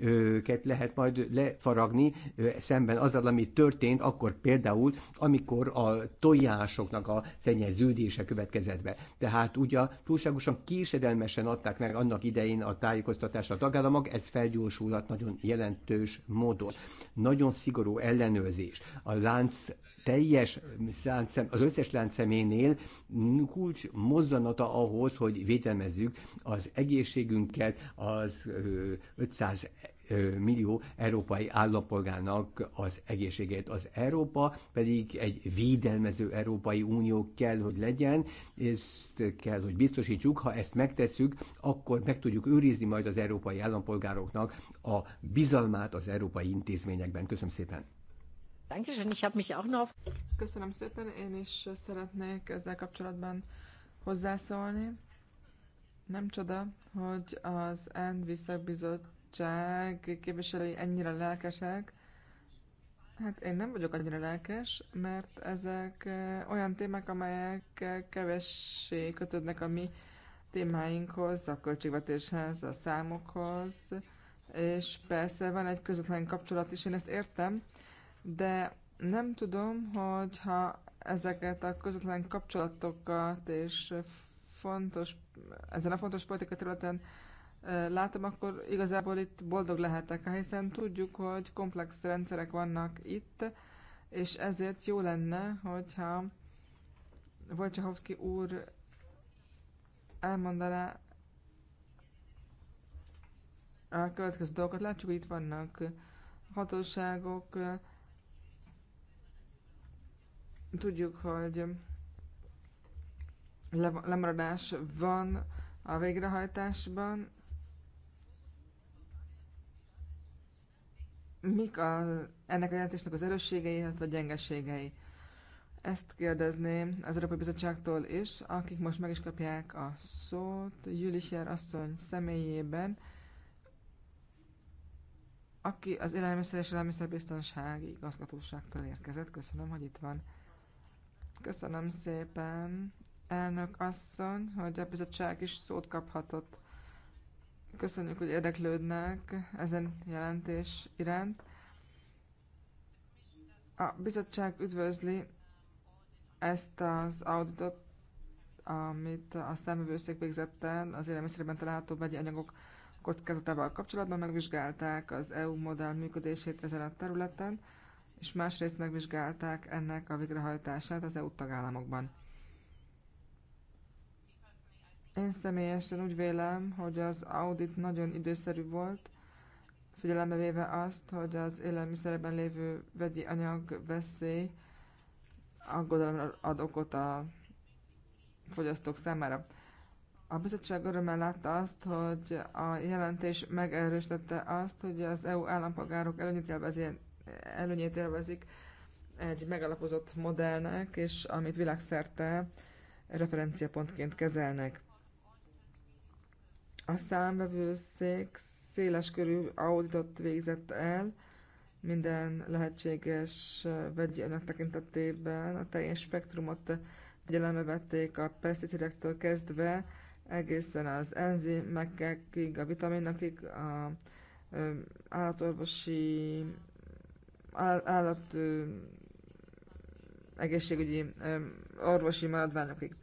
őket lehet majd lefaragni szemben azzal, ami történt akkor például, amikor a tojásoknak a szennyeződése következett be. Tehát ugye túlságosan késedelmesen adták meg annak idején a tájékoztatást a tagállamok, ez felgyorsulhat nagyon jelentős módon. Nagyon szigorú ellenőrzés. A lánc teljes láncem, az összes láncszeménél kulcs mozzanata ahhoz, hogy védelmezzük az egészségünket az 500 millió európai állampolgárnak az egészségét. Az Európa pedig egy védelmező Európai Unió kell, hogy legyen, ezt kell, hogy biztosítsuk, ha ezt megtesszük, akkor meg tudjuk őrizni majd az európai állampolgároknak a bizalmát az európai intézményekben. Köszönöm szépen! Köszönöm szépen, én is szeretnék ezzel kapcsolatban hozzászólni. Nem csoda, hogy az END visszabizottság, képviselői ennyire lelkesek. Hát én nem vagyok annyira lelkes, mert ezek eh, olyan témák, amelyek kevessé kötődnek a mi témáinkhoz, a költségvetéshez, a számokhoz, és persze van egy közvetlen kapcsolat is, én ezt értem, de nem tudom, hogyha ezeket a közvetlen kapcsolatokat és fontos, ezen a fontos politikai területen látom, akkor igazából itt boldog lehetek, hiszen tudjuk, hogy komplex rendszerek vannak itt, és ezért jó lenne, hogyha Wojciechowski úr elmondaná a következő dolgokat. Látjuk, hogy itt vannak hatóságok, Tudjuk, hogy lemaradás van a végrehajtásban. Mik a, ennek a jelentésnek az erősségei, illetve gyengeségei? Ezt kérdezném az Európai Bizottságtól is, akik most meg is kapják a szót Jülisjár asszony személyében, aki az élelmiszer és élelmiszerbiztonsági igazgatóságtól érkezett. Köszönöm, hogy itt van. Köszönöm szépen, elnök asszony, hogy a bizottság is szót kaphatott. Köszönjük, hogy érdeklődnek ezen jelentés iránt. A bizottság üdvözli ezt az auditot, amit a számövőszék végzett el az élelmiszerben található vegyi anyagok kockázatával kapcsolatban megvizsgálták az EU modell működését ezen a területen, és másrészt megvizsgálták ennek a végrehajtását az EU tagállamokban. Én személyesen úgy vélem, hogy az audit nagyon időszerű volt, figyelembe véve azt, hogy az élelmiszerben lévő vegyi anyag veszély aggodalomra ad okot a fogyasztók számára. A bizottság örömmel látta azt, hogy a jelentés megerősítette azt, hogy az EU állampolgárok előnyét előnyét élvezik egy megalapozott modellnek, és amit világszerte referenciapontként kezelnek. A számvevőszék körű auditot végzett el, minden lehetséges vegyi tekintetében a teljes spektrumot figyelembe vették a peszticidektől kezdve, egészen az enzimekig, a vitaminokig, a állatorvosi állat egészségügyi orvosi maradványokig.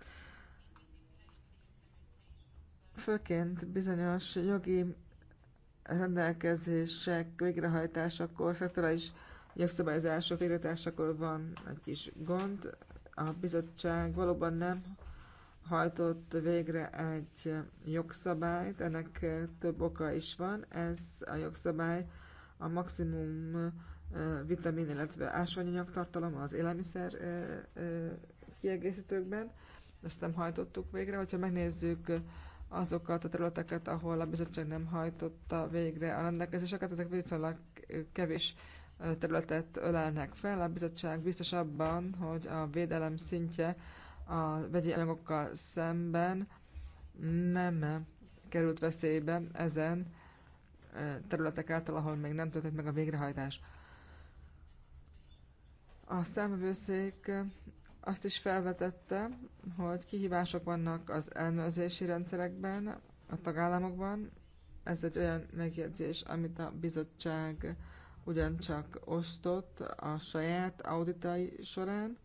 Főként bizonyos jogi rendelkezések végrehajtásakor, szektorális jogszabályozások végrehajtásakor van egy kis gond. A bizottság valóban nem hajtott végre egy jogszabályt, ennek több oka is van. Ez a jogszabály a maximum vitamin, illetve ásványanyag tartalom az élelmiszer kiegészítőkben. Ezt nem hajtottuk végre. Hogyha megnézzük azokat a területeket, ahol a bizottság nem hajtotta végre a rendelkezéseket, ezek viszonylag kevés területet ölelnek fel. A bizottság biztos abban, hogy a védelem szintje a vegyi anyagokkal szemben nem került veszélybe ezen területek által, ahol még nem történt meg a végrehajtás. A számvevőszék azt is felvetette, hogy kihívások vannak az elnőzési rendszerekben, a tagállamokban. Ez egy olyan megjegyzés, amit a bizottság ugyancsak osztott a saját auditai során.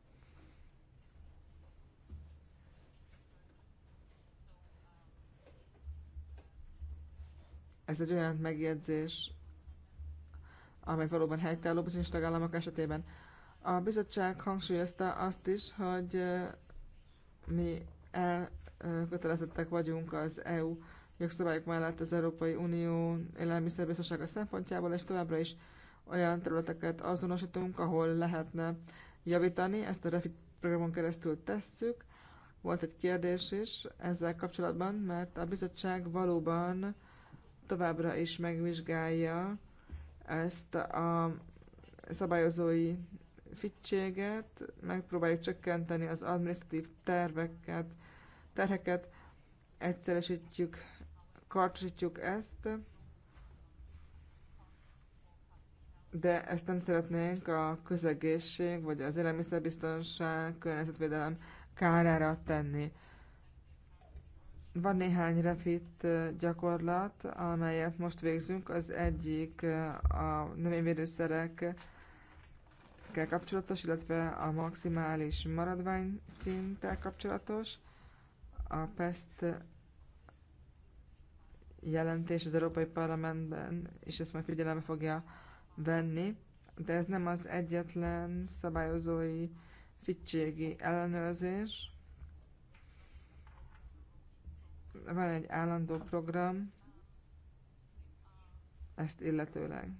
Ez egy olyan megjegyzés, amely valóban helytálló bizonyos tagállamok esetében. A bizottság hangsúlyozta azt is, hogy mi elkötelezettek vagyunk az EU jogszabályok mellett az Európai Unió élelmiszerbiztonsága szempontjából, és továbbra is olyan területeket azonosítunk, ahol lehetne javítani. Ezt a REFIT programon keresztül tesszük. Volt egy kérdés is ezzel kapcsolatban, mert a bizottság valóban továbbra is megvizsgálja ezt a szabályozói fittséget, megpróbáljuk csökkenteni az administratív terveket, terheket, egyszeresítjük, karcsítjuk ezt, de ezt nem szeretnénk a közegészség, vagy az élelmiszerbiztonság, környezetvédelem kárára tenni. Van néhány refit gyakorlat, amelyet most végzünk. Az egyik eh, a növényvédőszerek szintekkel kapcsolatos, illetve a maximális maradvány szinttel kapcsolatos. A PEST jelentés az Európai Parlamentben, és ezt majd figyelembe fogja venni, de ez nem az egyetlen szabályozói fittségi ellenőrzés. Van egy állandó program, ezt illetőleg.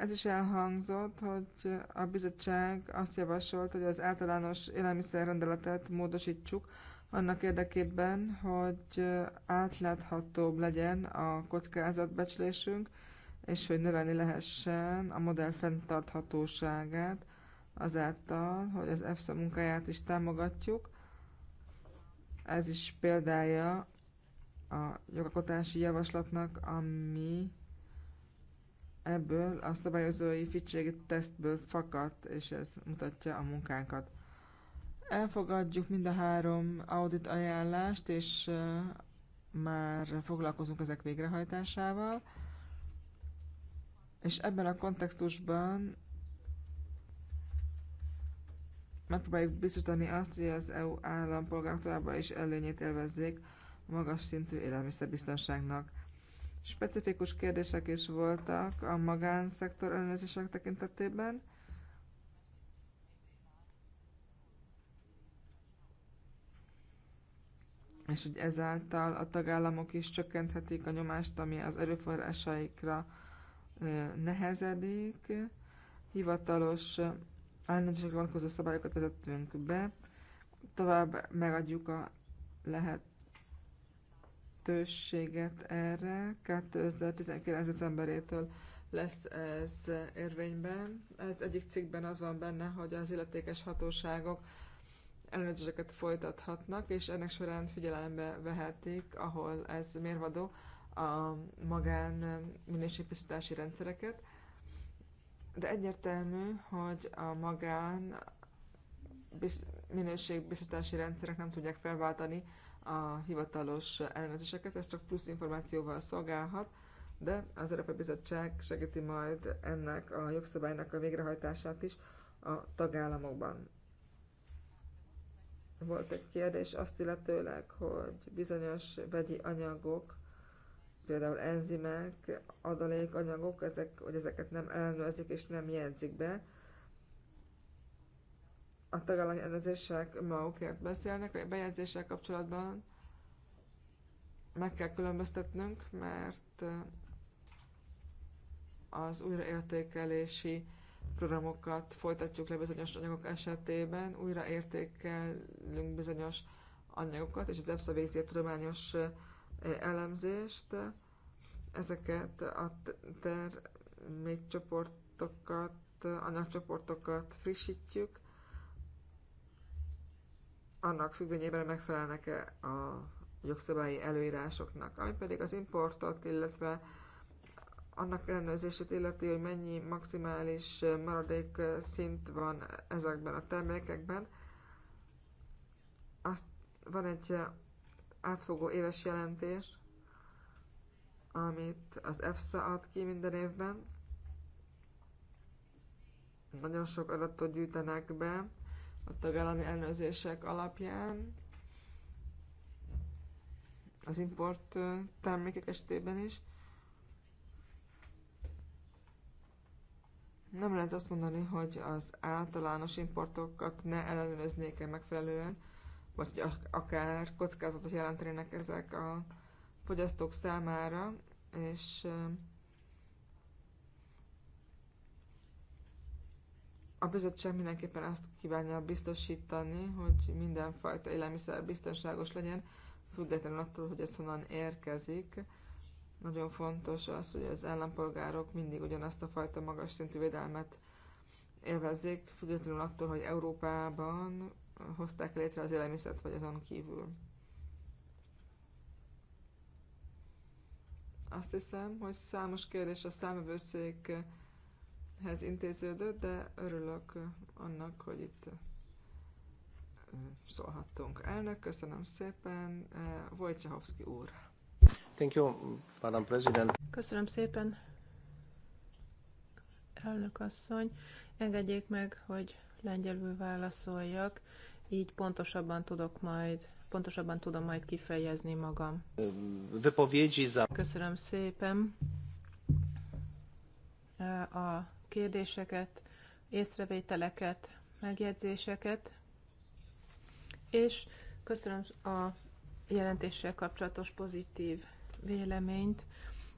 Ez is elhangzott, hogy a bizottság azt javasolt, hogy az általános élelmiszerrendeletet módosítsuk annak érdekében, hogy átláthatóbb legyen a kockázatbecslésünk, és hogy növelni lehessen a modell fenntarthatóságát azáltal, hogy az EFSA munkáját is támogatjuk. Ez is példája a jogalkotási javaslatnak, ami ebből a szabályozói fittségi tesztből fakadt, és ez mutatja a munkánkat. Elfogadjuk mind a három audit ajánlást, és már foglalkozunk ezek végrehajtásával, és ebben a kontextusban megpróbáljuk biztosítani azt, hogy az EU állampolgárok továbbá is előnyét élvezzék a magas szintű élelmiszerbiztonságnak. Specifikus kérdések is voltak a magánszektor ellenőrzések tekintetében. és hogy ezáltal a tagállamok is csökkenthetik a nyomást, ami az erőforrásaikra nehezedik. Hivatalos ellenőrzések vonatkozó szabályokat vezettünk be, tovább megadjuk a lehet lehetőséget erre. 2019. decemberétől lesz ez érvényben. Az egyik cikkben az van benne, hogy az illetékes hatóságok ellenőrzéseket folytathatnak, és ennek során figyelembe vehetik, ahol ez mérvadó, a magán minőségbiztosítási rendszereket. De egyértelmű, hogy a magán minőségbiztosítási rendszerek nem tudják felváltani a hivatalos ellenőrzéseket, ez csak plusz információval szolgálhat, de az Európai Bizottság segíti majd ennek a jogszabálynak a végrehajtását is a tagállamokban. Volt egy kérdés azt illetőleg, hogy bizonyos vegyi anyagok, például enzimek, adalékanyagok, ezek, hogy ezeket nem ellenőrzik és nem jegyzik be, a tagállamjelzések magukért beszélnek, a bejegyzéssel kapcsolatban meg kell különböztetnünk, mert eh, az újraértékelési programokat folytatjuk le bizonyos anyagok esetében, újraértékelünk bizonyos anyagokat, és az EBSZA végzi a tudományos eh, elemzést. Ezeket a termékcsoportokat, eh, anyagcsoportokat frissítjük, annak függvényében megfelelnek-e a jogszabályi előírásoknak, ami pedig az importot, illetve annak ellenőrzését illeti, hogy mennyi maximális maradék szint van ezekben a termékekben. Azt van egy átfogó éves jelentés, amit az EFSA ad ki minden évben. Nagyon sok adatot gyűjtenek be, a tagállami ellenőrzések alapján, az import termékek esetében is. Nem lehet azt mondani, hogy az általános importokat ne ellenőriznék -e megfelelően, vagy akár kockázatot jelentenének ezek a fogyasztók számára, és a bizottság mindenképpen azt kívánja biztosítani, hogy mindenfajta élelmiszer biztonságos legyen, függetlenül attól, hogy ez honnan érkezik. Nagyon fontos az, hogy az állampolgárok mindig ugyanazt a fajta magas szintű védelmet élvezzék, függetlenül attól, hogy Európában hozták létre az élelmiszert, vagy azon kívül. Azt hiszem, hogy számos kérdés a számövőszék ez intéződött, de örülök annak, hogy itt szólhattunk. Elnök, köszönöm szépen. Wojciechowski úr. Thank you, Madam President. Köszönöm szépen, elnök asszony. Engedjék meg, hogy lengyelül válaszoljak, így pontosabban tudok majd pontosabban tudom majd kifejezni magam. Köszönöm szépen a kérdéseket, észrevételeket, megjegyzéseket, és köszönöm a jelentéssel kapcsolatos pozitív véleményt.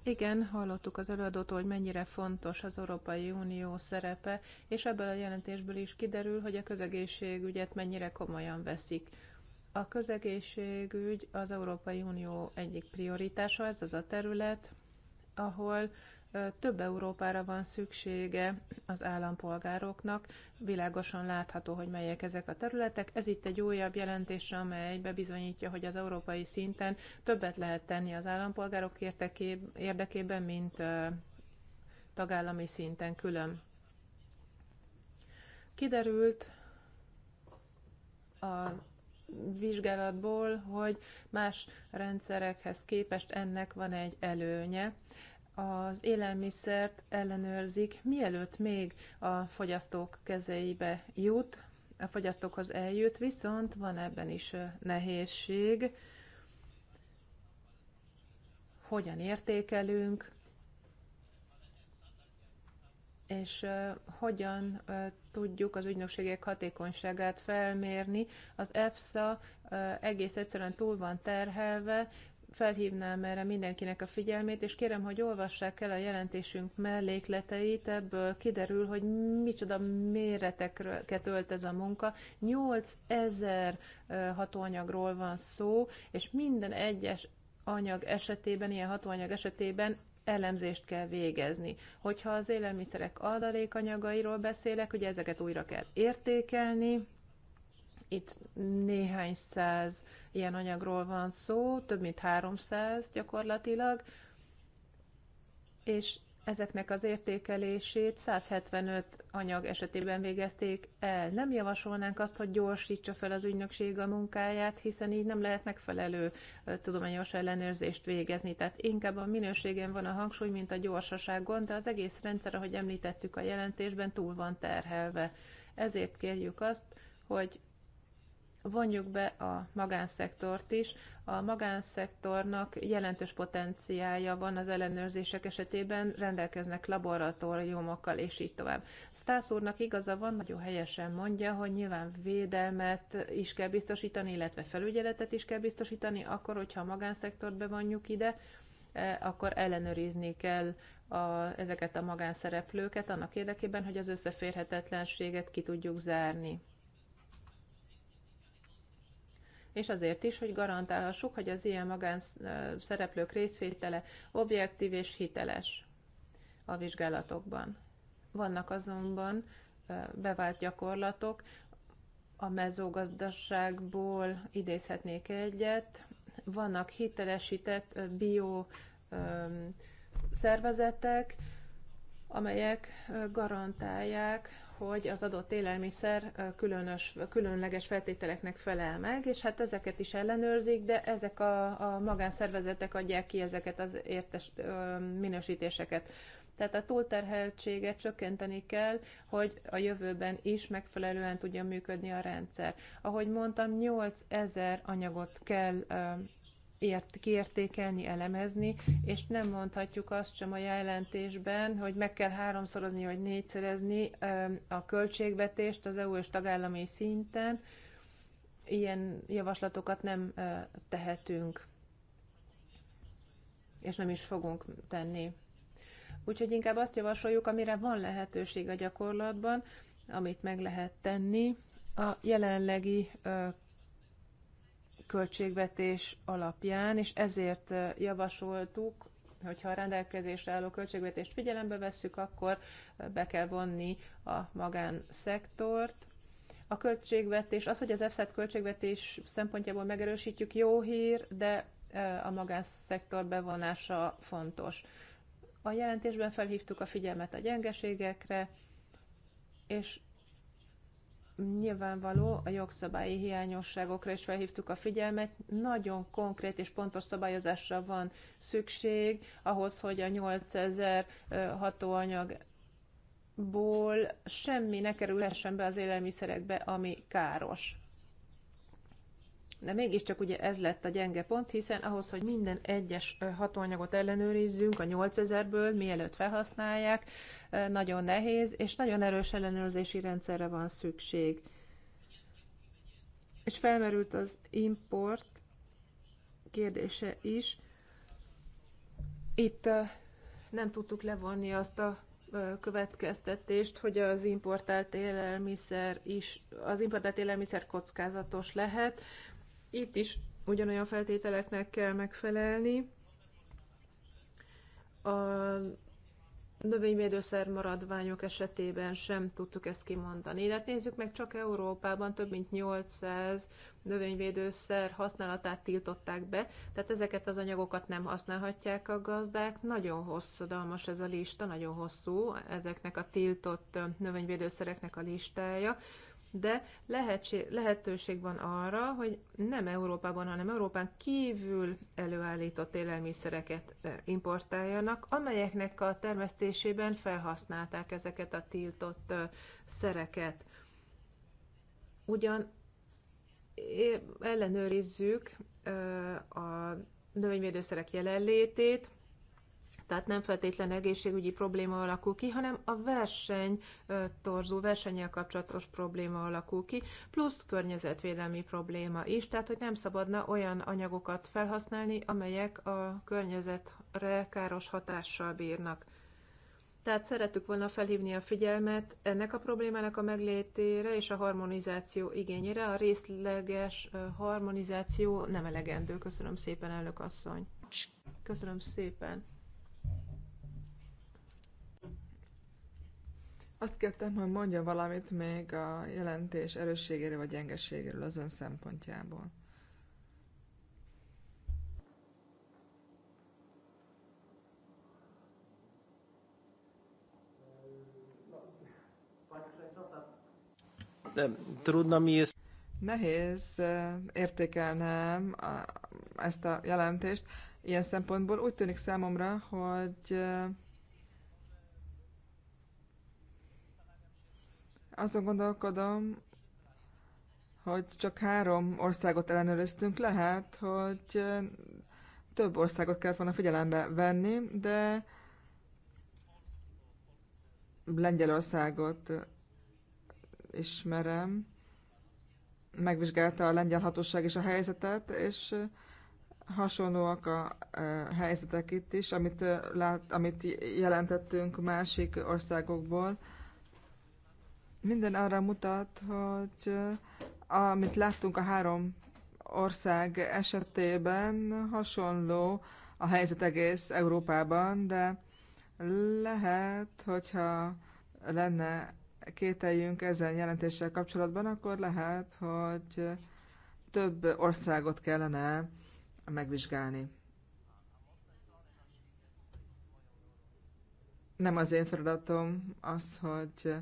Igen, hallottuk az előadótól, hogy mennyire fontos az Európai Unió szerepe, és ebből a jelentésből is kiderül, hogy a közegészségügyet mennyire komolyan veszik. A közegészségügy az Európai Unió egyik prioritása, ez az a terület, ahol több Európára van szüksége az állampolgároknak. Világosan látható, hogy melyek ezek a területek. Ez itt egy újabb jelentésre, amely bebizonyítja, hogy az európai szinten többet lehet tenni az állampolgárok érdekében, mint tagállami szinten külön. Kiderült a vizsgálatból, hogy más rendszerekhez képest ennek van egy előnye az élelmiszert ellenőrzik, mielőtt még a fogyasztók kezeibe jut, a fogyasztókhoz eljut, viszont van ebben is nehézség, hogyan értékelünk, és hogyan tudjuk az ügynökségek hatékonyságát felmérni. Az EFSA egész egyszerűen túl van terhelve, felhívnám erre mindenkinek a figyelmét, és kérem, hogy olvassák el a jelentésünk mellékleteit, ebből kiderül, hogy micsoda méreteket ölt ez a munka. 8000 hatóanyagról van szó, és minden egyes anyag esetében, ilyen hatóanyag esetében elemzést kell végezni. Hogyha az élelmiszerek adalékanyagairól beszélek, ugye ezeket újra kell értékelni, itt néhány száz ilyen anyagról van szó, több mint 300 gyakorlatilag, és ezeknek az értékelését 175 anyag esetében végezték el. Nem javasolnánk azt, hogy gyorsítsa fel az ügynökség a munkáját, hiszen így nem lehet megfelelő tudományos ellenőrzést végezni. Tehát inkább a minőségen van a hangsúly, mint a gyorsaságon, de az egész rendszer, ahogy említettük a jelentésben, túl van terhelve. Ezért kérjük azt, hogy vonjuk be a magánszektort is. A magánszektornak jelentős potenciája van az ellenőrzések esetében, rendelkeznek laboratóriumokkal, és így tovább. Stász úrnak igaza van, nagyon helyesen mondja, hogy nyilván védelmet is kell biztosítani, illetve felügyeletet is kell biztosítani, akkor, hogyha a magánszektort bevonjuk ide, e, akkor ellenőrizni kell a, ezeket a magánszereplőket annak érdekében, hogy az összeférhetetlenséget ki tudjuk zárni és azért is, hogy garantálhassuk, hogy az ilyen magánszereplők részvétele objektív és hiteles a vizsgálatokban. Vannak azonban bevált gyakorlatok, a mezőgazdaságból idézhetnék egyet, vannak hitelesített bio szervezetek, amelyek garantálják hogy az adott élelmiszer különös, különleges feltételeknek felel meg, és hát ezeket is ellenőrzik, de ezek a, a magánszervezetek adják ki ezeket az értes ö, minősítéseket. Tehát a túlterheltséget csökkenteni kell, hogy a jövőben is megfelelően tudjon működni a rendszer. Ahogy mondtam, 8000 anyagot kell ért, kiértékelni, elemezni, és nem mondhatjuk azt sem a jelentésben, hogy meg kell háromszorozni vagy négyszerezni a költségvetést az EU és tagállami szinten. Ilyen javaslatokat nem tehetünk, és nem is fogunk tenni. Úgyhogy inkább azt javasoljuk, amire van lehetőség a gyakorlatban, amit meg lehet tenni, a jelenlegi költségvetés alapján, és ezért javasoltuk, hogyha a rendelkezésre álló költségvetést figyelembe vesszük, akkor be kell vonni a magánszektort. A költségvetés, az, hogy az EFSZ-t költségvetés szempontjából megerősítjük, jó hír, de a magánszektor bevonása fontos. A jelentésben felhívtuk a figyelmet a gyengeségekre, és nyilvánvaló, a jogszabályi hiányosságokra is felhívtuk a figyelmet, nagyon konkrét és pontos szabályozásra van szükség ahhoz, hogy a 8000 hatóanyag ból semmi ne kerülhessen be az élelmiszerekbe, ami káros. De mégiscsak ugye ez lett a gyenge pont, hiszen ahhoz, hogy minden egyes hatóanyagot ellenőrizzünk a 8000-ből, mielőtt felhasználják, nagyon nehéz, és nagyon erős ellenőrzési rendszerre van szükség. És felmerült az import kérdése is. Itt nem tudtuk levonni azt a következtetést, hogy az importált élelmiszer is, az importált élelmiszer kockázatos lehet. Itt is ugyanolyan feltételeknek kell megfelelni. A növényvédőszer maradványok esetében sem tudtuk ezt kimondani. De hát nézzük meg, csak Európában több mint 800 növényvédőszer használatát tiltották be, tehát ezeket az anyagokat nem használhatják a gazdák. Nagyon hosszadalmas ez a lista, nagyon hosszú ezeknek a tiltott növényvédőszereknek a listája de lehetség, lehetőség van arra, hogy nem Európában, hanem Európán kívül előállított élelmiszereket importáljanak, amelyeknek a termesztésében felhasználták ezeket a tiltott szereket. Ugyan ellenőrizzük a növényvédőszerek jelenlétét, tehát nem feltétlen egészségügyi probléma alakul ki, hanem a verseny torzó, versenyel kapcsolatos probléma alakul ki, plusz környezetvédelmi probléma is, tehát hogy nem szabadna olyan anyagokat felhasználni, amelyek a környezetre káros hatással bírnak. Tehát szeretük volna felhívni a figyelmet ennek a problémának a meglétére és a harmonizáció igényére. A részleges harmonizáció nem elegendő. Köszönöm szépen, elnök asszony. Köszönöm szépen. Azt kértem, hogy mondja valamit még a jelentés erősségéről vagy gyengeségéről az ön szempontjából. Nehéz értékelnem ezt a jelentést. Ilyen szempontból úgy tűnik számomra, hogy Azon gondolkodom, hogy csak három országot ellenőriztünk, lehet, hogy több országot kellett volna figyelembe venni, de Lengyelországot ismerem. Megvizsgálta a lengyel hatóság is a helyzetet, és hasonlóak a helyzetek itt is, amit, lát, amit jelentettünk másik országokból. Minden arra mutat, hogy amit láttunk a három ország esetében hasonló a helyzet egész Európában, de lehet, hogyha lenne kételjünk ezen jelentéssel kapcsolatban, akkor lehet, hogy több országot kellene megvizsgálni. Nem az én feladatom az, hogy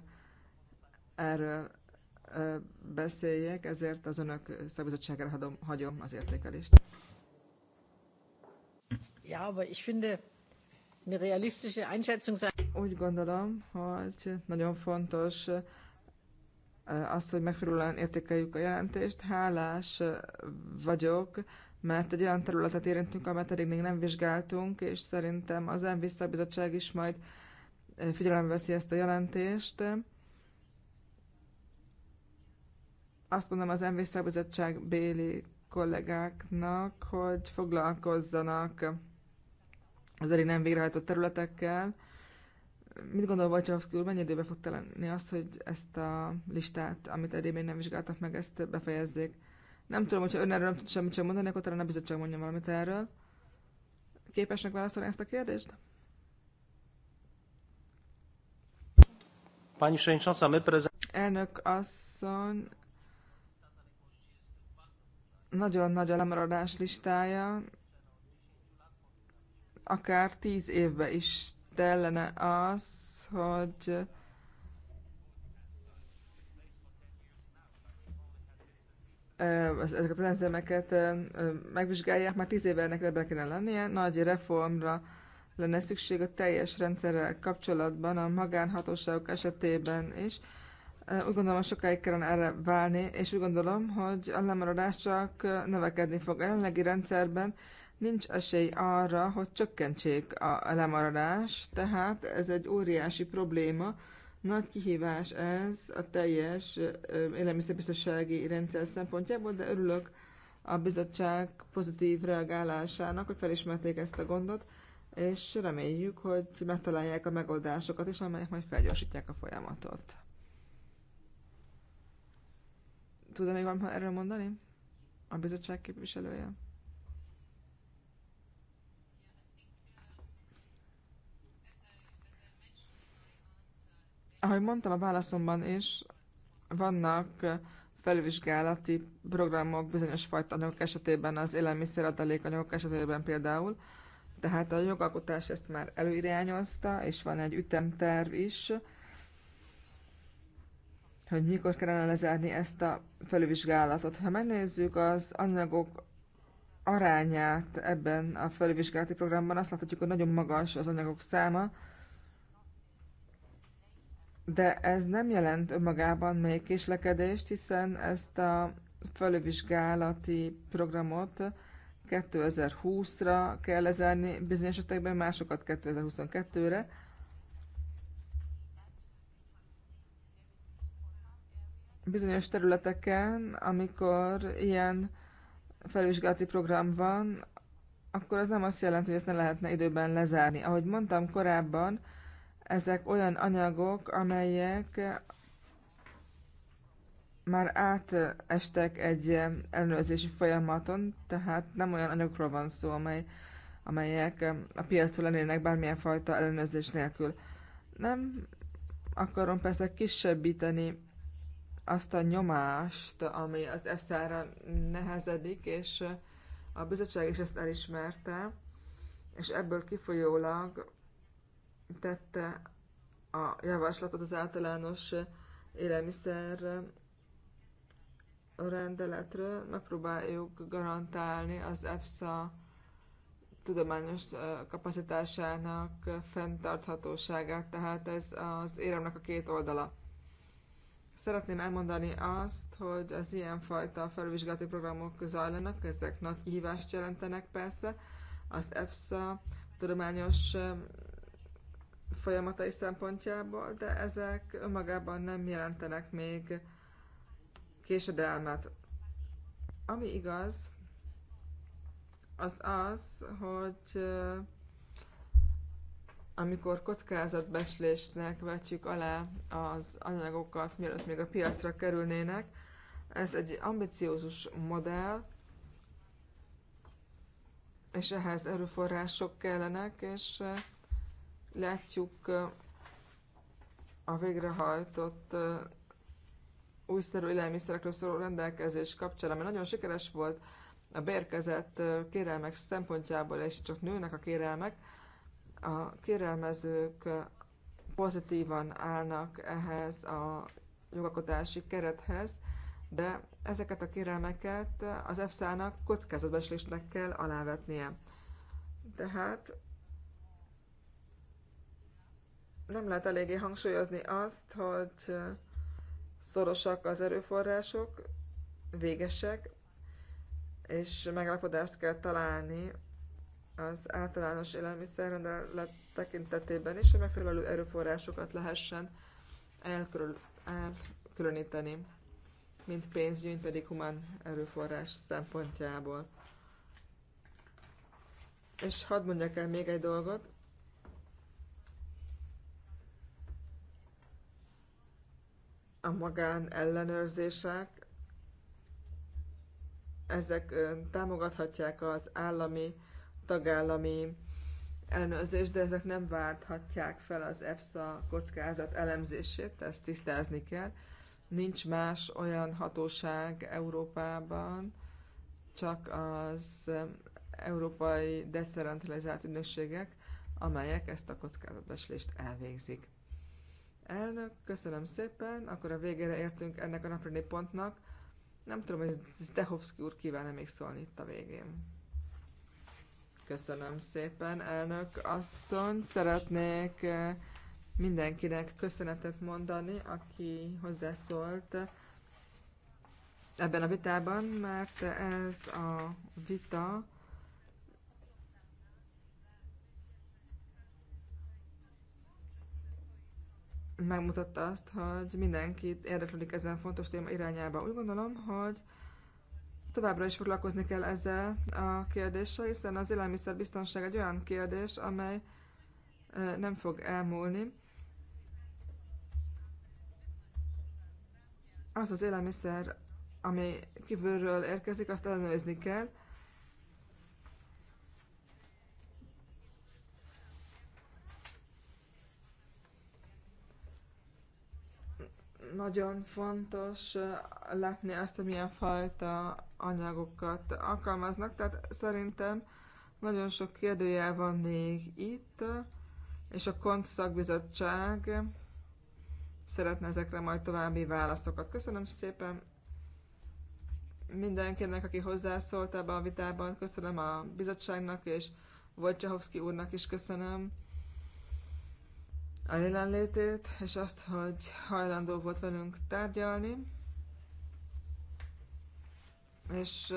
erről beszéljek, ezért az önök szakbizottságára hagyom, az értékelést. Ja, aber ich finde, eine realistische Einschätzung Úgy gondolom, hogy nagyon fontos az, hogy megfelelően értékeljük a jelentést. Hálás vagyok, mert egy olyan területet érintünk, amelyet eddig még nem vizsgáltunk, és szerintem az MV Szakbizottság is majd figyelembe veszi ezt a jelentést. azt mondom az MV Szabizottság Béli kollégáknak, hogy foglalkozzanak az eddig nem végrehajtott területekkel. Mit gondol Wojciechowski úr, mennyi időbe fog telenni az, hogy ezt a listát, amit eddig még nem vizsgáltak meg, ezt befejezzék? Nem tudom, hogyha ön erről nem tud semmit sem mondani, akkor talán a bizottság mondjon valamit erről. Képesnek válaszolni ezt a kérdést? Pani Przewodnicząca, my prezent... Elnök asszony, nagyon nagy a lemaradás listája, akár tíz évbe is tellene az, hogy ezeket az enzimeket megvizsgálják, már tíz éve ennek be kellene lennie, nagy reformra lenne szükség a teljes rendszerrel kapcsolatban, a magánhatóságok esetében is, úgy gondolom, sokáig kellene erre válni, és úgy gondolom, hogy a lemaradás csak növekedni fog. A jelenlegi rendszerben nincs esély arra, hogy csökkentsék a lemaradás, tehát ez egy óriási probléma, nagy kihívás ez a teljes élelmiszerbiztonsági rendszer szempontjából, de örülök a bizottság pozitív reagálásának, hogy felismerték ezt a gondot, és reméljük, hogy megtalálják a megoldásokat és amelyek majd felgyorsítják a folyamatot. Tudom, még valamit erről mondani? A bizottság képviselője. Ahogy mondtam a válaszomban is, vannak felvizsgálati programok bizonyos fajta anyagok esetében, az élelmiszer anyagok esetében például. Tehát a jogalkotás ezt már előirányozta, és van egy ütemterv is, hogy mikor kellene lezárni ezt a felülvizsgálatot. Ha megnézzük az anyagok arányát ebben a felülvizsgálati programban, azt láthatjuk, hogy nagyon magas az anyagok száma, de ez nem jelent önmagában még késlekedést, hiszen ezt a felülvizsgálati programot 2020-ra kell lezárni bizonyos esetekben, másokat 2022-re, bizonyos területeken, amikor ilyen felvizsgálati program van, akkor az nem azt jelenti, hogy ezt ne lehetne időben lezárni. Ahogy mondtam korábban, ezek olyan anyagok, amelyek már átestek egy ellenőrzési folyamaton, tehát nem olyan anyagokról van szó, amely, amelyek a piacon lennének bármilyen fajta ellenőrzés nélkül. Nem akarom persze kisebbíteni azt a nyomást, ami az EFSA-ra nehezedik, és a bizottság is ezt elismerte, és ebből kifolyólag tette a javaslatot az általános élelmiszer rendeletről. Megpróbáljuk garantálni az EFSA tudományos kapacitásának fenntarthatóságát, tehát ez az éremnek a két oldala. Szeretném elmondani azt, hogy az ilyenfajta felvizsgálati programok zajlanak, ezek nagy kihívást jelentenek persze. Az EFSA tudományos folyamatai szempontjából, de ezek önmagában nem jelentenek még késedelmet. Ami igaz, az az, hogy amikor kockázatbeslésnek vetjük alá az anyagokat, mielőtt még a piacra kerülnének. Ez egy ambiciózus modell, és ehhez erőforrások kellenek, és eh, látjuk eh, a végrehajtott eh, újszerű élelmiszerekről szóló rendelkezés kapcsán, ami nagyon sikeres volt a bérkezett kérelmek szempontjából, és csak nőnek a kérelmek, a kérelmezők pozitívan állnak ehhez a jogalkotási kerethez, de ezeket a kérelmeket az EFSA-nak kockázatbeslésnek kell alávetnie. Tehát nem lehet eléggé hangsúlyozni azt, hogy szorosak az erőforrások, végesek, és megállapodást kell találni az általános élelmiszerrendelet tekintetében is, hogy megfelelő erőforrásokat lehessen elkülön, elkülöníteni, mint pénzgyűjt, pedig humán erőforrás szempontjából. És hadd mondjak el még egy dolgot. A magán ellenőrzések, ezek támogathatják az állami tagállami ellenőrzés, de ezek nem válthatják fel az EFSA kockázat elemzését, ezt tisztázni kell. Nincs más olyan hatóság Európában, csak az európai decentralizált ügynökségek, amelyek ezt a kockázatbeslést elvégzik. Elnök, köszönöm szépen, akkor a végére értünk ennek a naprendi pontnak. Nem tudom, hogy Zdehovszki úr kíván-e még szólni itt a végén. Köszönöm szépen, elnök asszony. Szeretnék eh, mindenkinek köszönetet mondani, aki hozzászólt ebben a vitában, mert ez a vita megmutatta azt, hogy mindenkit érdeklődik ezen fontos téma irányába. Úgy gondolom, hogy Továbbra is foglalkozni kell ezzel a kérdéssel, hiszen az élelmiszerbiztonság egy olyan kérdés, amely nem fog elmúlni. Az az élelmiszer, ami kívülről érkezik, azt ellenőrizni kell, nagyon fontos látni azt, hogy milyen fajta anyagokat alkalmaznak, tehát szerintem nagyon sok kérdőjel van még itt, és a KONT szakbizottság szeretne ezekre majd további válaszokat. Köszönöm szépen mindenkinek, aki hozzászólt ebben a vitában, köszönöm a bizottságnak, és Wojciechowski úrnak is köszönöm a jelenlétét, és azt, hogy hajlandó volt velünk tárgyalni, és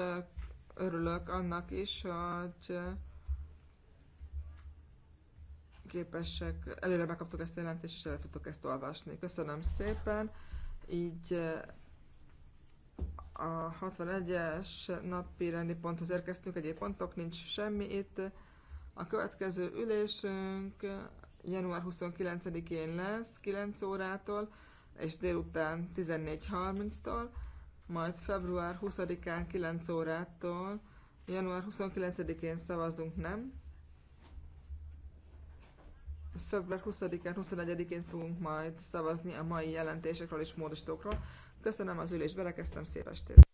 örülök annak is, hogy képesek, előre megkaptuk ezt a jelentést, és el tudtok ezt olvasni. Köszönöm szépen. Így a 61-es napi rendi ponthoz érkeztünk, egyéb pontok nincs semmi itt. A következő ülésünk január 29-én lesz, 9 órától, és délután 14.30-tól, majd február 20-án 9 órától, január 29-én szavazunk, nem? Február 20-án, 21-én fogunk majd szavazni a mai jelentésekről és módosítókról. Köszönöm az ülést, belekezdtem, szép estét!